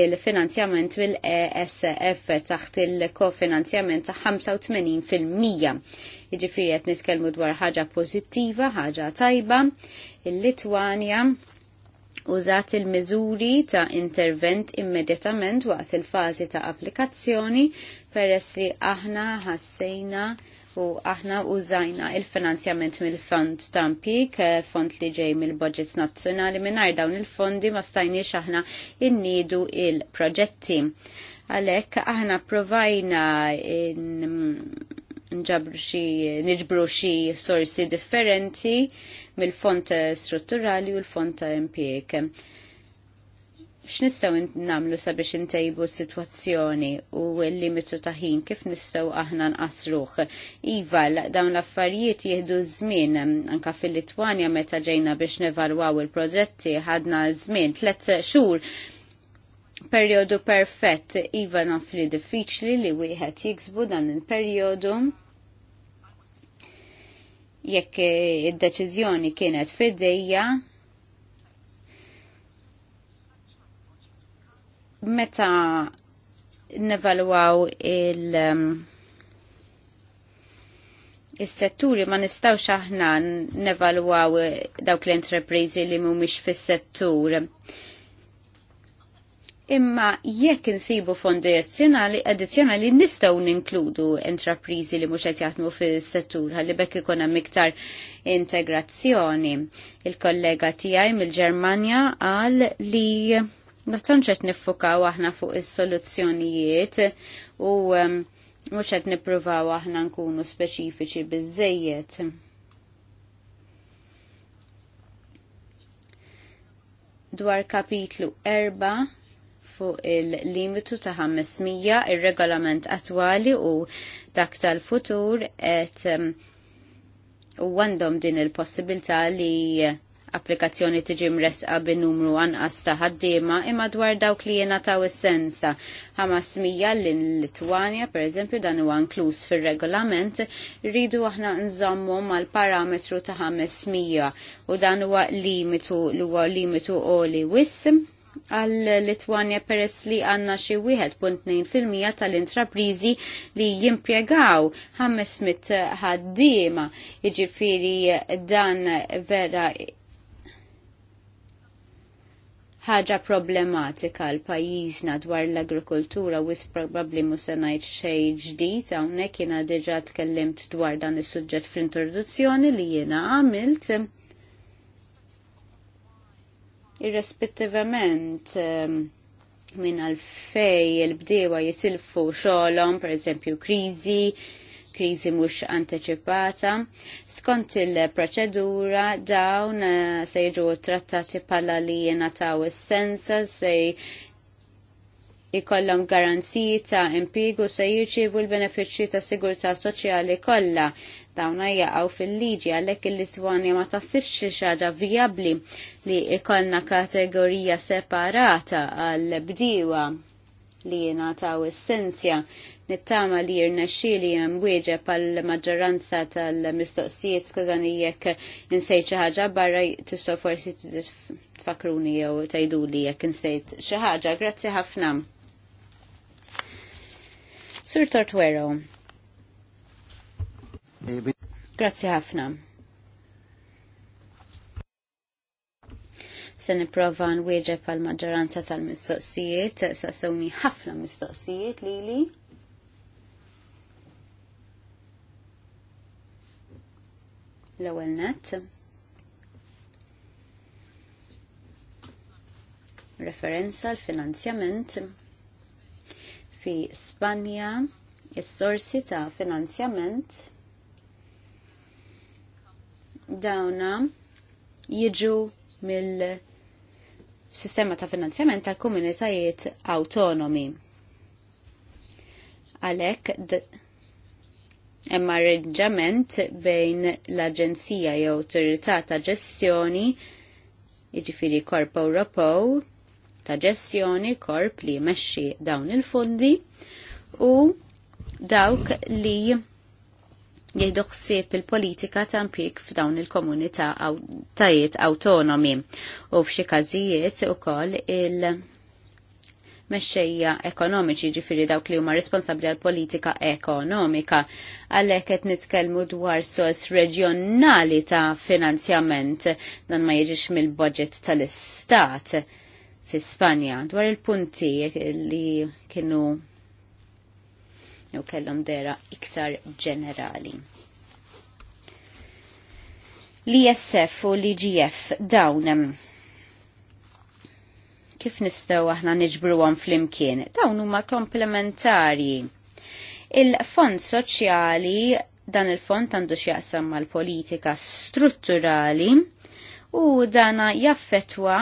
A: l-finanzjament mill-ESF taħt il-kofinanzjament ta' 85%. Jiġifieri qed nitkellmu dwar ħaġa pożittiva, ħaġa tajba. Il-Litwanja użat il-miżuri ta' intervent immedjatament waqt il-fażi ta' applikazzjoni peress li aħna ħassejna nafu aħna użajna il-finanzjament mill-fond tampik, fond li ġej mill-budget nazzjonali mingħajr dawn il-fondi ma stajniex aħna innidu il-proġetti. Għalhekk aħna provajna nġabru xi niġbru xi sorsi differenti mill fond strutturali u l fond impjek x'nistgħu nagħmlu sabiex intejbu s-sitwazzjoni u l-limitu ta' ħin kif nistgħu aħna nqasruh. Iva, dawn l-affarijiet jieħdu żmien anka fil-Litwanja meta ġejna biex nevalwaw il-proġetti ħadna żmien tliet xhur perjodu perfett iva naf li diffiċli li wieħed jiksbu dan il-perjodu jekk id-deċiżjoni kienet fidejja meta nevalwaw il- um, Is-setturi ma nistawx aħna nevalwaw dawk l-entreprizi li mhumiex fis-settur. Imma jekk insibu fondi addizzjonali nistgħu ninkludu entreprizi li mhux qed jaħdmu fis-settur ħalli bekk ikun hemm iktar integrazzjoni. Il-kollega tiegħi mill-Ġermanja qal li Natton ċet nifuka aħna fuq is-soluzzjonijiet u mux ehm, qed nippruvaw aħna nkunu speċifiċi bizzejiet. Dwar kapitlu 4 fuq il-limitu ta' 500 ir-regolament attwali u dak tal-futur qed ehm, u għandhom din il-possibilità li applikazzjoni tiġi mresqa bin numru anqas ta' ħaddiema imma dwar dawk li jena ta' essenza. Ħamas mija l Litwania, per eżempju, dan huwa inkluż fir-regolament, rridu aħna nżommu mal-parametru ta' 500 u dan huwa limitu li huwa limitu oli wis għal Litwanja peress li għanna xi 1.2% tal-intraprizi li jimpjegaw 500 ħaddiema. Jiġifieri dan vera ħaġa problematika l pajjiżna dwar l-agrikoltura u probabbli mhux se ngħid xejn ġdid hawnhekk jiena diġà tkellimt dwar dan is-suġġett fl-introduzzjoni li jiena għamilt. Irrespettivament ehm, minn għalfej il-bdewa jitilfu xolom, per eżempju, krizi, kriżi mhux anteċipata. Skont il-proċedura dawn eh, se jiġu trattati bħala li jingħataw is-sensa se ikollhom garanziji ta' impjiegu se jirċievu l-benefiċċji ta' sigurtà soċjali kollha. Dawn jaqgħu fil-liġi għalhekk il-Litwanja ma taħsibx xi ħaġa vijabbli li ikollna kategorija separata għall bdiewa li jena taw essenzja nittama li jirna xili jem wieġe pal maġġoranza tal-mistoqsijiet skużani jekk nsejt ħaġa barra tisso forsi fakruni jew tajdu li jekk insejt ħaġa. Grazzi ħafna. Sur Tortuero. Grazzi ħafna. se nipprova nwieġeb għal maġġoranza tal-mistoqsijiet, sewni ħafna mistoqsijiet lili. L-ewwel net. Referenza l finanzjament fi Spanja, il sorsi ta' finanzjament dawna jiġu mill sistema ta' finanzjament tal komunitajiet autonomi. Għalek, emma reġġament bejn l-Aġenzija jew Autorità ta' Ġestjoni, jiġifieri Korp Ewropew ta' ġestjoni korp li jmexxi dawn il-fondi u dawk li jihdu ħsieb il-politika ta' impjieg f'dawn il-komunità tajiet autonomi u f'xi każijiet ukoll il- mexxejja ekonomiċi ġifiri dawk li huma responsabbli għal politika ekonomika għalhekk qed nitkellmu dwar sors reġjonali ta' finanzjament dan ma jiġix mill-budget tal-istat fi Spanja dwar il-punti li kienu u kellhom dera iktar ġenerali. L-ISF u l-IGF dawn kif nistgħu aħna niġbruhom flimkien. Dawn huma komplementari. Il-fond soċjali dan il-fond għandu x'jaqsam mal-politika strutturali u dana jaffetwa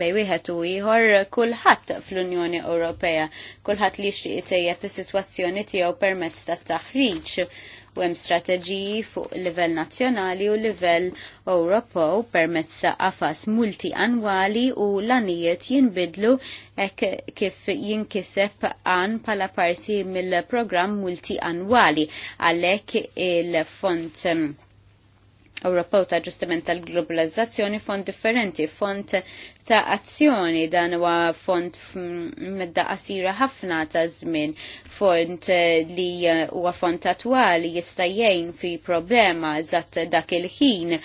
A: bej wieħed u ieħor kulħadd fl-Unjoni Ewropea, kulħadd li jixtieq itejjeb is-sitwazzjoni tiegħu permezz tat-taħriġ u hemm strateġiji fuq livell nazzjonali u livell Ewropew permezz ta' qafas multianwali u l jinbidlu hekk kif jinkiseb għan pala parti mill-programm multianwali għalhekk il-font Ewropew ta' ġustament tal-globalizzazzjoni fond differenti, fond ta' azzjoni dan huwa fond medda qasira ħafna ta' żmien, fond eh, li huwa fond attwali jista' jgħin fi problema eżatt dak il-ħin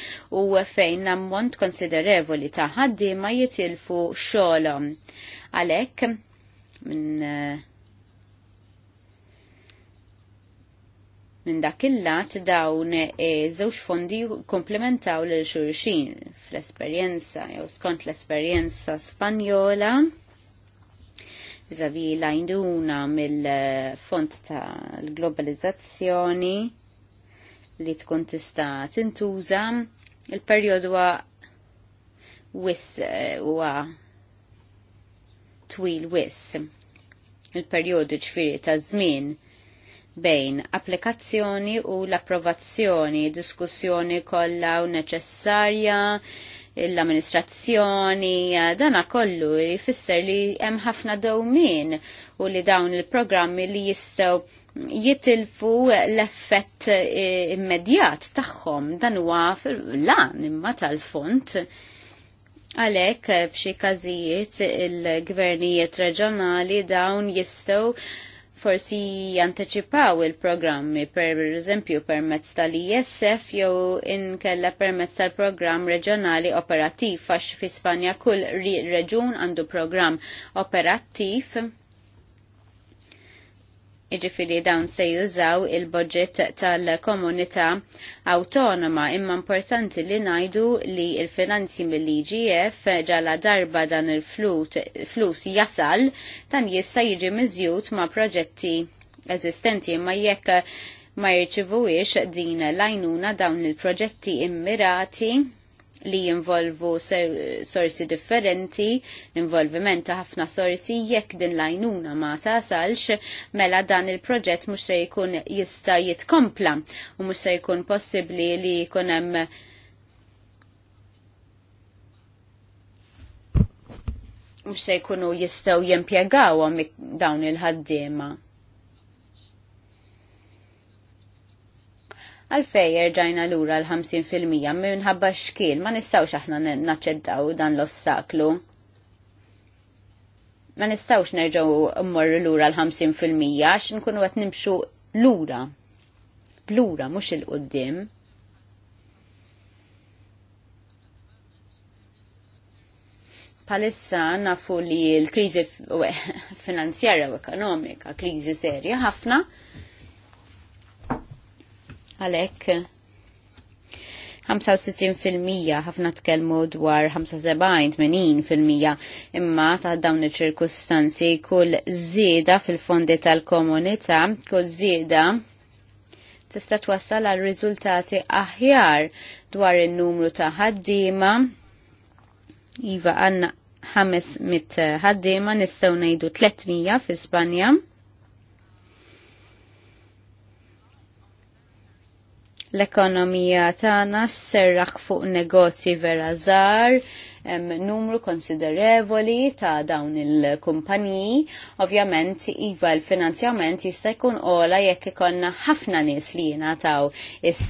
A: u fejn ammont konsiderevoli ta' ħaddiema jitilfu xogħolhom. Għalhekk minn eh, Minn dak il-lat dawn e, żewġ fondi komplementaw lil xulxin fl-esperjenza jew skont l-esperjenza Spanjola vizavi lajnduna mill-fond tal-globalizzazzjoni li tkun tista' tintuża il-perjodu wis e, huwa twil wis il-perjodu ċfiri ta' żmien bejn applikazzjoni u l-approvazzjoni, diskussjoni kollha u neċessarja, l-amministrazzjoni, dana kollu jfisser li hemm ħafna dowmin u li dawn il-programmi li jistgħu jitilfu l-effett e, immedjat tagħhom dan huwa lan imma tal-font. Għalhekk f'xi każijiet il-gvernijiet reġjonali dawn jistgħu forsi janteċipaw il-programmi, per eżempju permezz tal-ISF jew inkella permezz tal-programm reġjonali operattiv għax fi Spanja kull reġun għandu programm operattiv Iġifiri dawn se jużaw il-budget tal-komunità autonoma imma importanti li najdu li il-finanzi mill-IGF ġala darba dan il-flus jasal dan jista jiġi miżjut ma' proġetti eżistenti imma jekk ma jirċivu din l l-ajnuna dawn il-proġetti immirati li jinvolvu sorsi differenti, involviment ta' ħafna sorsi jekk din lajnuna ma sasalx, mela dan il-proġett mhux se jkun jista' jitkompla u mhux se jkun possibbli li jkun hemm mux se jkunu jistaw jempiegaw dawn il-ħaddima. għalfej erġajna lura l-50% minħabba xkil, ma nistawx aħna naċċettaw dan l-ossaklu. Ma nistawx nerġaw mmorru lura l-50% għax nkunu għat nimxu lura. Blura, mux il-qoddim. palissa nafu li l-krizi finanzjarja u ekonomika, krizi serja ħafna, għalhekk 65% ħafna tkellmu dwar 75-80% imma ta' dawn iċ-ċirkustanzi kull żieda fil-fondi tal-komunità, kull żieda tista' twassal għal riżultati aħjar dwar in-numru ta' ħaddiema. Iva għandna 500 ħaddiema nistgħu ngħidu 300 fi Spanja. L-ekonomija tagħna sserraħ fuq negozji vera żgħar, hemm numru konsiderevoli ta' dawn il-kumpaniji. Ovvjament, iva l-finanzjament jista' jkun ola jekk ikonna ħafna nies li jingħataw is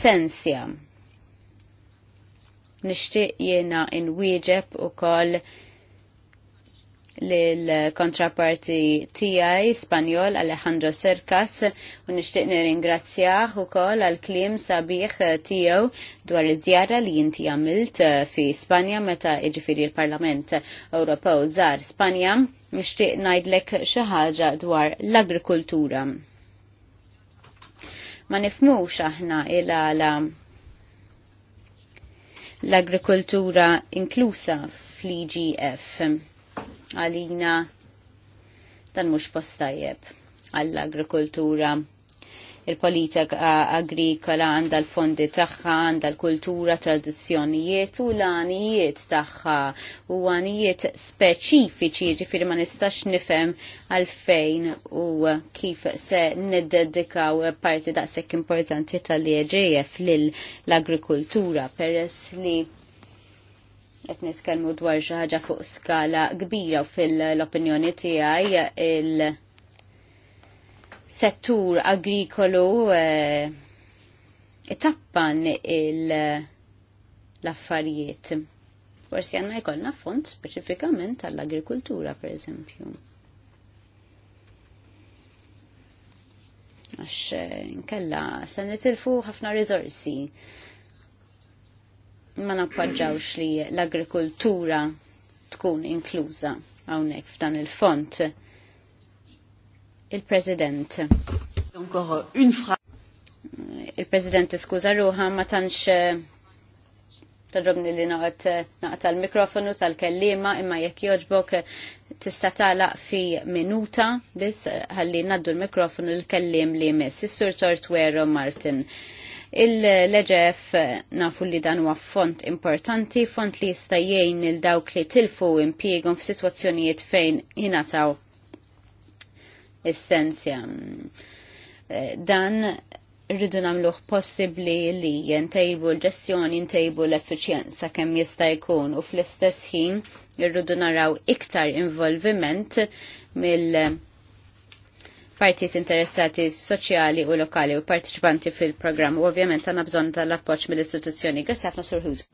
A: Nixtieq jiena nwieġeb ukoll l-kontraparti tijaj Spanjol Alejandro Serkas u nishtiq nirringrazzjah ukoll għal klim sabiħ tiegħu dwar iż-żjara li jinti għamilt eh, fi Spanja meta iġifiri l-Parlament Ewropew żar Spanja nixtieq ngħidlek xi ħaġa dwar l-agrikultura. Ma nifmux aħna il-għala l-agrikultura inklusa fl-IGF għalina dan mhux postajjeb għall-agrikoltura. Il-politika agrikola għandha l-fondi tagħha, għandha l-kultura, tradizzjonijiet u l-għanijiet tagħha u għanijiet speċifiċi ġifieri ma nistax nifhem għalfejn u kif se niddedikaw parti daqshekk importanti tal-EJF lill-agrikoltura peress li qed nitkellmu dwar xi ħaġa fuq skala kbira fil-opinjoni tiegħi il-settur agrikolu eh, itappan il-affarijiet. Forsi għanna jkollna fond speċifikament għall agrikultura per eżempju. Għax eh, nkella se nitilfu ħafna rizorsi ma nappoġġawx li l-agrikoltura tkun inkluża hawnhekk f'dan il-font. Il-President. Il-President iskuża ruha, ma tantx eh, tadrobni li noqgħod eh, naqgħod tal-mikrofonu tal-kellima imma jekk jogħġbok eh, tista' tagħlaq fi minuta biss ħalli naddu l-mikrofonu l-kellim li jmiss. Is-Sur Tortwero Martin. Il-leġef nafu li dan huwa font importanti, font li jista' il dawk li tilfu f f'sitwazzjonijiet fejn jingħataw essenzja. Eh, dan rridu namluħ possibli li jentejbu l-ġestjoni, jentejbu l-effiċjenza kemm jista' jkun u fl-istess ħin irridu naraw iktar involviment mill- partijiet interessati soċjali u lokali u partiċipanti fil-programm u ovvjament għanna bżon tal-appoċ mill-istituzzjoni. Grazie għafna Sur Hughes.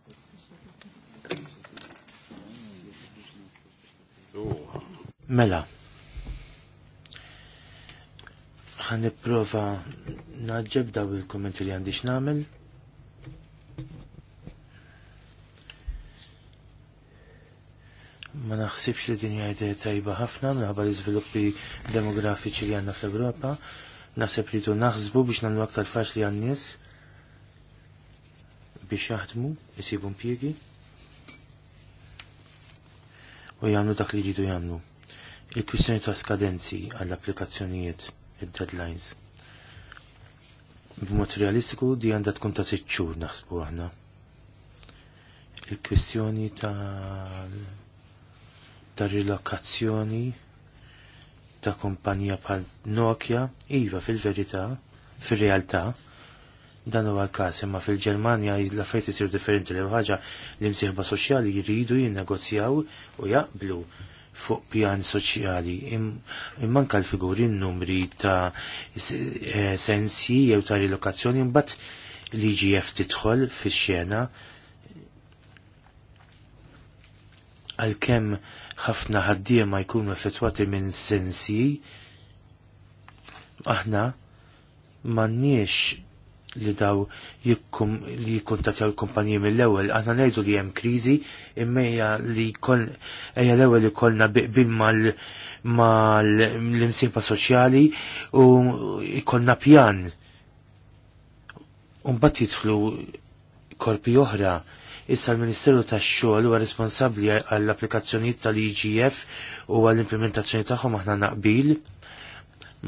B: Mela. Għan prova naġġeb daw il-kommenti li għandix namel. ma naħsibx li din idea tajba ħafna minħabba l-iżviluppi demografiċi li għandna fl-Ewropa. Naħseb li tu naħsbu biex nagħmlu aktar faċli għan-nies biex jaħdmu, jisibu mpiegi u jagħmlu dak li jridu jagħmlu. Il-kwistjoni ta' skadenzi għall-applikazzjonijiet, id-deadlines. B'mod realistiku di għandha tkun ta' sitt xhur naħsbu aħna. Il-kwistjoni ta' ta' rilokazzjoni ta' kumpanija bħal Nokia, iva fil-verità, fil-realtà, dan huwa l-każ imma fil-Ġermanja l-affarijiet isir differenti li ħaġa li msieħba soċjali jridu jinnegozjaw u jaqblu fuq pjan soċjali immanka l-figuri n-numri ta' eh, sensi jew ta' rilokazzjoni mbagħad l-IGF tidħol fix-xena għalkemm ħafna ħaddiema jkunu effettwati minn sensi, aħna m'għandniex li daw jikkum li jikkuntatja l-kumpanji mill-ewwel, aħna ngħidu li hemm kriżi imma li jkoll eja l-ewwel kolna biqbil mal mal l-imsieba soċjali u jkollna pjan. Umbat jidħlu korpi oħra Issa l-Ministeru tax-xogħol huwa responsabbli għall-applikazzjonijiet tal-IGF u għall-implementazzjoni tagħhom aħna naqbil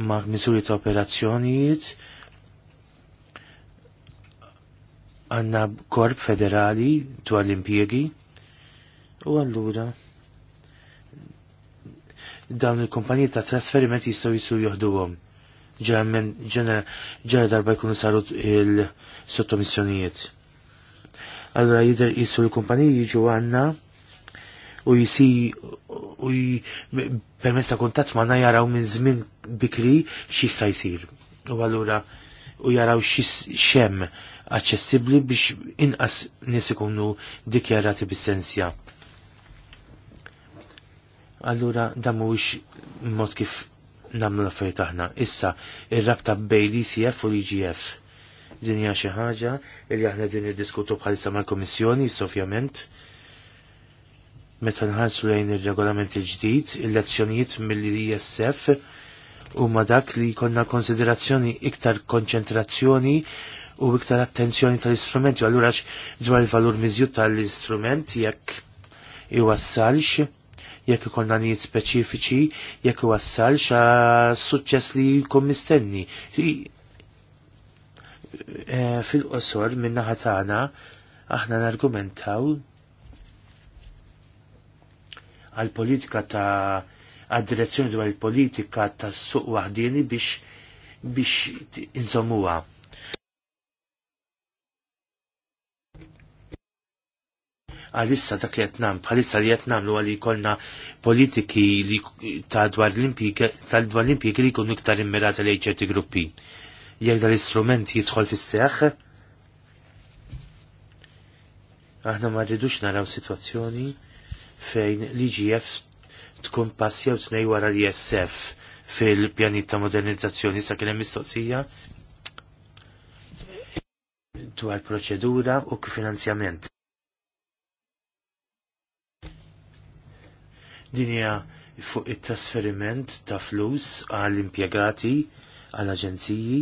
B: ma' misuri ta' operazzjonijiet għanna korp federali dwar l-impjegi u allura dawn il kumpaniji ta' trasferiment jistaw jitsu joħduhom. ġara darba jkunu saru il-sottomissjonijiet allora jidher jissu l-kumpaniji jiġu għanna u jisi u permess ta' kuntatt ma' jaraw minn żmien bikri x'jista' jsir. U allura u jaraw xem aċċessibbli biex inqas nis ikunu dikjarati bis-sensja. Allura dan mhuwiex mod kif nagħmlu l-affarijiet aħna. Issa ir-rabta bejn l-ICF u l-IGF Din hija xi ħaġa li aħna din niddiskutu bħalissa mal-Kummissjoni ovvjament. Meta nħarsu lejn ir-regolament il-ġdid, il-lezzjonijiet mill-ISF huma dak li konna konsiderazzjoni iktar konċentrazzjoni u iktar attenzjoni tal-istrumenti, għallura dwar il-valur miżjut tal-istrument jekk iwassalx, jekk ikonna nijiet speċifiċi, jekk iwassalx għas suċċess li jkun mistenni. Eh, fil-qosor minna ħatana aħna n-argumentaw għal politika ta' għad-direzzjoni dwar il-politika ta' suq wahdini biex biex inżommuha. għalissa dak li jatnam, bħalissa li jatnam li kolna politiki ta' dwar l impiki li kunu iktar immirata li ċerti gruppi jgħida l-istrument jidħol fis-seħħ. Aħna ma rridux naraw situazzjoni fejn l-IGF tkun passja jew tnej wara l-ISF fil-pjanit ta' modernizzazzjoni sa' kien hemm mistoqsija dwar proċedura u finanzjament. Dinja fuq it-trasferiment ta' flus għall impjegati għall aġenziji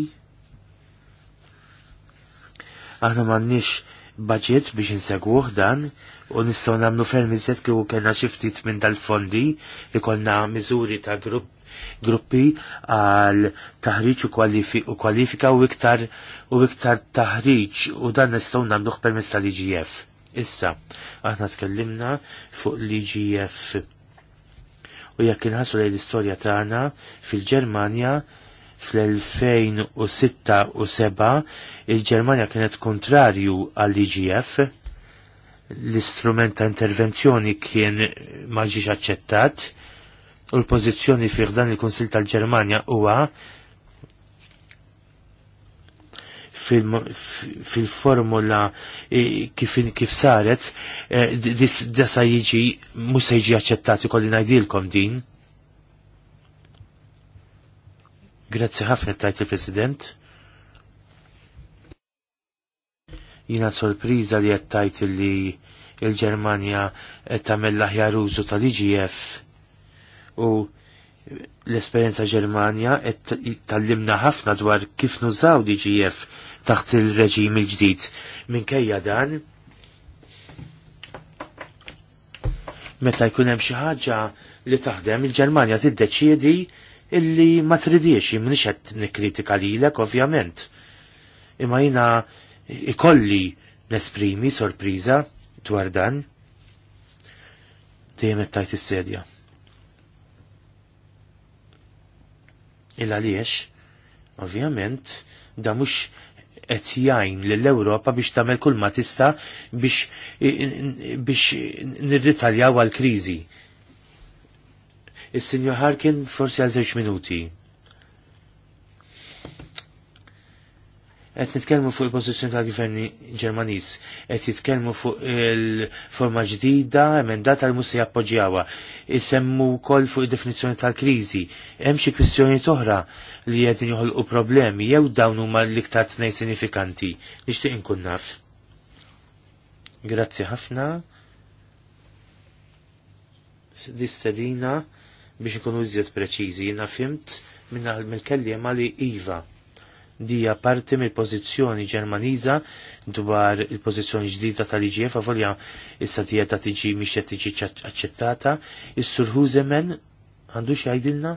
B: Aħna m'għandniex budget biex inseguh dan u nistgħu nagħmlu ferm iżjed kieku kellna xi ftit minn dal-fondi li konna miżuri ta' grupp gruppi għal taħriġ u kwalifika u iktar u iktar taħriġ u dan nistgħu nagħmluh permezz tal-IGF. Issa, aħna tkellimna fuq l-IGF u jekk inħassu lejn l-istorja tagħna fil-Ġermanja fl-2006 u 7 il-Ġermanja kienet kontrarju għall-IGF, e l-istrument ta' intervenzjoni kien maġiġ aċċettat u l-pozizjoni fih dan il-Konsil tal-Ġermanja huwa fil-formula e, kif, kif saret e, disa jiġi mhux se jiġi aċċettati kolli ngħidilkom din Grazzi ħafna tajt il-President. Jina sorpriża li qed li il-Ġermanja qed tagħmel l-aħjar użu tal-IGF u l-esperjenza Ġermanja tal tallimna ħafna dwar kif nużaw l-IGF taħt il-reġim il-ġdid. Minkejja dan, meta jkun hemm xi ħaġa li taħdem il-Ġermanja tiddeċiedi illi ma tridiex, mnix qed nikkritika lilek ovvjament. Imma jina ikolli nesprimi sorpriża dwar dan dejjem qed tajt is-sedja. Illa għaliex, ovvjament, da mhux qed jgħin lill-Ewropa biex tagħmel kull ma tista' biex biex nirritaljaw għall-kriżi Is-Sinjor Harkin forsi għal żewġ minuti. Qed nitkellmu fuq il-pożizzjoni tal-Gvern Ġermaniż, qed jitkellmu fuq il-forma ġdida emendata l musi jappoġġjawha. Isemmu wkoll fuq id-definizzjoni tal-kriżi. Hemm xi kwistjoni toħra li qegħdin joħolqu problemi jew dawn huma l-iktar tnej sinifikanti. Nixtieq inkun naf. Grazzi ħafna. Distedina biex ikunu iżjed preċiżi, jina fimt mill-kellima li Iva dija parti mill-pożizzjoni Ġermaniża dwar il-pożizzjoni ġdida tal-IGF avolja issa tija ta' tiġi mhix qed tiġi aċċettata. Is-Sur Husemen għandu xi jgħidilna?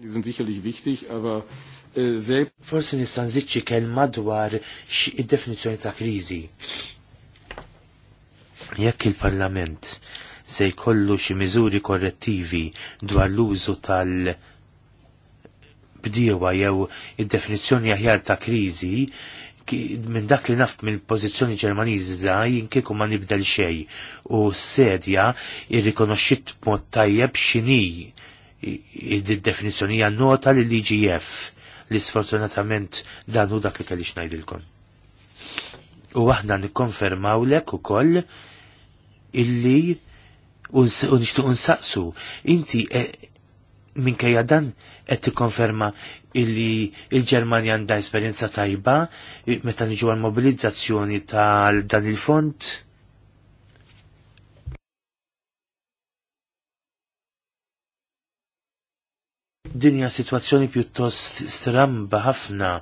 B: Die sind sicherlich wichtig, aber äh, Forse nistan zicċi kelma dwar x definizjoni ta' kriżi Jekk il-Parlament se jkollu xi miżuri korrettivi dwar l-użu tal- bdiewa jew id-definizzjoni aħjar ta' kriżi, minn dak li naft minn pożizzjoni ġermaniża jinkieku ma nibdel xej u s-sedja irrikonoxxit mod tajjeb x'inhi id-definizzjonija nota l igf li sfortunatament dan hu dak li kellix ngħidilkom. U aħna nikkonfermawlek ukoll koll illi unishtu unsaqsu. Inti e, minkejja dan qed tikkonferma illi il-Ġermanja għandha esperjenza tajba meta niġu għal mobilizzazzjoni tal dan il-fond. Dinja situazzjoni pjuttost stramba ħafna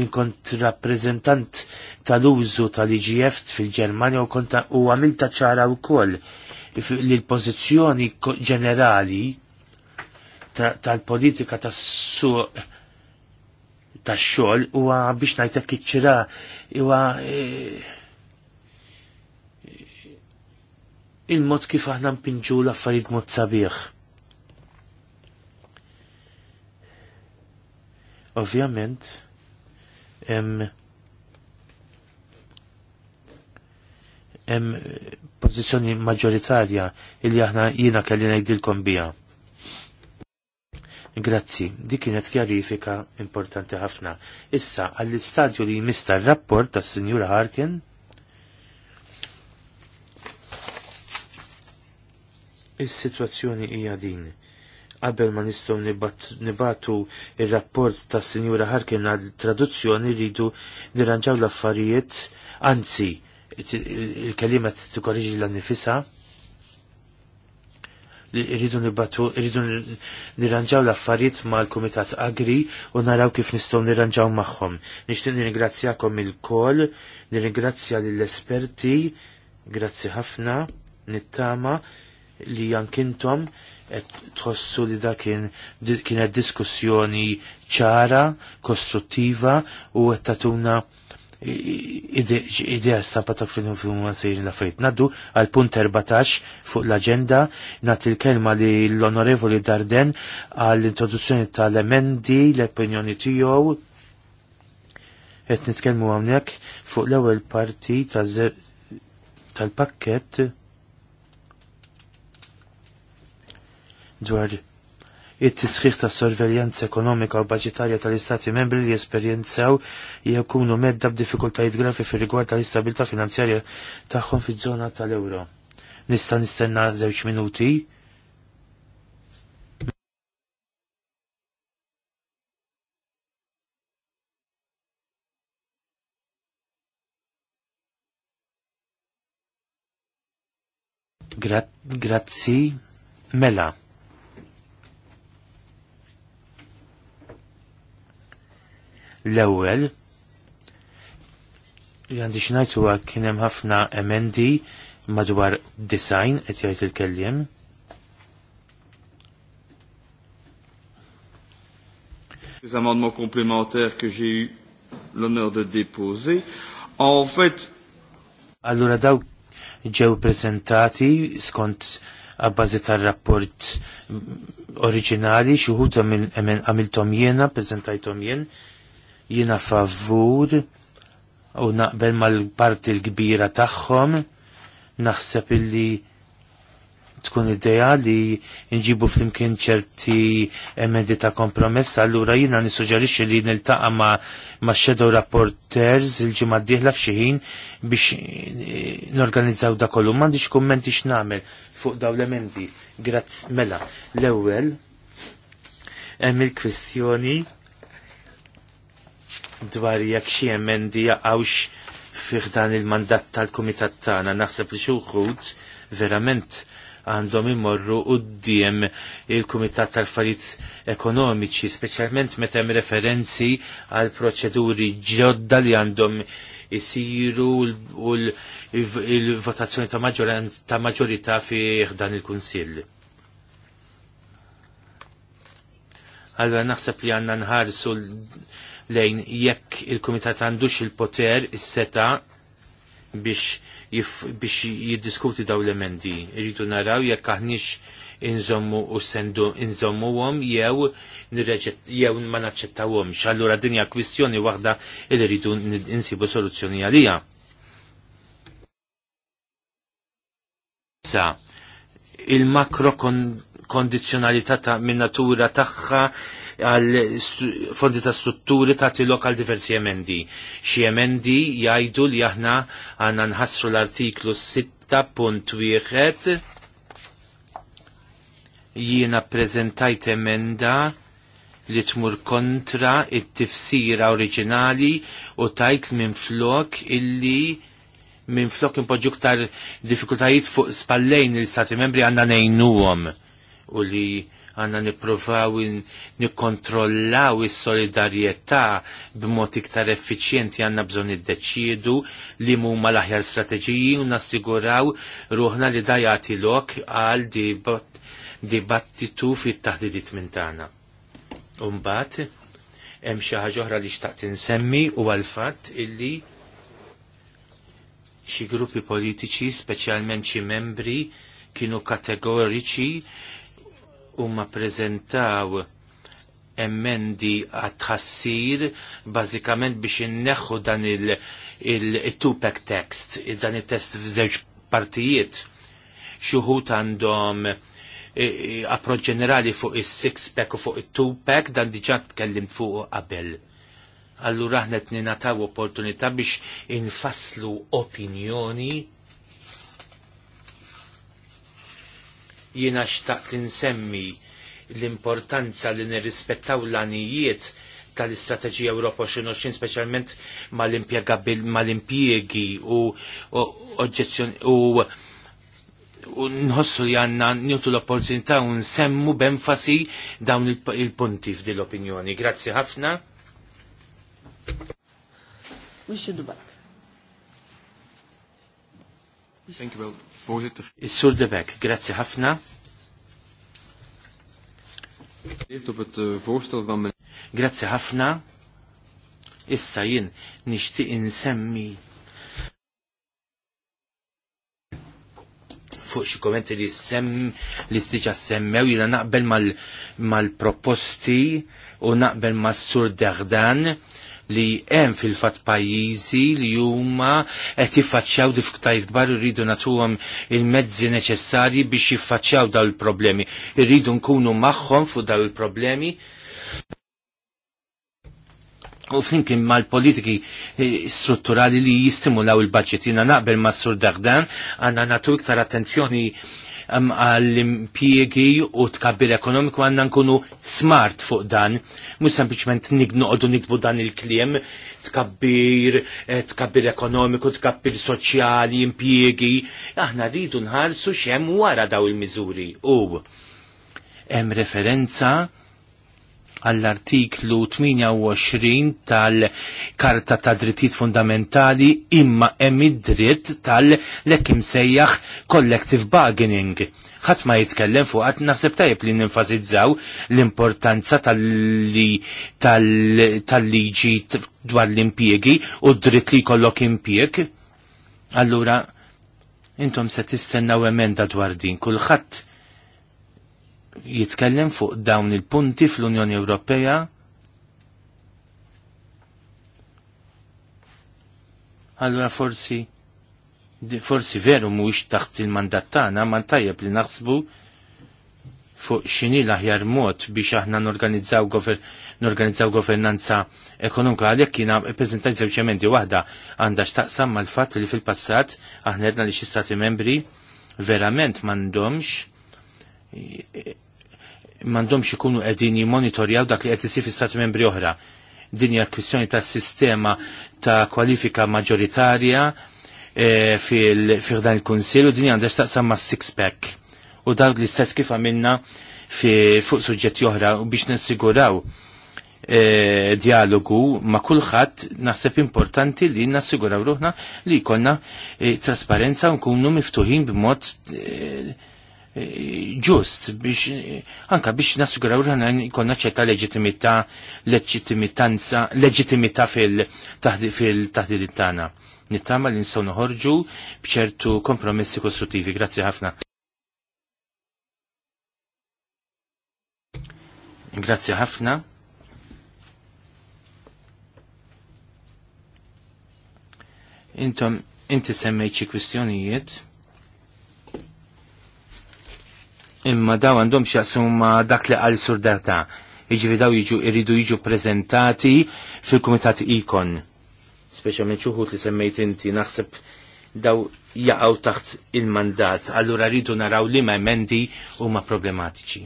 B: inkont rappresentant tal-użu tal-IGF fil-Ġermanja u konta u għamilta ċara u koll li l-pozizjoni ġenerali tal-politika ta tas-suq tax-xogħol huwa biex ngħidlek iċ-ċira huwa eh, il-mod kif aħna mpinġu l-affarijiet mod sabiħ. Ovvjament, hemm hemm pożizzjoni maġġoritarja illi aħna jiena kelli ngħidilkom biha. Grazzi, dik kienet kjarifika importanti ħafna. Issa għall-istadju li jmista r-rapport tas-Sinjura Harkin. Is-sitwazzjoni hija din Qabel ma nistgħu nibatu ir-rapport tas Sinjura Harkin għal traduzzjoni rridu nirranġaw l-affarijiet, anzi il-kelima tikkorriġi l annifisa Irridu nibatu, irridu nirranġaw l-affarijiet mal-Kumitat Agri u naraw kif nistgħu nirranġaw magħhom. Nixtieq nirringrazzjakom il-kol, nirringrazzja lill-esperti, grazzi ħafna, nittama li jankintom tħossu li da kien kienet diskussjoni ċara, kostruttiva u qed tatuna idea stampa ta' film film sejrin la fejt. Naddu għal punt 14 fuq l-agenda nat il-kelma li l-onorevoli Darden għall introduzzjoni tal-emendi l-opinjoni tiegħu qed nitkellmu hawnhekk fuq l-ewwel parti tal-pakket ta dwar it-tisħiħ ta' sorveljanza ekonomika u baġitarja tal-Istati membri li esperjenzaw jekunu medda b'diffikultajiet grafi fir rigward tal istabilta finanzjarja tagħhom fiż-żona tal-euro. Nista' nistenna żewġ minuti. Grazzi, mela. l ewel għandi xinajt huwa kien ħafna emendi madwar design et jajt il kellim Les amendements complémentaires que j'ai eu l'honneur de déposer. En fait, Allura daw ġew prezentati skont għabbażi tal-rapport originali, xuħuta minn għamiltom jena, prezentajtom jien, jina favur u naqbel mal-parti l-kbira tagħhom naħseb illi tkun ideja li nġibu flimkien ċerti emendi ta' kompromess, allura jina nissuġġerixxi li niltaqa' ma' ma' shadow rapporters il-ġimgħa d-dieħla biex biex eh, norganizzaw da kollu. M'għandix kummenti namel fuq dawn l-emendi. Grazz mela. L-ewwel hemm il-kwistjoni dwar jekk xi emendi jaqgħux fih dan il-mandat tal-kumitat tagħna naħseb li xi wħud verament għandhom imorru d-diem il-Kumitat tal-Affarijiet Ekonomiċi, speċjalment meta hemm referenzi għal proċeduri ġodda li għandhom isiru u l-votazzjoni ta' maġġorità fi dan il-Kunsill. Allora naħseb li għanna nħarsu lejn jekk il-Kumitat għandux il-poter is-seta biex biex jiddiskuti daw l-emendi. Irridu naraw jekk aħniex inżommu u sendu inżommuhom jew jew ma naċċettawhomx. Allura din hija kwistjoni waħda li rridu insibu soluzzjoni għalija. Sa, il-makro kondizjonalità ta' min natura tagħha għal fondi ta' strutturi ta' lokal diversi emendi. Xi emendi jgħidu li aħna għandna nħassru l-artiklu 6.1 jiena prezentajt emenda li tmur kontra it-tifsira oriġinali u tajt minn flok illi minn flok impoġġu ktar diffikultajiet fuq spallejn il-stati membri għanna nejnuhom u li għanna niprofaw nikontrollaw is-solidarjetà b'mod iktar effiċjenti għanna bżon id-deċidu li huma l-aħjar strateġiji u nassiguraw ruħna li dajati lok għal dibattitu fit-taħdidiet minn tagħna. Umbat, hemm xi ħaġa oħra li xtaqt insemmi u għal fatt illi xi gruppi politiċi, speċjalment xi membri, kienu kategoriċi u ma prezentaw emmendi għat tħassir bazikament biex inneħħu dan il-two-pack text, dan il-test f'żewġ partijiet. Xuħut għandhom e, e, approċ ġenerali fuq is six pack u fuq il-two-pack, dan diġa tkellim fuq qabel. Allura ħnet ninataw opportunità biex infasslu opinjoni jiena xtaqt li nsemmi l-importanza li nirrispettaw l-anijiet tal-istrateġija Ewropa 2020 speċjalment mal impiegi u u u nħossu li għanna njutu l-opportunità u nsemmu b'enfasi dawn il-punti f'dil opinjoni. Grazzi ħafna. Thank you very much. Voorzitter. Is-Sur de Bek, grazzi ħafna. Eh, grazzi ħafna. Issa jien nixtieq insemmi fuq xi kommenti li semm li stiċa semmew jiena naqbel mal-proposti u naqbel mas-sur Dagdan li hemm fil-fatt pajjiżi li huma qed jiffaċċjaw diffikultajiet kbar irridu nagħtuhom il-mezzi neċessarji biex jiffaċċjaw dawn il-problemi. Irridu nkunu magħhom fuq dawn il-problemi u flimkien mal-politiki eh, strutturali li jistimulaw il-budget. Jina naqbel ma' Sur Daħdan għanna natu iktar attenzjoni għall-impjiegi u tkabbir ekonomiku għanna nkunu smart fuq dan. Mux sempliciment nignoqdu nikbu dan il-kliem tkabbir, eh, tkabbir ekonomiku, tkabbir soċjali, impjiegi. Aħna rridu nħarsu xem wara daw il-miżuri. U hemm referenza għall-artiklu 28 tal-Karta ta' Drittijiet Fundamentali imma hemm id-dritt tal-lekk imsejjaħ collective bargaining. Ħadd ma jitkellem fuq qatt naħseb tajjeb li ninfasizzaw l-importanza tal-liġi dwar l-impjegi u d-dritt li jkollok impjeg. Allura, intom se tistennaw emenda dwar din, kulħadd jitkellem fuq dawn il-punti fl-Unjoni Ewropea allura forsi forsi veru mhuwiex taħt il-mandat tagħna ma tajjeb li naħsbu fuq x'inhi l-aħjar mod biex aħna norganizzaw norganizzaw governanza ekonomika għalhekk jiena ppreżentajt żewġ waħda għandha x'taqsam mal-fatt li fil-passat aħna edna li xi stati membri verament m'għandhomx m'għandhomx ikunu qegħdin jimonitorjaw dak li qed isir fi stati membri oħra. Din hija kwistjoni tas sistema ta' kwalifika maġġoritarja e, eh, fil-dan il-Kunsill u din għandha x'taqsam ma' six pack. U dawk l-istess kif għamilna fuq suġġetti oħra u biex nassiguraw E, dialogu ma' kulħadd naħseb importanti li nassiguraw ruħna li jkollna e, trasparenza nkunu miftuħin b'mod e, ġust biex anka biex nasugraw rana jkollna ċerta leġitimità leġitimitanza leġitimita fil-taħdid tagħna. Nittama li nsonu noħorġu bċertu kompromessi kostruttivi. Grazzi ħafna. Grazzi ħafna. Intom inti semmejt xi kwistjonijiet imma daw għandhom xasumma dak li għal surdarta. Iġri daw jiġu iridu jiġu prezentati fil-Kumitat Ikon. Speċjalment ċuħut li semmejt inti naħseb daw jaqaw taħt il-mandat, allura rridu naraw li ma emendi huma problematiċi.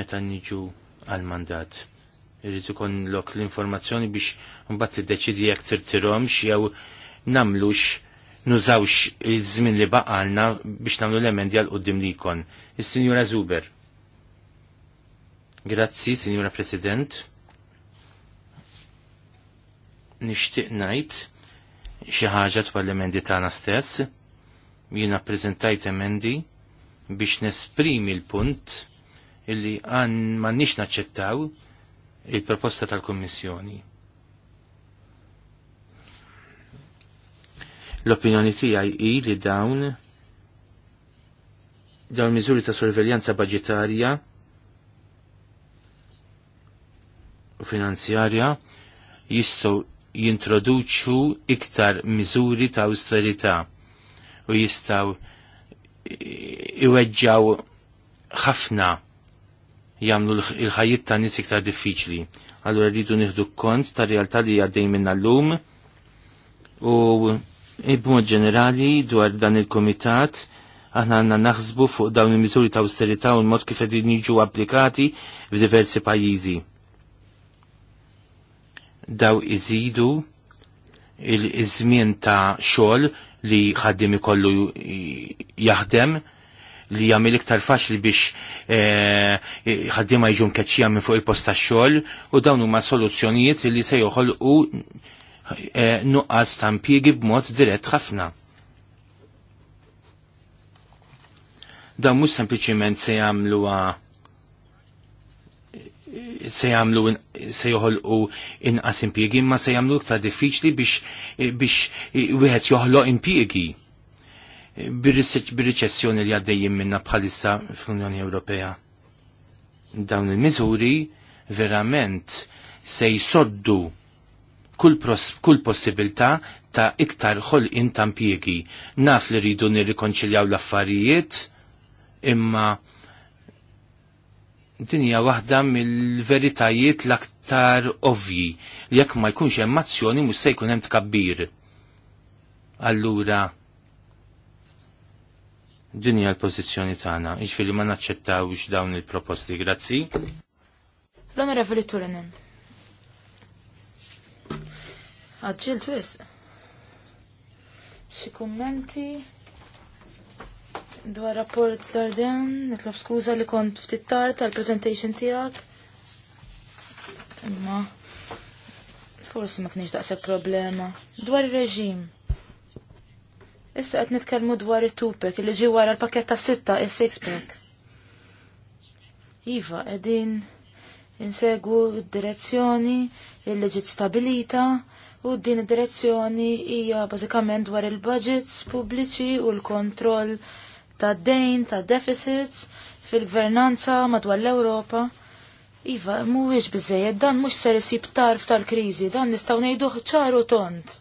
B: Meta niġu għal-mandat, irridu kon lok l-informazzjoni biex mbagħad deċidi jekk tirtiromx jew namlux nużawx il żmien li baqalna biex nagħmlu l-emendi għal qudiem li jkun. Is-Sinjura Zuber. Grazzi, Sinjura President. Nixtieq ngħid xi ħaġa dwar l-emendi tagħna stess. jien ppreżentajt emendi biex nesprimi l-punt illi għan ma nix naċċettaw il-proposta tal-Kommissjoni L-opinjoni tiegħi hi li dawn dawn miżuri ta' sorveljanza budgetarja u finanzjarja jistgħu jintroduċu iktar miżuri ta' austerità u jistgħu iweġġaw ħafna jagħmlu l-ħajjit ta' nies iktar diffiċli. Allura rridu nieħdu kont ta' realtà li għaddej minna llum. u Ibmod ġenerali dwar dan il-komitat aħna għanna naħsbu fuq dawn il mizuri ta' austerità u l-mod kif għedin jiġu applikati f'diversi pajjiżi. Daw iżidu il-żmien ta' xogħol li ħaddim ikollu jaħdem li jagħmel iktar faċli biex eh, ħaddiema jiġu mkeċċija minn fuq il-post tax-xogħol u dawn huma soluzzjonijiet li se joħolqu E, nuqqas ta' impjiegi b'mod dirett ħafna. Dawn mhux sempliċiment se jagħmlu se jagħmlu se joħolqu inqas impjiegi imma se jagħmlu iktar diffiċli biex biex wieħed joħloq impjiegi bir-riċessjoni li għaddejjin minna bħalissa fl-Unjoni Ewropea. Dawn il-miżuri verament se jsoddu kull, kull possibilità ta' iktar ħol intampiegi. Naf li rridu nirrikonċiljaw l-affarijiet, imma dinja waħda mill-veritajiet l-aktar ovji li jekk ma jkunx hemm azzjoni mhux se jkun hemm tkabbir. Allura dinja l-pożizzjoni tagħna, jiġifieri ma naċċettawx dawn il-proposti, grazzi.
C: L-Onorevoli Turinen. Għadġil wisq. Xi kummenti dwar rapport Darden, nitlob skuża li kont ftit tard tal-presentation tiegħek. Imma forsi ma kienx daqshekk problema. Dwar ir-reġim. Issa qed nitkellmu dwar it-tupek li ġi wara l-pakett ta' sitta is-six pack. Iva, qegħdin insegwu d-direzzjoni il-leġit stabilita u din id-direzzjoni hija bażikament dwar il-budgets pubbliċi u l-kontroll ta' dejn, ta' deficits fil-gvernanza madwar l-Ewropa. Iva, mhuwiex biżejjed dan mhux ser isib tarf tal-kriżi, dan nistgħu ngħiduh ċaru tont.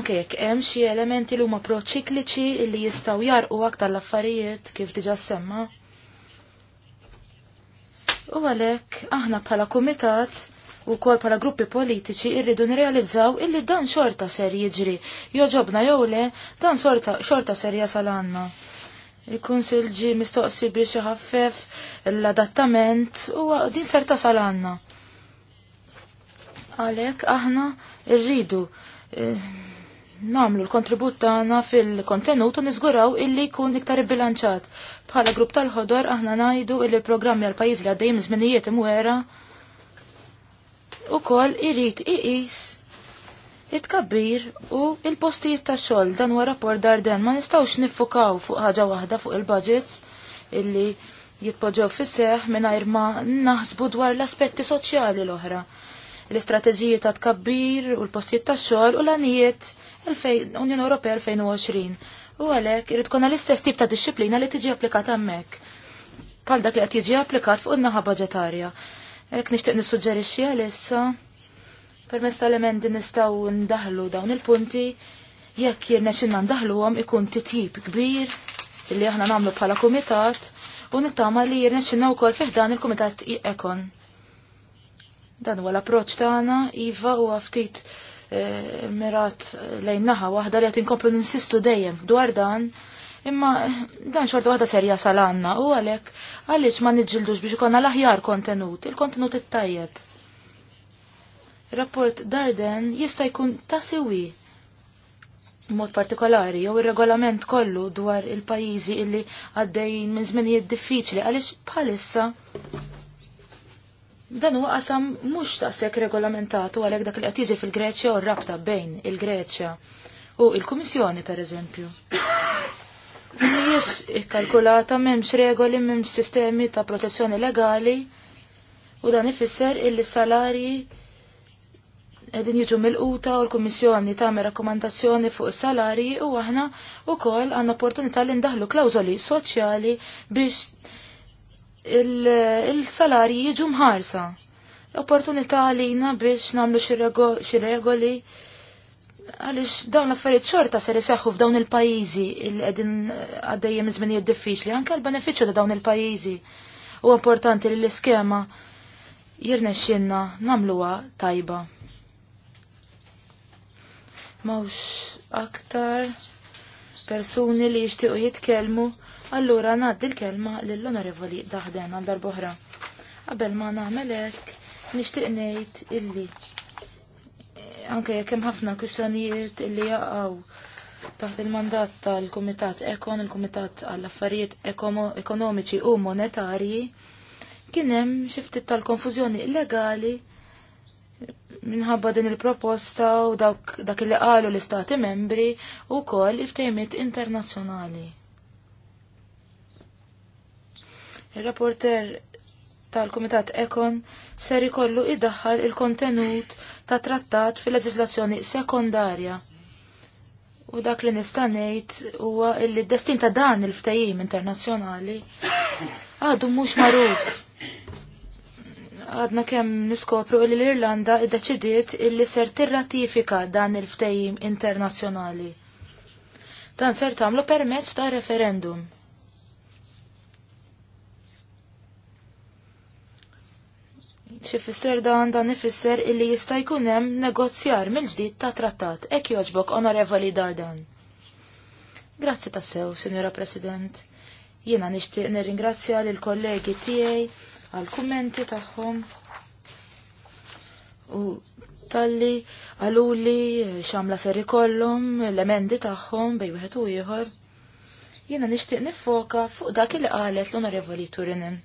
C: Anke jekk hemm xi elementi li huma proċikliċi li jistgħu jarqu aktar l-affarijiet kif diġà semma. U għalhekk aħna bħala kumitat u kol pala gruppi politiċi irridu nirrealizzaw illi dan xorta ser jiġri. Joġobna jew le, dan sorta, xorta ser jasal għanna. Il-kunsil ġi mistoqsi biex jħaffef l-adattament u din ser tasal għanna. Għalek, aħna irridu eh, namlu l-kontribut tagħna fil-kontenut u niżguraw illi jkun iktar bilanċat. Bħala grupp tal-ħodor aħna ngħidu illi l-programmi għal pajjiż li għaddejjem żminijiet imwera kol irid iqis it-kabbir u il-postijiet ta' xogħol dan huwa rapport darden ma nistgħux niffukaw fuq ħaġa waħda fuq il-budgets illi jitpoġġew fis-seħ mingħajr ma naħsbu dwar l-aspetti soċjali l-oħra l-istrateġiji ta' tkabbir u l-postijiet ta' xogħol u l-anijiet Unjoni Ewropea 2020. U għalhekk irid tkun l-istess tip ta' disċiplina li tiġi applikata hemmhekk. Bħal dak li qed jiġi applikat fuq in-naħa budġetarja. Ek nishtiq nissuġġerixxi għalissa permess tal-emendi nistaw ndaħlu dawn il-punti jekk jirna xinna ndaħluhom ikun titjib kbir illi aħna namlu bħala kumitat u nittama li jirna xinna u kol fiħdan il-kumitat ekon. Dan huwa l approċċ tagħna iva u ftit eh, mirat lejn naħa waħda li qed inkomplu ninsistu dejjem dwar dan Imma dan xorta waħda serja sal-għanna u għalek għalix ma nġildux biex konna l-aħjar kontenut, il-kontenut it-tajjeb. Rapport Darden jista' jkun tasiwi mod partikolari jew ir-regolament kollu dwar il-pajjiżi illi għaddejjin minn żminijiet diffiċli għaliex bħalissa dan huwa qasam mhux taqsek regolamentatu għalhekk dak li qed jiġi fil-Greċja u rabta bejn il-Greċja u il-Kummissjoni pereżempju mhijiex ikkalkulata m'hemmx regoli m'hemmx sistemi ta' protezzjoni legali u dan ifisser illi salarji qegħdin jiġu mill-quta u l-Kummissjoni tagħmel rakkomandazzjoni fuq is-salarji u aħna wkoll għandna opportunità li ndaħlu klawżoli soċjali biex il-salarji jiġu mħarsa. Opportunità għalina biex nagħmlu xi regoli għalix dawn l-affarijiet xorta ser iseħħu f'dawn il-pajjiżi li qegħdin eh, għaddejjem minn żminijiet diffiċli, anke l-benefiċċju ta' dawn il-pajjiżi. U importanti li l-iskema jirnexxinna nagħmluha tajba. Mawx aktar persuni li jixtiequ jitkellmu, allura ngħaddi l-kelma lill-onorevoli daħden għal darbohra. Qabel ma nagħmel hekk nixtieq ngħid illi anke jekk hemm ħafna kwistjonijiet li jaqgħu taħt il-mandat tal-Kumitat Ekon, il-Kumitat għall-Affarijiet Ekonomiċi u Monetarji, kien hemm xi ftit tal-konfużjoni illegali minħabba din il-proposta u dak, li qalu l-Istati membri u kol il-ftejmiet internazzjonali. Il-rapporter tal-Kumitat Ekon ser ikollu iddaħħal il-kontenut ta' trattat fil-leġislazzjoni sekondarja. U dak li nista' ngħid huwa li d-destin ta' dan il-ftajim internazzjonali għadu mhux magħruf. Għadna kemm niskopru li l-Irlanda id-deċidiet illi ser tirratifika dan il-ftajim internazzjonali. Dan ser tagħmlu permezz ta' referendum. Xifisser dan dan ifisser illi jista' jkun hemm negozjar mill-ġdid ta' trattat hekk jogħġbok onorevoli Dardan. Grazzi tassew, Sinjora President. Jiena nixtieq nirringrazzja lil kollegi tiegħi għal kummenti tagħhom u talli għaluli eh, xamla ser ikollhom l-emendi tagħhom bej wieħed u ieħor. Jiena nixtieq nifoka fuq dak li qalet l-Onorevoli Turinen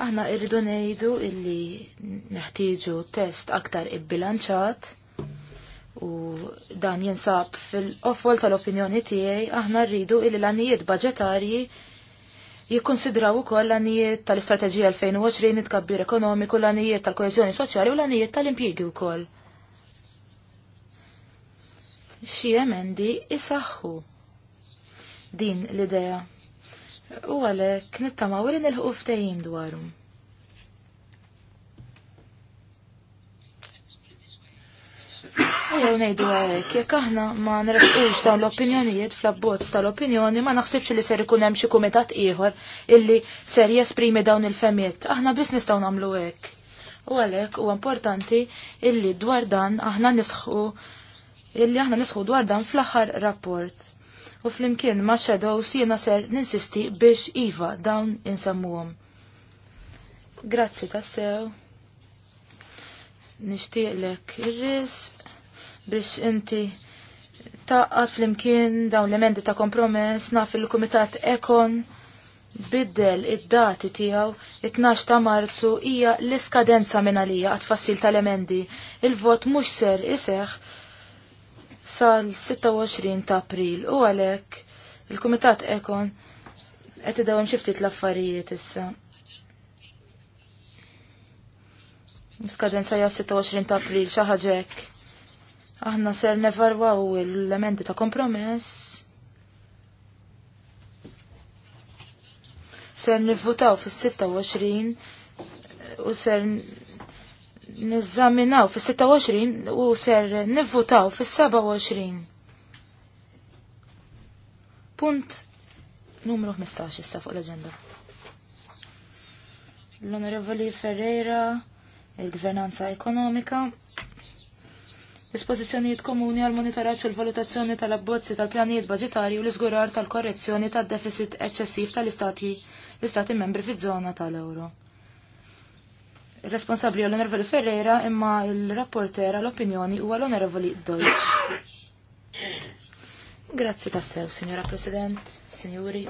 C: Aħna irridu ngħidu illi neħtieġu test aktar ibbilanċat u dan jinsab fil-offol tal-opinjoni tiegħi aħna rridu illi l-anijiet budġetarji jikkonsidraw ukoll l-anijiet tal-Istrateġija 2020 it-kabbir ekonomiku, l-anijiet tal-koeżjoni soċjali u l-anijiet tal-impjiegi wkoll. Xi emendi isaħħu din l-idea u għalhekk nittamaw li il ftehim dwarhom. U jew ngħidu għalhekk, jekk aħna ma nrefqux dawn l-opinjonijiet fl-abbozz tal-opinjoni ma naħsibx li ser ikun hemm xi kumitat ieħor illi ser jesprimi dawn il-femiet. Aħna biss nistgħu nagħmlu hekk. U għalhekk huwa importanti illi dwar dan aħna nisħu illi aħna nisħu dwar dan fl-aħħar rapport u flimkien ma' shadows jiena ser ninsisti biex iva dawn insemmuhom. Grazzi tassew. Nishtiqlek ir-ris biex inti taqqat flimkien dawn l-emendi ta' kompromess naf il-Kumitat Ekon biddel id-dati tiegħu 12 ta' Marzu hija l-iskadenza minn għalija għat-fassil tal-emendi. Il-vot mhux ser iseħħ sal-26 ta' april u għalek il-Kumitat Ekon qed idewhem xi ftit l-affarijiet issa. Skadenza ja 26 ta' april xi ħaġek. Aħna ser nevarwaw l-elementi ta' kompromess. Ser nivvutaw fis-26 u ser nizzaminaw fis-26 u ser nivvutaw fis-27. Punt numru 15 issa fuq l-aġenda. L-Onorevoli Ferreira, il-Gvernanza Ekonomika, Disposizjonijiet komuni għal monitoraġġ u l-valutazzjoni tal-abbozzi tal-pjanijiet budgetari u l izgurar tal-korrezzjoni tad-deficit eċċessiv tal-istati l-istati membri fiż-żona tal-euro. Responsabli l-Onorevoli Ferreira imma il-rapporter għal-opinjoni huwa l-Onorevoli Deutsch. Grazzi tassew, Signora President, Signori.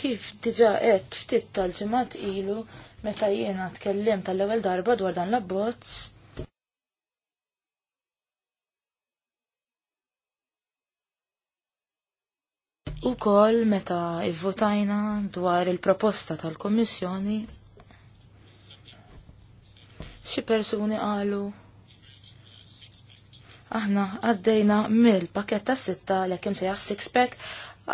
C: Kif diġa qed ftit tal-ġimgħat ilu meta jiena tkellim tal-ewwel darba dwar dan l-abbozz, U kol meta ivvotajna dwar il-proposta tal-Kommissjoni, xi persuni qalu aħna għaddejna mill-pakket ta' sitta l-ekim sejjaħ six-pack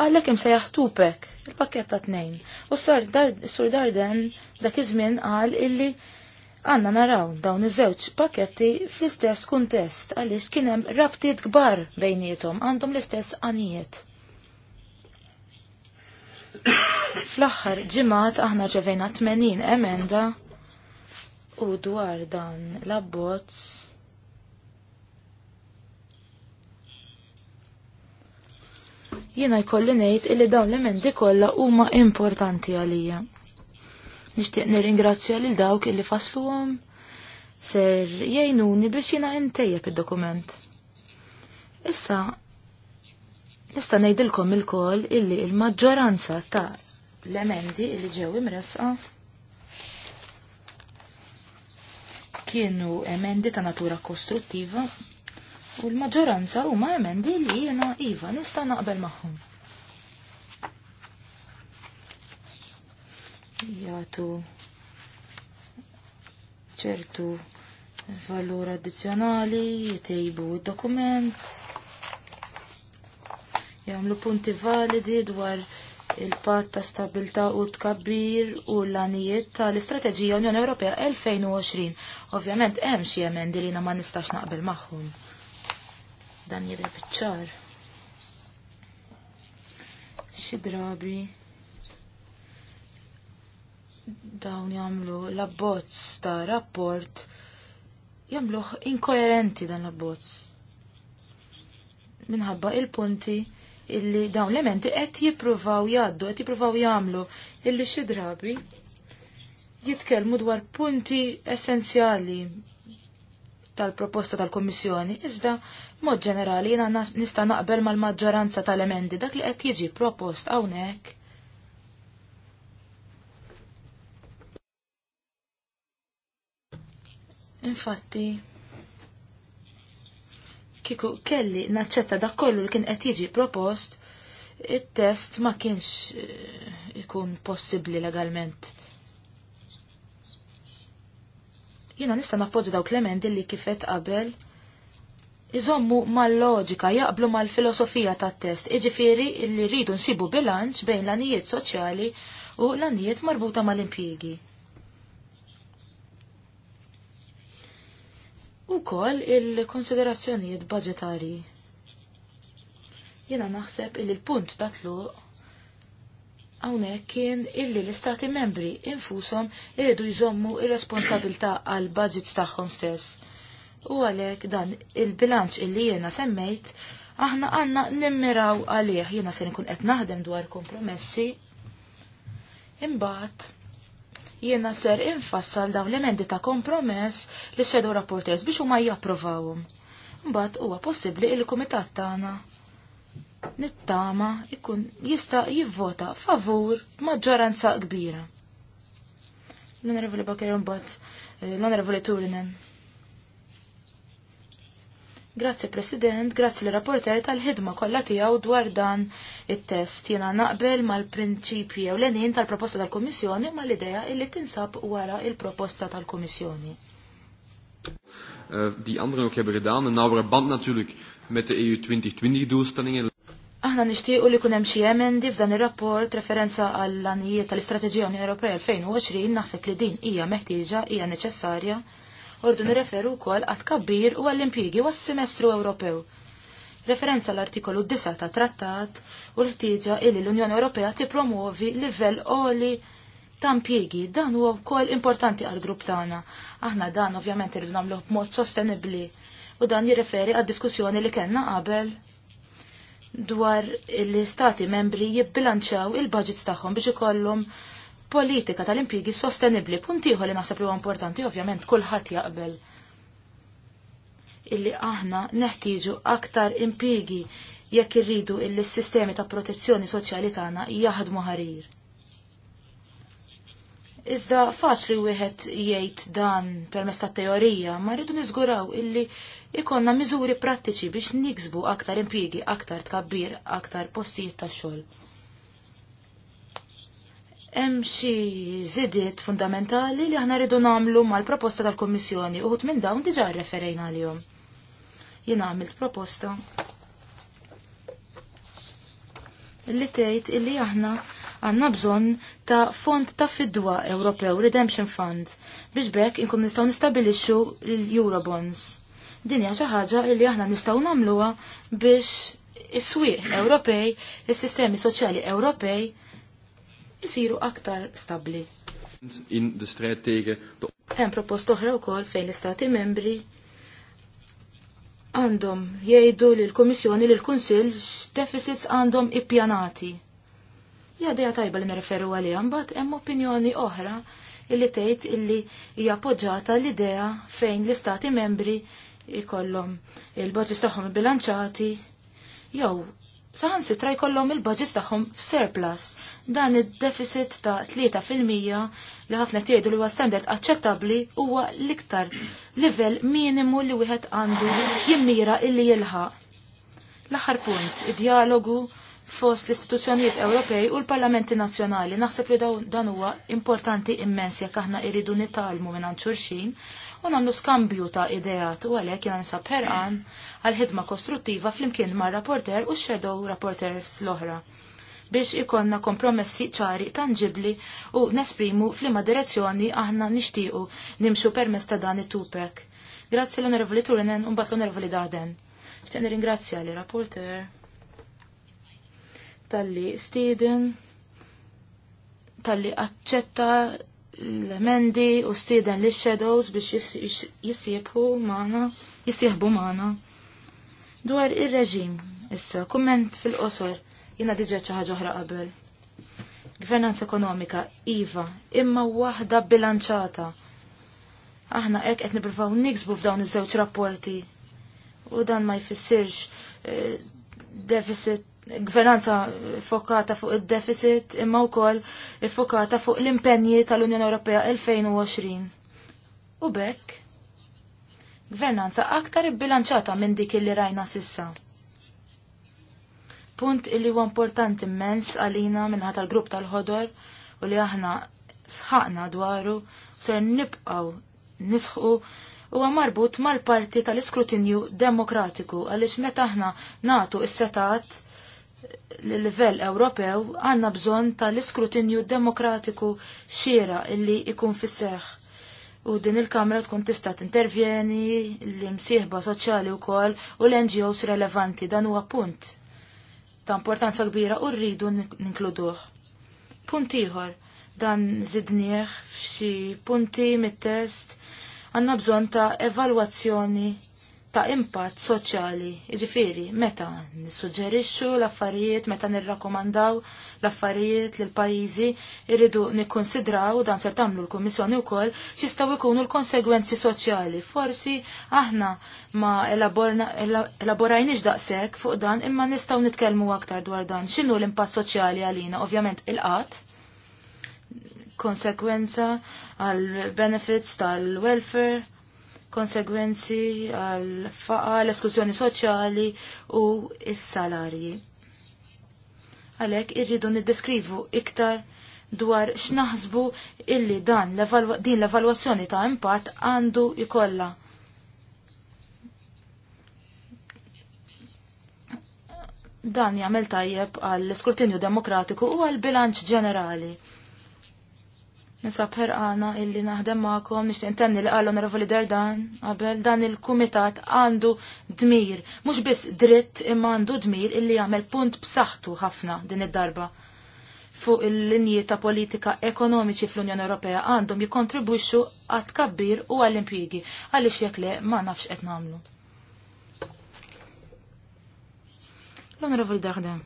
C: għal-ekim sejjaħ two-pack, il-pakket ta' tnejn. U sur Darden dak iż-żmien qal illi għanna naraw dawn iż-żewġ paketti fl-istess kuntest għaliex kien hemm rabtiet kbar bejnietom għandhom l-istess għanijiet. Fl-aħħar ġimgħat aħna ġevejna 80 emenda u dwar dan l-abbozz jiena jkolli ngħid illi dawn l-emendi kollha huma importanti għalija. Nixtieq nirringrazzja lil dawk illi fasluhom ser jgħinuni biex jiena intejjeb id-dokument. Issa Nista' ngħidilkom il kol illi il-maġġoranza ta' l-emendi li ġew imresqa kienu emendi ta' natura kostruttiva u l-maġġoranza huma emendi li jiena iva nista' naqbel magħhom. jgħatu ċertu valur addizzjonali, jtejbu d-dokument, jagħmlu punti validi dwar il-pat ta' stabilta u tkabbir u l-anijiet tal-Istrateġija Unjoni Ewropea 2020. Ovvjament hemm xi emendi li ma nistax naqbel magħhom. Dan jidher biċċar. ċar Xi drabi dawn jagħmlu l-abbozz ta' rapport jagħmluh inkoerenti dan l-abbozz. Minħabba il-punti illi dawn l-elementi qed jippruvaw jgħaddu, qed jippruvaw jagħmlu illi xi drabi jitkellmu dwar punti essenzjali tal-proposta tal-Kommissjoni, iżda mod ġenerali jiena nista' naqbel mal-maġġoranza tal-emendi dak li qed jiġi propost hawnhekk. Infatti, Kiku kelli naċċetta da kollu li kien qed jiġi propost, it-test ma kienx eh, ikun possibbli legalment. Jiena nista' nappoġġi dawk l-emendi li kifet qabel iżommu mal-loġika jaqblu mal-filosofija tat-test, iġifieri li rridu nsibu bilanċ bejn l-anijiet soċjali u l-anijiet marbuta mal-impjiegi. u kol il-konsiderazzjonijiet budgetari. Jena naħseb il l-punt datlu għawnek kien illi l-istati membri infusom irridu jżommu il responsabilta għal budgets tagħhom stess. U għalek dan il-bilanċ illi jena semmejt, aħna għanna nimmiraw għalih jena se nkun qed naħdem dwar kompromessi. Imbagħad jiena ser infassal dawn l-emendi ta' kompromess li xedu rapporters biex huma japprovawhom. Mbagħad huwa possibbli il kumitat tagħna nittama ikun jista' jivvota favur maġġoranza kbira. L-Onorevoli Bakker mbagħad eh, l-Onorevoli Turinen. Grazzi President, grazie l rapporter tal-ħidma kollha tiegħu dwar dan it-test. Jiena naqbel mal-prinċipji u tal-proposta tal-Kummissjoni mal-idea li tinsab wara il-proposta tal-Kummissjoni.
A: Eh, die anderen ook hebben gedaan, een nauwere band natuurlijk met de EU
B: 2020-doelstellingen.
C: Aħna nixtiequ li kunem hemm xi emendi f'dan ir-rapport referenza għall anijiet tal-Istrateġija Unjoni Ewropea 2020 naħseb li din hija meħtieġa hija neċessarja ordu nireferu wkoll għat kabbir u għall-impjiegi u għas-semestru Ewropew. Referenza l-artikolu 9 ta' trattat u l-ħtieġa illi l-Unjoni Ewropea promuovi livell oli ta' impjiegi dan huwa wkoll importanti għal grupp tagħna. Aħna dan ovvjament irridu nagħmluh b'mod sostenibbli u dan jirreferi għad-diskussjoni li kellna qabel dwar l-istati membri jibbilanċaw il-budgets tagħhom biex ikollhom politika tal-impjigi sostenibli. Puntiħu li naħseb li huwa importanti, ovvjament kulħadd jaqbel illi aħna neħtieġu aktar impjigi jekk irridu illi s-sistemi ta' protezzjoni soċjali tagħna jaħdmu ħarir. Iżda faċli wieħed jgħid dan permezz ta' teorija, ma rridu niżguraw illi ikonna miżuri prattiċi biex niksbu aktar impjigi, aktar tkabbir, aktar postijiet ta' xogħol hemm xi żidiet fundamentali li aħna rridu nagħmlu mal-proposta tal-Kummissjoni uħud minn dawn diġà rreferejna għalihom. Jien għamilt proposta li tgħid illi aħna għandna bżonn ta' fond ta' fidwa Ewropew Redemption Fund biex bekk inkun nistgħu nistabilixxu l-Eurobonds. Din hija xi ħaġa li aħna nistgħu nagħmluha biex is-swieq Ewropej, is-sistemi soċjali Ewropej siru aktar stabbli. Hemm propost oħra wkoll fejn l-Istati membri għandhom jgħidu l-Komissjoni li l-Kunsill x'deficits għandhom ippjanati. Ja dejja tajba li nirreferu għalija mbagħad hemm opinjoni oħra illi tgħid illi hija poġġata l-idea fejn l-Istati membri ikollhom il-budgets tagħhom bilanċati jew saħan sitra jkollhom il-budgets tagħhom surplus. Dan id-deficit ta' 3% li ħafna tgħidu li huwa standard aċċettabbli huwa l-iktar livell minimu li wieħed għandu jimmira illi jilħaq. L-aħħar punt, id-dialogu fost l-istituzzjonijiet Ewropej u l-Parlamenti Nazzjonali. Naħseb li dan huwa importanti immens jekk aħna irridu nitalmu minn xulxin u nagħmlu skambju ta' ideat u għalhekk jena nisab herqan għal ħidma kostruttiva flimkien ma' rapporter u shadow rapporters l-oħra biex ikonna kompromessi ċari tangibli u nesprimu flima direzzjoni aħna nixtiequ nimxu permess ta' dan it-tupek. Grazzi l-Onorevoli Turinen u bat l-Onorevoli Darden. Xtieq nirringrazzja li rapporter tal-li Stiden tal-li accetta l-emendi u stiden li shadows biex jisjibu maħna, jisjibu maħna. Dwar il-reġim, issa, komment fil-qosor, jina diġa ċaħġa oħra qabel. Gvernanza ekonomika, IVA, imma wahda bilanċata. Aħna ek qed nippruvaw niksbu f'dawn iż-żewġ rapporti. U dan ma jfissirx eh, deficit gvernanza fokata fuq id-deficit imma wkoll fokata fuq l-impenji tal-Unjoni Ewropea 2020. U bekk, gvernanza aktar bilanċata minn dik li rajna sissa. Punt illi huwa importanti immens għalina minnha tal-grupp tal-ħodor u li aħna sħaqna dwaru ser nibqaw nisħu huwa marbut mal-parti tal-iskrutinju demokratiku għaliex meta aħna nagħtu is-setat l-livell Ewropew għanna bżon tal-iskrutinju demokratiku xiera illi ikun fisseħ. U din il-Kamra tkun tista' intervjeni l-imsieħba soċjali wkoll u l-NGOs relevanti dan huwa punt ta' importanza kbira u rridu ninkluduh. Punt ieħor dan zidnieħ f'xi punti mit-test għandna bżonn ta' evalwazzjoni ta' impatt soċjali, jiġifieri meta nissuġġerixxu l-affarijiet, meta nirrakkomandaw l-affarijiet lil pajjiżi irridu nikkonsidraw dan ser tagħmlu l-Kummissjoni wkoll x'jistgħu jkunu l-konsegwenzi soċjali. Forsi aħna ma elaborajniex daqshekk fuq dan imma nistgħu nitkellmu aktar dwar dan. X'inhu l-impatt soċjali għalina? Ovvjament il-qatt konsekwenza għal benefits tal-welfare konsegwenzi għal faqa, l-esklużjoni soċjali u s-salarji. Għalek irridu niddeskrivu iktar dwar x'naħsbu illi dan din l-evalwazzjoni ta' impatt għandu ikolla. Dan jagħmel tajjeb għall-iskrutinju demokratiku u għall-bilanċ ġenerali Nisab ħerqana illi naħdem maħkom nixtieq intenni li qal Onorevoli Derdan qabel dan il-kumitat għandu dmir, mhux biss dritt imma għandu dmir illi jagħmel punt b'saħħtu ħafna din id-darba fuq il-linji ta' politika ekonomiċi fl-Unjoni Ewropea għandhom jikontribwixxu għat kabbir u għall impjiegi għaliex jekk le ma nafx qed nagħmlu. L-Onorevoli Daħdem.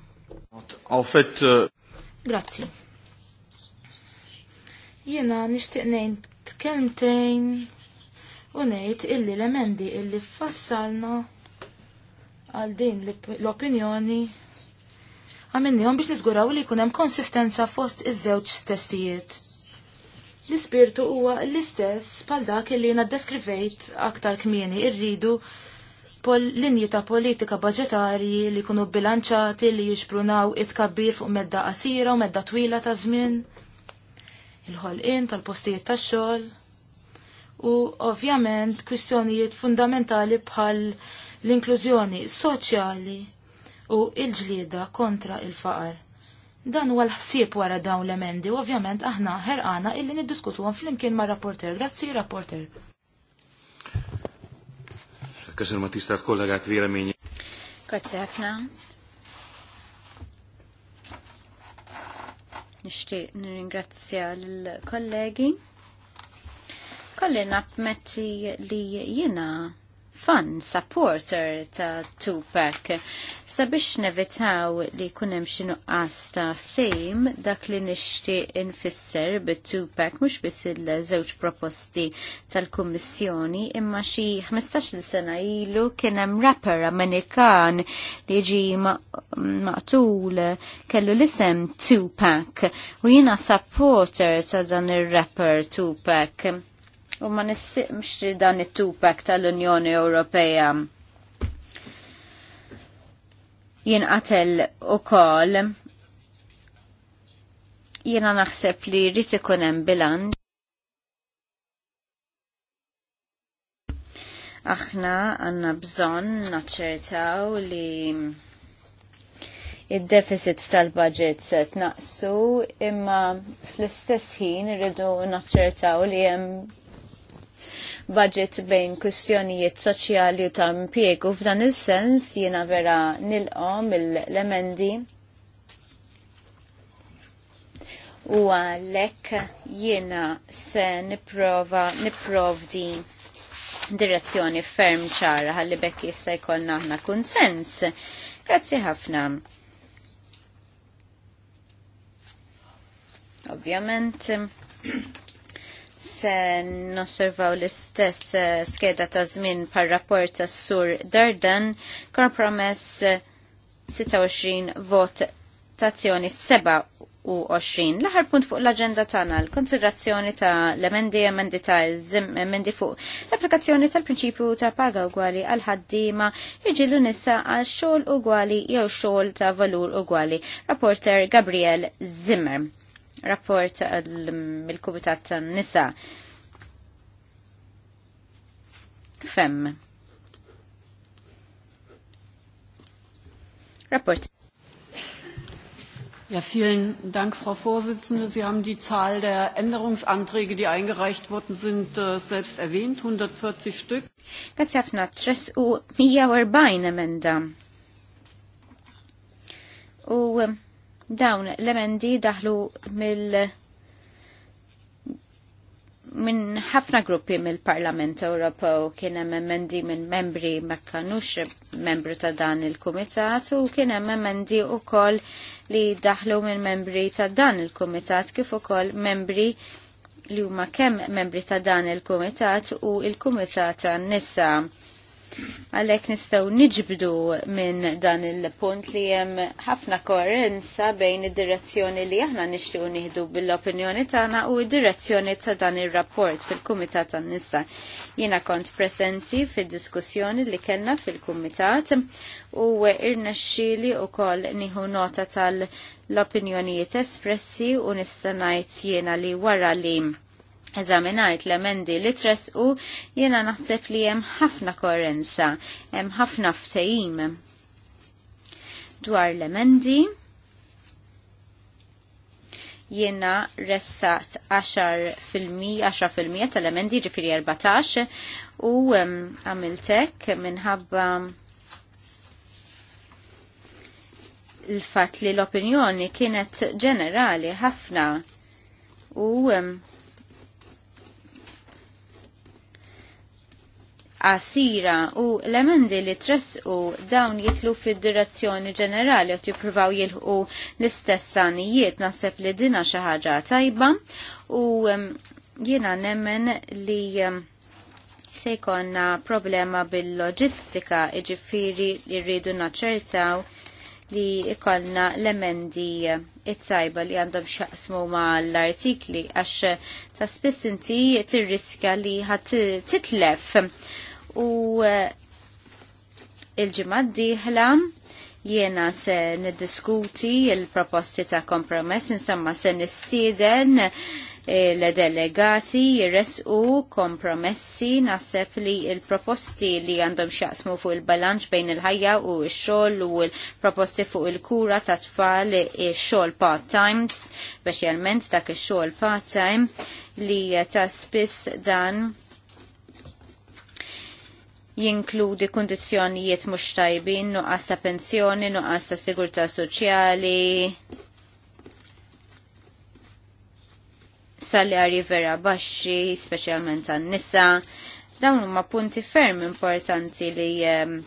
C: Euh, Grazzi. Jiena nixtieq ngħid kelmtejn u ngħid illi l-emendi illi fassalna għal din l-opinjoni għamennihom biex niżguraw li jkun hemm konsistenza fost iż-żewġ testijiet. L-ispirtu huwa l-istess bħal dak illi jiena deskrivejt aktar kmieni irridu pol linji ta' politika budġetarji li kunu bilanċati li jixprunaw it-kabbir fuq medda qasira u medda twila ta' żmien il-ħolqien tal-postijiet tax-xogħol u ovvjament kwistjonijiet fundamentali bħal l-inklużjoni soċjali u il-ġlieda kontra il-faqar. Dan huwa l-ħsieb wara dawn l-emendi u ovvjament aħna ħerqana illi niddiskutuhom flimkien ma' rapporter. Grazzi rapporter.
B: Kasur ma tista' vera Grazzi
A: ħafna. Nixtieq nirringrazzja lill kollegi Kollina napmetti li jiena fan supporter ta' Tupac sabiex nevitaw li kunem xinu ta' fejm dak li nishti infisser bit Tupac mux bis il-żewġ proposti tal kummissjoni imma xi 15 sena ilu kienem rapper Amerikan li ġi maqtul kellu l-isem Tupac u jina supporter ta' dan il-rapper Tupac u ma nistiqmx dan it-tupak tal-Unjoni Ewropea jinqatel u kol Jiena naħseb li rrit ikun hemm bilanċ. Aħna għanna bżon naċċertaw li id-deficits tal-budget se tnaqsu imma fl-istess ħin irridu naċċertaw li hemm budget bejn kwistjonijiet soċjali u ta' impjegu f'dan il-sens jiena vera nilqom l emendi u għalek jiena se niprova niprovdi direzzjoni ferm ċara għalli bekk jista' jkollna aħna kunsens. Grazzi ħafna. Ovvjament, se nosservaw l-istess eh, skeda ta' żmien par rapport ta' Sur Dardan, kompromess 26 eh, vot tazzjoni 27. L-aħar punt fuq l-agenda tagħna l-konsiderazzjoni ta' l-emendi emendi ta' emendi fuq l-applikazzjoni tal-prinċipju ta' paga ugwali għal ħaddima iġilu nisa għal xogħol ugwali jew xogħol ta' valur ugwali. Rapporter Gabriel Zimmer rapport mill kubitat nisa Fem. Rapport. Ja, vielen Dank, Frau Vorsitzende. Sie haben die Zahl der Änderungsanträge, die eingereicht worden sind, äh, selbst erwähnt, 140 Stück. Grazie ħafna, tres u 140 emenda. U Dawn l-emendi daħlu mill- minn ħafna gruppi mill-Parlament Ewropew kien hemm emendi minn membri ma kanux membru ta' dan il-Kumitat u kien hemm emendi wkoll li daħlu minn membri ta' dan il-Kumitat kif ukoll membri li huma kemm membri ta' dan il-Kumitat u il-Kumitat tan-nisa. Għalek nistaw niġbdu minn dan il-punt li jem ħafna korrenza bejn id-direzzjoni li aħna nixtiequ nieħdu bil-opinjoni tagħna u id-direzzjoni ta' dan ir-rapport fil-Kumitat tan-Nisa. Jiena kont presenti fid-diskussjoni li kellna fil-Kumitat u irnexxieli ukoll nieħu nota tal l-opinjonijiet espressi u nistanajt jiena li wara li eżaminajt l-emendi li u jiena naħseb li hemm ħafna korenza, hemm ħafna ftehim dwar l-emendi. Jiena ressaqt 10%, 10% tal-emendi ġifiri 14 u għamiltek minħabba il-fat li l-opinjoni kienet ġenerali ħafna u għasira u l-emendi li u dawn jitlu fid direzzjoni ġenerali u jippruvaw jilħu l-istess sanijiet naħseb li dina xi ħaġa tajba u jiena nemmen li se jkollna problema bil-loġistika iġifiri li rridu naċċertaw li ikollna l-emendi it-tajba li għandhom xaqsmu ma l-artikli għax ta' spiss inti tirriska li ħat titlef u eh, il-ġimgħa d-dieħla jiena se niddiskuti il-proposti ta' kompromess insamma se nistieden eh, l-delegati jirresqu kompromessi naħseb li il-proposti li għandhom xaqsmu fuq il-balanċ bejn il-ħajja u x-xogħol u l-proposti fuq il-kura ta' tfal x-xogħol part-time, speċjalment dak ix-xogħol part-time li ta' spiss dan jinkludi kondizjonijiet mhux tajbin, nuqqas ta' pensjoni, nuqqas ta' sigurtà soċjali, salari vera baxxi, speċjalment għan-nisa. Dawn huma punti ferm importanti li ehm,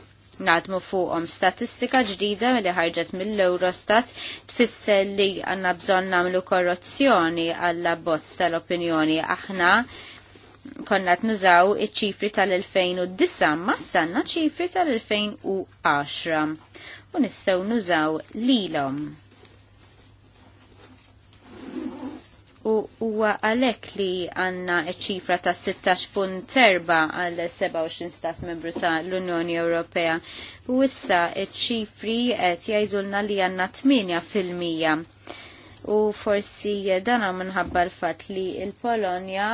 A: Nadmu fuqhom statistika ġdida li ħarġet mill-Eurostat tfisser li għandna bżonn nagħmlu korruzzjoni għall bozz tal-opinjoni aħna konna nużaw iċ-ċifri tal-2009 ma sanna ċifri tal-2010 u nistgħu nużaw lilhom. U huwa għalhekk li għandna ċifra ta' 16.4 għal 27 stat membru ta' l-Unjoni Ewropea. U issa ċifri qed jgħidulna li għandna 8 fil-mija. U forsi dan minħabba l-fatt li l-Polonja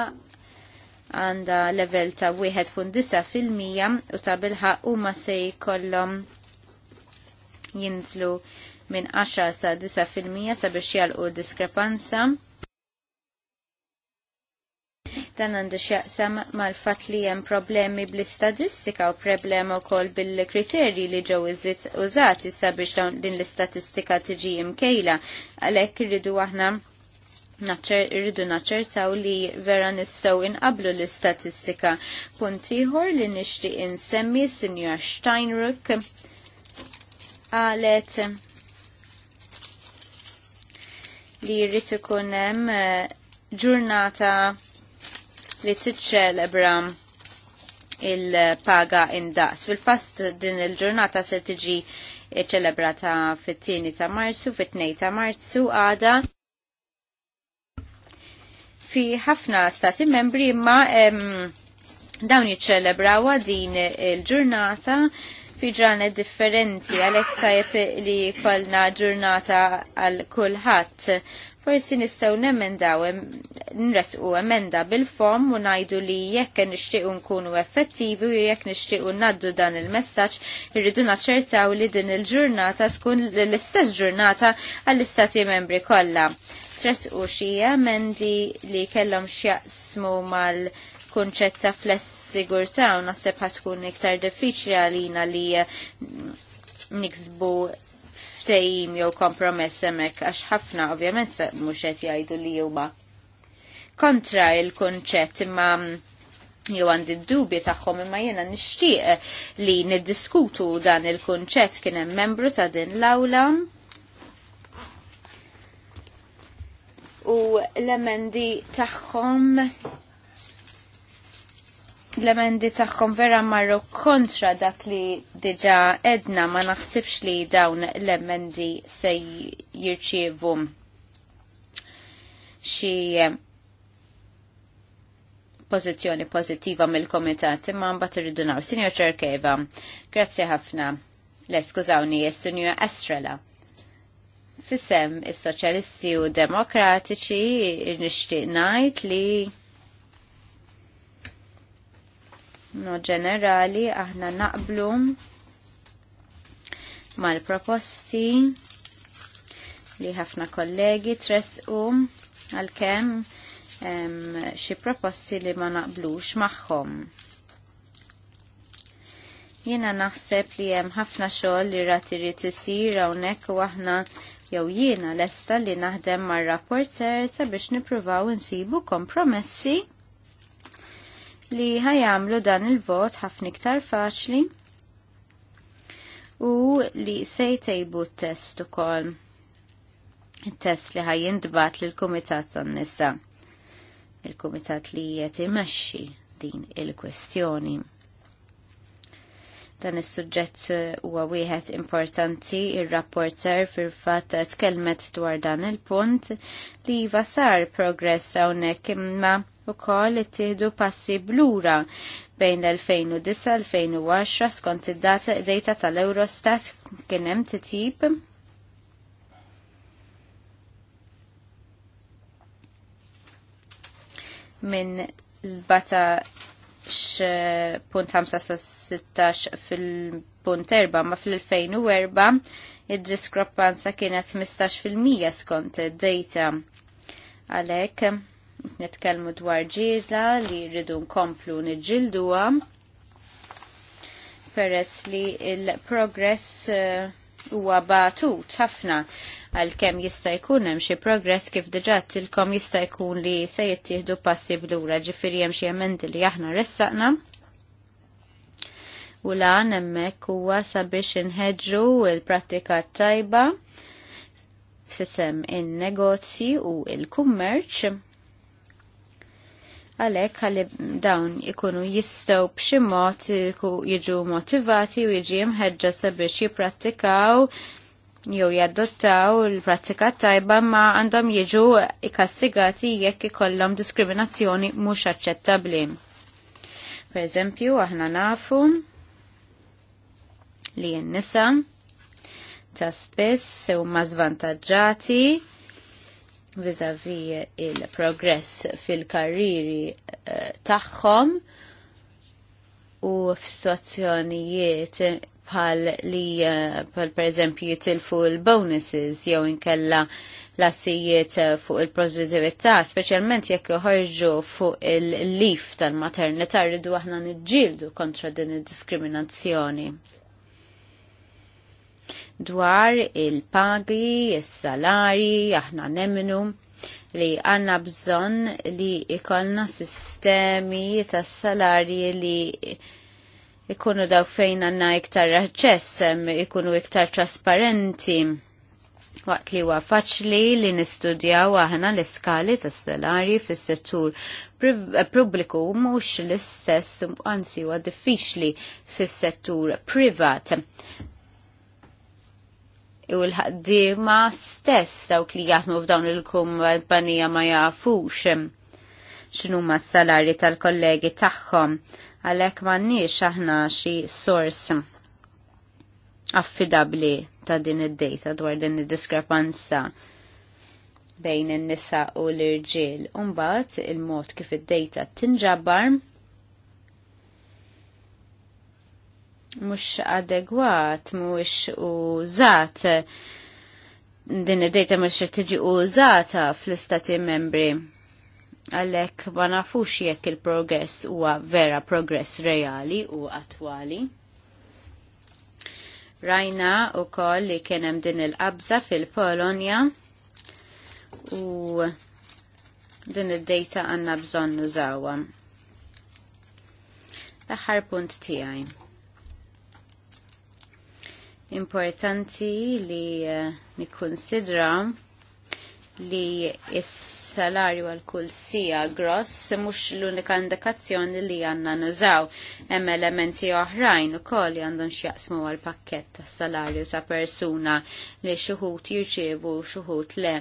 A: għanda level ta' 1.9% u ta' bilħaq u ma se jkollhom jinżlu minn 10 sa' 9% sabiex jalqu diskrepanza. Dan għandu xjaqsam mal-fat li hemm problemi bl-istatistika u u wkoll bil-kriterji li ġew użati sabiex din l-istatistika tiġi imkejla. Għalhekk irridu aħna irridu naċċertaw li vera nistgħu inqablu l-istatistika. Punt ieħor li nixtieq insemmi Sinjor Steinruck qalet li jrid ikun hemm eh, ġurnata li tiċċelebra il-paga indaqs. Fil-fast din il-ġurnata se tiġi ċelebrata fit-tieni ta' Marzu, fit nej ta' Marzu għada fi ħafna stati membri ma dawn jiċċelebrawa din il-ġurnata fi ġranet differenti għalek tajb li kolna ġurnata għal kulħadd. Forsi nistgħu nemendaw nresqu emenda bil-fom u ngħidu li jekk nixtiequ nkunu effettivi u jekk nixtiequ naddu dan il-messaġġ irridu naċċertaw li din il-ġurnata tkun l-istess ġurnata għall-istati membri kollha u xija emendi li kellhom x'jaqsmu mal- kunċett ta' fless-sigurtà u naħseb ħatkun iktar diffiċli għalina li mm, niksbu ftejim jew kompromess hemmhekk għax ħafna ovvjament mhux qed jgħidu li huma kontra il-kunċett imma mm, jew għandi d-dubju tagħhom imma jiena nixtieq li niddiskutu dan il-kunċett kien hemm membru ta' din l-awla u l-emendi tagħhom l-emendi tagħhom vera marru kontra dak li diġa edna ma naħsibx li dawn l-emendi se jirċievu xi pożizzjoni pożittiva mill-komitat imma mbagħad irridu naw. Sinjor Ċerkeva, grazzi ħafna. Le, skużawni, Sinjor Estrela. Fisem is-Soċjalisti u Demokratiċi nixtieq ngħid li no ġenerali aħna naqblu mal-proposti li ħafna kollegi tresqu għal-kem xi proposti li ma naqblux magħhom. Jiena naħseb li hemm ħafna xogħol li rati irid isir hawnhekk u aħna jew jiena lesta li naħdem mar-rapporter sabiex nippruvaw insibu kompromessi li ħajamlu dan il-vot ħafna iktar faċli u li se t-test ukoll. Il-test li ħajjindbat lill-Kumitat tan-nisa il-Kumitat li jieti imexxi din il-kwestjoni. Dan is-suġġett eh, huwa wieħed importanti, ir-rapporter fil-fatt tkellmet dwar dan il-punt li iva sar progress hawnhekk imma wkoll ittieħdu passi blura bejn l-2009-2010 skont id-data tal-Eurostat kien hemm titjib minn zbata Eh, punt 5 16 fil-punt 4 ma fil-2004 id-diskrepanza kienet 15% skont data għalek netkelmu dwar ġieda li rridu nkomplu nġilduwa peress li il-progress eh, huwa batut ħafna għal kem jista' jkun hemm xi progress kif diġà tilkom jista' jkun li se jittieħdu passi blura ġifieri hemm xi emendi li aħna ressaqna. U lan hemmhekk huwa sabiex inħeġġu l-prattika tajba fisem in-negozji u il-kummerċ għalek għalli dawn ikunu jistaw b'ximot jiġu motivati u jiġi mħedġa sabiex jiprattikaw jew jaddottaw il-prattika tajba ma għandhom jiġu ikkassigati jekk ikollhom diskriminazzjoni mhux aċċettabbli. Per eżempju, aħna nafu li n-nisa ta' spess huma żvantaġġati vizavi il-progress fil-karriri eh, tagħhom u f'sitwazzjonijiet bħal li eh, bħal per eżempju jitilfu l-bonuses jew inkella l-assijiet eh, fuq il-produttività, speċjalment jekk joħorġu fuq il-lif tal-maternità rridu aħna niġġieldu kontra din id-diskriminazzjoni. Dwar il-pagi, is-salari, aħna nemmenu li għanna bżon li ikollna sistemi tas salarji li ikunu daw fejn għanna iktar aċċess, ikunu iktar trasparenti. Waqt li huwa faċli li nistudjaw aħna l-iskali ta' salari fis-settur eh, pubbliku mhux l-istess anzi huwa diffiċli fis-settur privat u l-ħaddima stess dawk li jaħdmu f'dawn il-kumpanija ma jafux x'numa s-salari tal-kollegi tagħhom għalhekk m'għandniex aħna xi sors affidabli ta' din id-data dwar din id-diskrepanza bejn in-nisa u l-irġiel. Umbagħad il-mod kif id-data tinġabbar mhux adegwat mhux użat din id-data mhux tiġi użata fl-istati membri għalhekk ma nafux jekk il-progress huwa vera progress reali u attwali. Rajna u koll li kienem din il-qabza fil-Polonja u din id data għanna bżon nużawa. L-aħħar punt tiegħi. Importanti li eh, nikkonsidraw li s-salarju għal kull sija gross mux l-unika indikazzjoni li għanna nużaw. Hemm elementi oħrajn u koll li għandhom xjaqsmu għal pakket ta' salarju ta' persuna li xuħut jirċievu u xuħut le.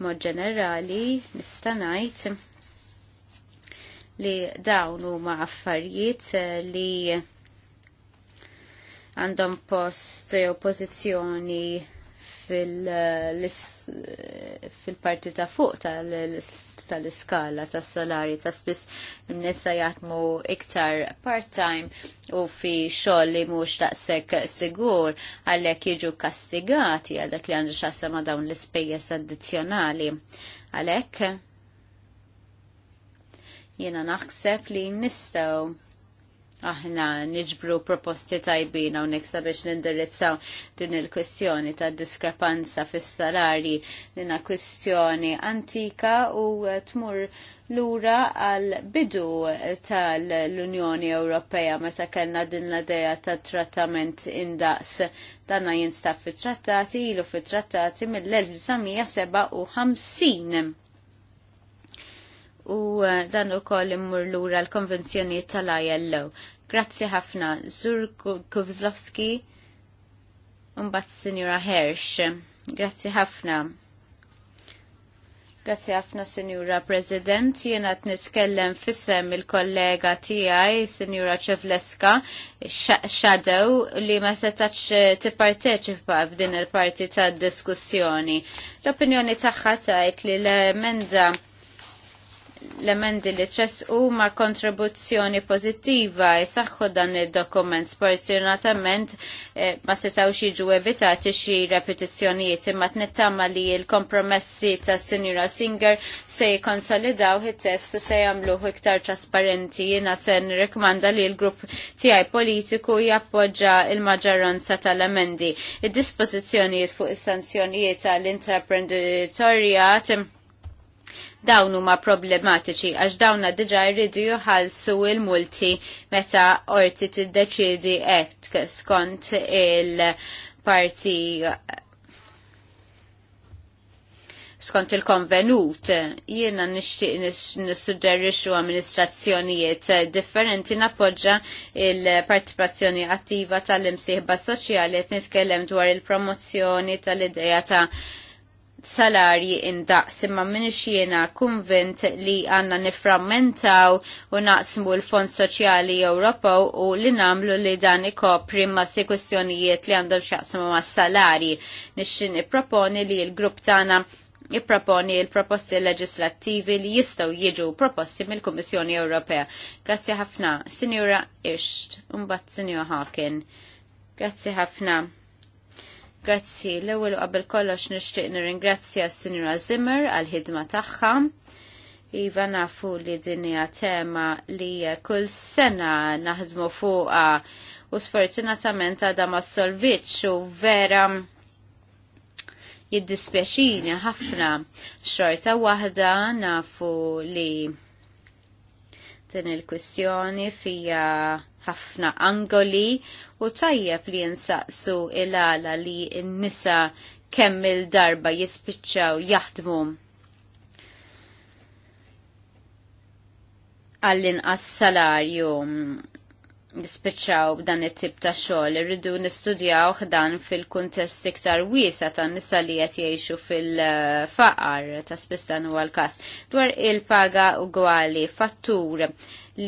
A: Mod ġenerali nistanajt li dawn huma affarijiet li għandhom post jew pożizzjoni fil-parti ta' fuq tal-iskala ta' salari ta' spiss n-nisa jatmu iktar part-time u fi xoll li mux sekk sigur għallek jiġu kastigati għadak li għandu xassa ma' dawn l-spejjes addizjonali għalek jena naħseb li nistaw aħna niġbru proposti tajbin hawnhekk sabiex nindirizzaw din il-kwestjoni ta' diskrepanza fis-salari dinha kwistjoni antika u tmur lura għal bidu tal-Unjoni Ewropea meta kellna din l-idea ta' trattament indaqs danna jinstab fit-trattati ilu fit-trattati mill-1957 u eh, dan ukoll immur lura l-konvenzjoni tal-ILO. Grazzi ħafna, Zur Kuvzlowski, unbat Sinjura Hersh. Grazzi ħafna. Grazzi ħafna, Sinjura President. Jena t-niskellem fissem il-kollega tijaj, Sinjura Ċevleska, Shadow, li ma setax eh, t-parteċipa f'din il-parti ta' diskussjoni. L-opinjoni taħħa tajt li l-emenda l-emendi li u ma kontribuzzjoni pozittiva saħħu dan il-dokument sporzjonatament eh, ma setaw xieġu evitati xie repetizzjonijiet imma t-nittama li il-kompromessi ta' Sinjura Singer se konsolidaw hit-test u se jamluħ iktar trasparenti jina sen rekomanda li l-grupp tijaj politiku jappoġġa il-maġġoranza tal-emendi. Id-dispozizjonijiet fuq is-sanzjonijiet għall-intraprenditorjat dawn huma problematiċi għax dawna diġà jridu jħallsu il-multi meta orti tiddeċiedi hekk skont il-parti skont il-konvenut jiena nixtieq nissuġġerixxu amministrazzjonijiet differenti nappoġġa il-partipazzjoni attiva tal-imsieħba soċjali qed nitkellem dwar il-promozzjoni tal-idea ta' salarji indaqs imma minix jiena konvint li għanna niframmentaw u naqsmu l-Fond Soċjali Ewropew u li namlu li dan ikopri ma si kustjonijiet li għandhom xaqsmu ma salarji. Nixin proponi li l-grupp tagħna jipproponi il-proposti leġislattivi li jistaw jiġu proposti mill-Kummissjoni Ewropea. Grazzi ħafna, Signora Isht, un bat Sinjura Hawken. Grazzi ħafna. Grazzi, l-ewwel u qabel kollox nixtieq nirringrazzja s-Sinjura Zimmer għal-ħidma tagħha. Iva nafu li dinja tema li kull sena naħdmu fuqa u sfortunatament għadha ma solvitx u vera jiddispjaċini ħafna xorta waħda nafu li din il-kwistjoni fija ħafna angoli u tajjeb li jinsaqsu il-għala li n-nisa kemm il-darba jispiċċaw jaħdmu għallin inqas salarju nispiċċaw b'dan it-tip ta' xogħol irridu nistudjaw dan fil-kuntest iktar wiesa ta' nisa li qed jgħixu fil-faqar ta' spistan u huwa l-każ dwar il-paga ugwali fattur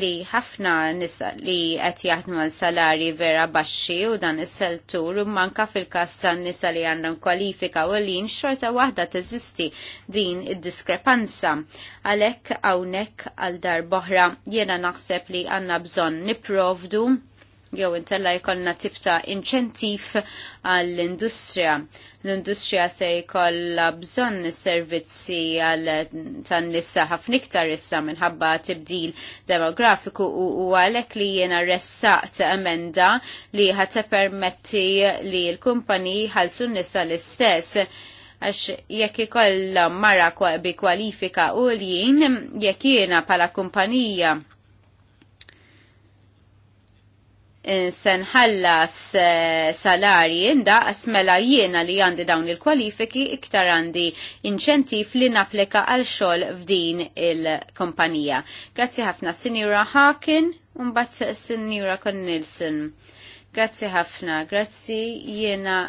A: li ħafna nisa li qed jaħdmu salari vera baxxi u dan is-seltur manka fil-każ tan-nisa li għandhom kwalifika u li xorta waħda teżisti din id-diskrepanza. Għalhekk hawnhekk għal dar boħra jiena naħseb li għandna bżonn nipprovdu jew intella jkollna tip ta' inċentif għall-industrija. L-industrija se jkollha bżonn is servizzi għal tan nisa ħafna iktar issa minħabba tibdil demografiku u għalhekk li jiena ressaqt emenda li ħat permetti li l-kumpani ħalsu nisa l-istess għax jekk ikollha mara bi kwalifika u jekk jiena bħala kumpanija senħallas eh, salarji inda mela jiena li għandi dawn il-kwalifiki iktar għandi inċentif li naplika għal xogħol f'din il-kompanija. Grazzi ħafna Sinjura Hawkin u mbagħad Sinjura Connilson. Grazzi ħafna, grazzi jiena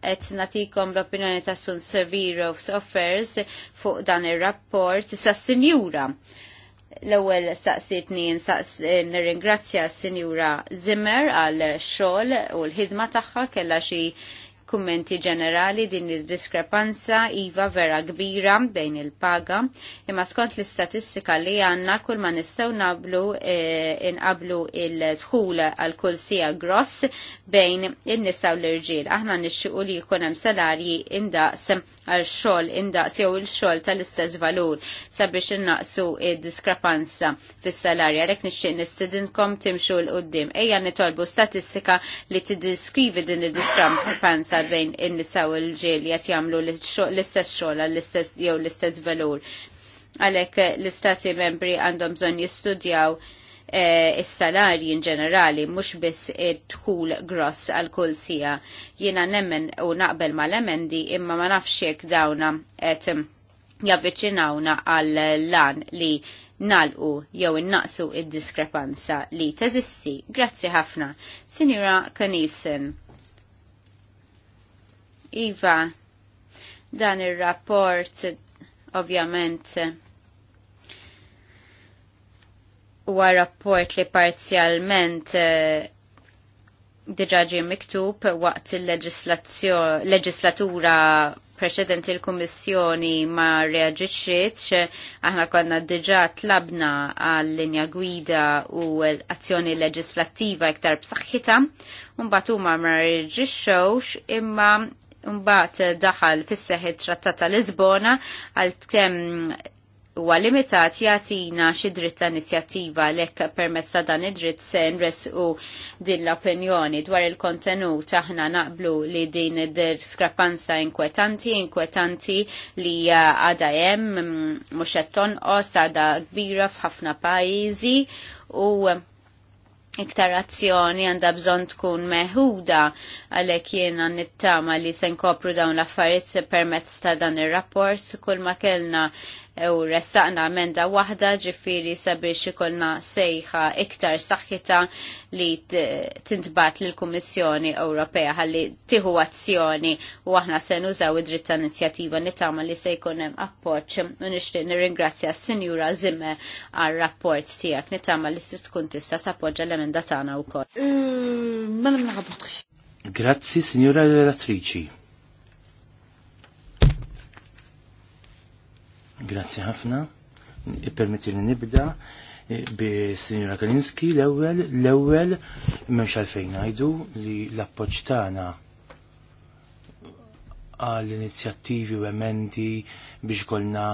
A: et natikom l-opinjoni ta' Sun Severo Soffers Offers fuq dan il-rapport sa' Sinjura L-ewwel saqsitni nsaqs nirringrazzja s-Sinjura Zimmer għal xogħol u l-ħidma tagħha kellha xi kummenti ġenerali din id-diskrepanza iva vera kbira bejn il-paga, imma skont l-istatistika li għanna kull ma nistaw nablu e, inqablu il-dħul għal kull sija gross bejn in-nisa u l-irġiel. Aħna nixxiqu li jkun hemm salarji indaqs għal xogħol indaqs jew il-xogħol tal-istess valur sabiex innaqsu id-diskrepanza fis-salarja għalhekk nixtieq nistidinkom timxu l qudiem Ejja nitolbu statistika li tiddiskrivi din id-diskrepanza bejn in-nisa u l-ġiel qed jagħmlu l-istess xogħol għall-istess jew l-istess valur. Għalhekk l-istati membri għandhom bżonn jistudjaw Eh, is-salarji in ġenerali mhux biss id-dħul gross għal kull sija. Jiena nemmen u naqbel mal-emendi imma ma nafx dawna qed javviċinawna għal lan li nalqu jew innaqsu id-diskrepanza li teżisti. Grazzi ħafna. Sinjura Kanisen. Iva, dan ir-rapport ovvjament huwa rapport li parzjalment eh, diġa ġie miktub waqt il-leġislatura preċedenti l-Kummissjoni ma reaġiċċiet, aħna konna diġa tlabna għall linja gwida u l-azzjoni leġislattiva iktar b'saħħitha, mbagħad huma ma reaġiċċewx imma mbagħad daħal fis-seħħ it-Trattat Lisbona għal kemm huwa limitat jagħtina xi dritta inizjattiva lekk permezz ta' dan id-dritt se nresqu din l-opinjoni dwar il-kontenut aħna naqblu li din id skrapanza inkwetanti, inkwetanti li għada hemm mhux qed tonqos għada kbira f'ħafna pajjiżi u iktar azzjoni għanda bżon tkun meħuda għalek jena nittama li se dawn l-affarijiet permezz ta' dan ir-rapport kull ma kellna u ressaqna emenda waħda ġifiri sabiex ikolna sejħa iktar saħħita li tintbat l kummissjoni Ewropea għalli tiħu azzjoni u aħna se nużaw id-dritt ta' inizjattiva nitama li se jkun hemm appoġġ u nixtieq nirringrazzja s-Sinjura Zimme għar-rapport tiegħek nitama li se tkun tista' tappoġġa l-emenda tagħna wkoll. Euh,
B: Grazzi, Signora Relatrici. Grazzi ħafna. Permetti li nibda eh, bi Sinjora Kalinski l-ewwel l-ewwel m'hemmx għalfejn ngħidu li l-appoġġ tagħna għall inizjattivi u emendi biex kolna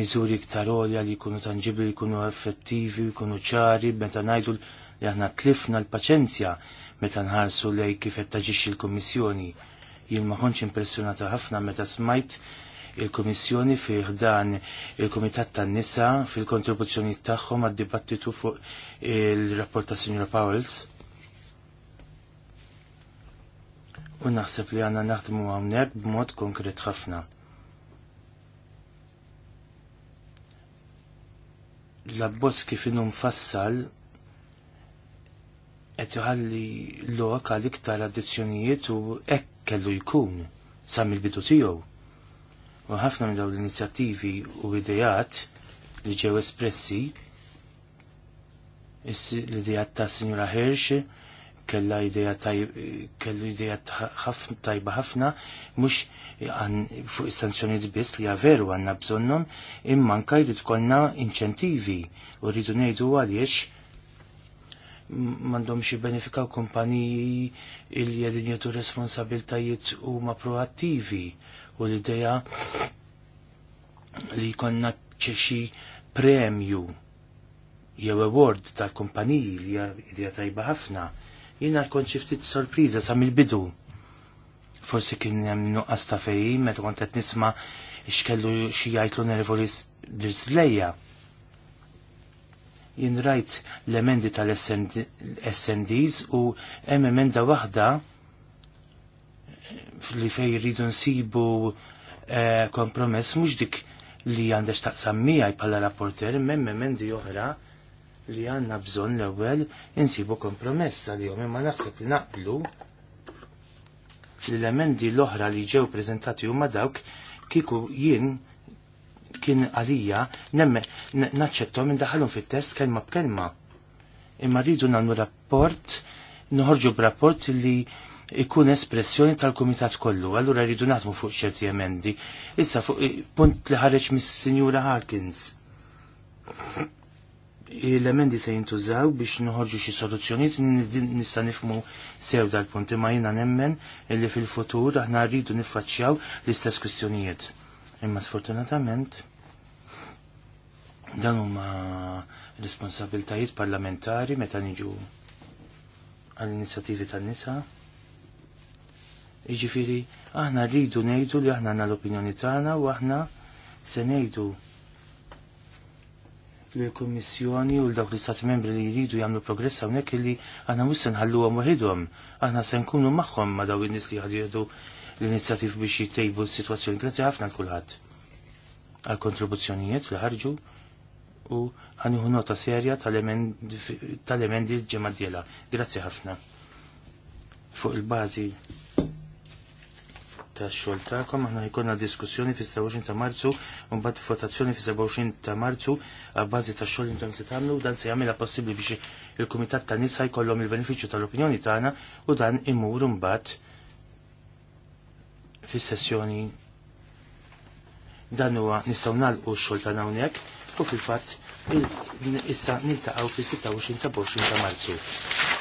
B: miżuri iktar olja li jkunu tangibli, li jkunu effettivi, jkunu ċari, meta ngħidu li aħna tlifna l-paċenzja meta nħarsu lej kif qed taġixxi l-Kummissjoni jien ma konċ impressjonata ħafna meta smajt il-Komissjoni fih dan il-Komitat tan-Nisa fil-kontribuzzjoni tagħhom għad-dibattitu fuq il-rapport ta' Signora Powells. U naħseb li għanna naħdmu hawnhekk b'mod konkret ħafna. L-abbozz kif inhu mfassal qed iħalli lok għal iktar addizzjonijiet u hekk kellu jkun sa mill-bidu tiegħu. U ħafna minn dawn l-inizjattivi u idejat li ġew espressi l-idejat ta' Sinjura Hirsch kella ideja kellu ideja tajba ħafna mhux fuq is-sanzjonijiet biss li veru għandna bżonnhom imma anke jrid ikollna inċentivi u rridu ngħidu għaliex m'għandhomx jibbenefikaw kumpaniji li qegħdin jagħtu responsabiltajiet huma proattivi u l-idea li konna ċeċi premju jew award tal-kumpaniji li idea tajba ħafna. Jina kon ftit sorpriża sa mill-bidu. Forsi kien hemm nuqqas ta' fejn meta kont qed nisma' x'kellu xi jgħidlu nervolis l-iżlejja. Jien rajt l-emendi tal-SNDs u hemm emenda waħda li fej rridu nsibu eh, kompromess mhux dik li għandex taqsam miegħi bħala rapporter imma di oħra li għandna bżonn l-ewwel insibu kompromess jom, imma naħseb li naqblu li l-emendi l-oħra li ġew preżentati huma dawk kieku jien kien għalija nemme naċċettom indaħalhom fit-test kelma b'kelma. Imma rridu nagħmlu rapport, noħorġu b'rapport li ikun espressjoni tal-Kumitat kollu, allura rridu naħdmu fuq xerti emendi. Issa fuq punt li ħareġ mis-Sinjura Harkins. L-emendi se jintużaw biex nħorġu xi soluzzjonijiet nista' nifmu sew dal-punti ma jiena nemmen illi fil-futur aħna rridu niffaċċjaw l-istess kwistjonijiet. Imma sfortunatament dan huma responsabiltajiet parlamentari meta niġu għall-inizjattivi tan-nisa. Iġifiri, aħna rridu nejdu li aħna għanna l-opinjoni tagħna u aħna se nejdu l komissjoni u l-dawk l-Istat membri li jridu jagħmlu progress hawnhekk li aħna mhux se nħalluhom waħidhom, aħna se nkunu magħhom ma' daw in-nies li ħadu l-inizjattiv biex jittejbu s-sitwazzjoni. Grazzi ħafna l-kulħadd għal kontribuzzjonijiet li ħarġu u ħaniħu nota serja tal-emendi tal ġemma d Grazzi ħafna. Fuq il-bazi tax-xogħol tagħkom aħna jkollna diskussjoni fi 27 ta' Marzu u mbagħad votazzjoni fi 27 ta' Marzu għabbażi ta' xogħol intom se tagħmlu dan se jagħmilha possibbli biex il-kumitat ta' nisa jkollhom il-benefiċċju tal-opinjoni tagħna u dan imur bat fis-sessjoni dan huwa nistgħu nagħlqu x-xogħol tagħna hawnhekk u fil-fatt issa niltaqgħu fis-26 27 ta' Marzu.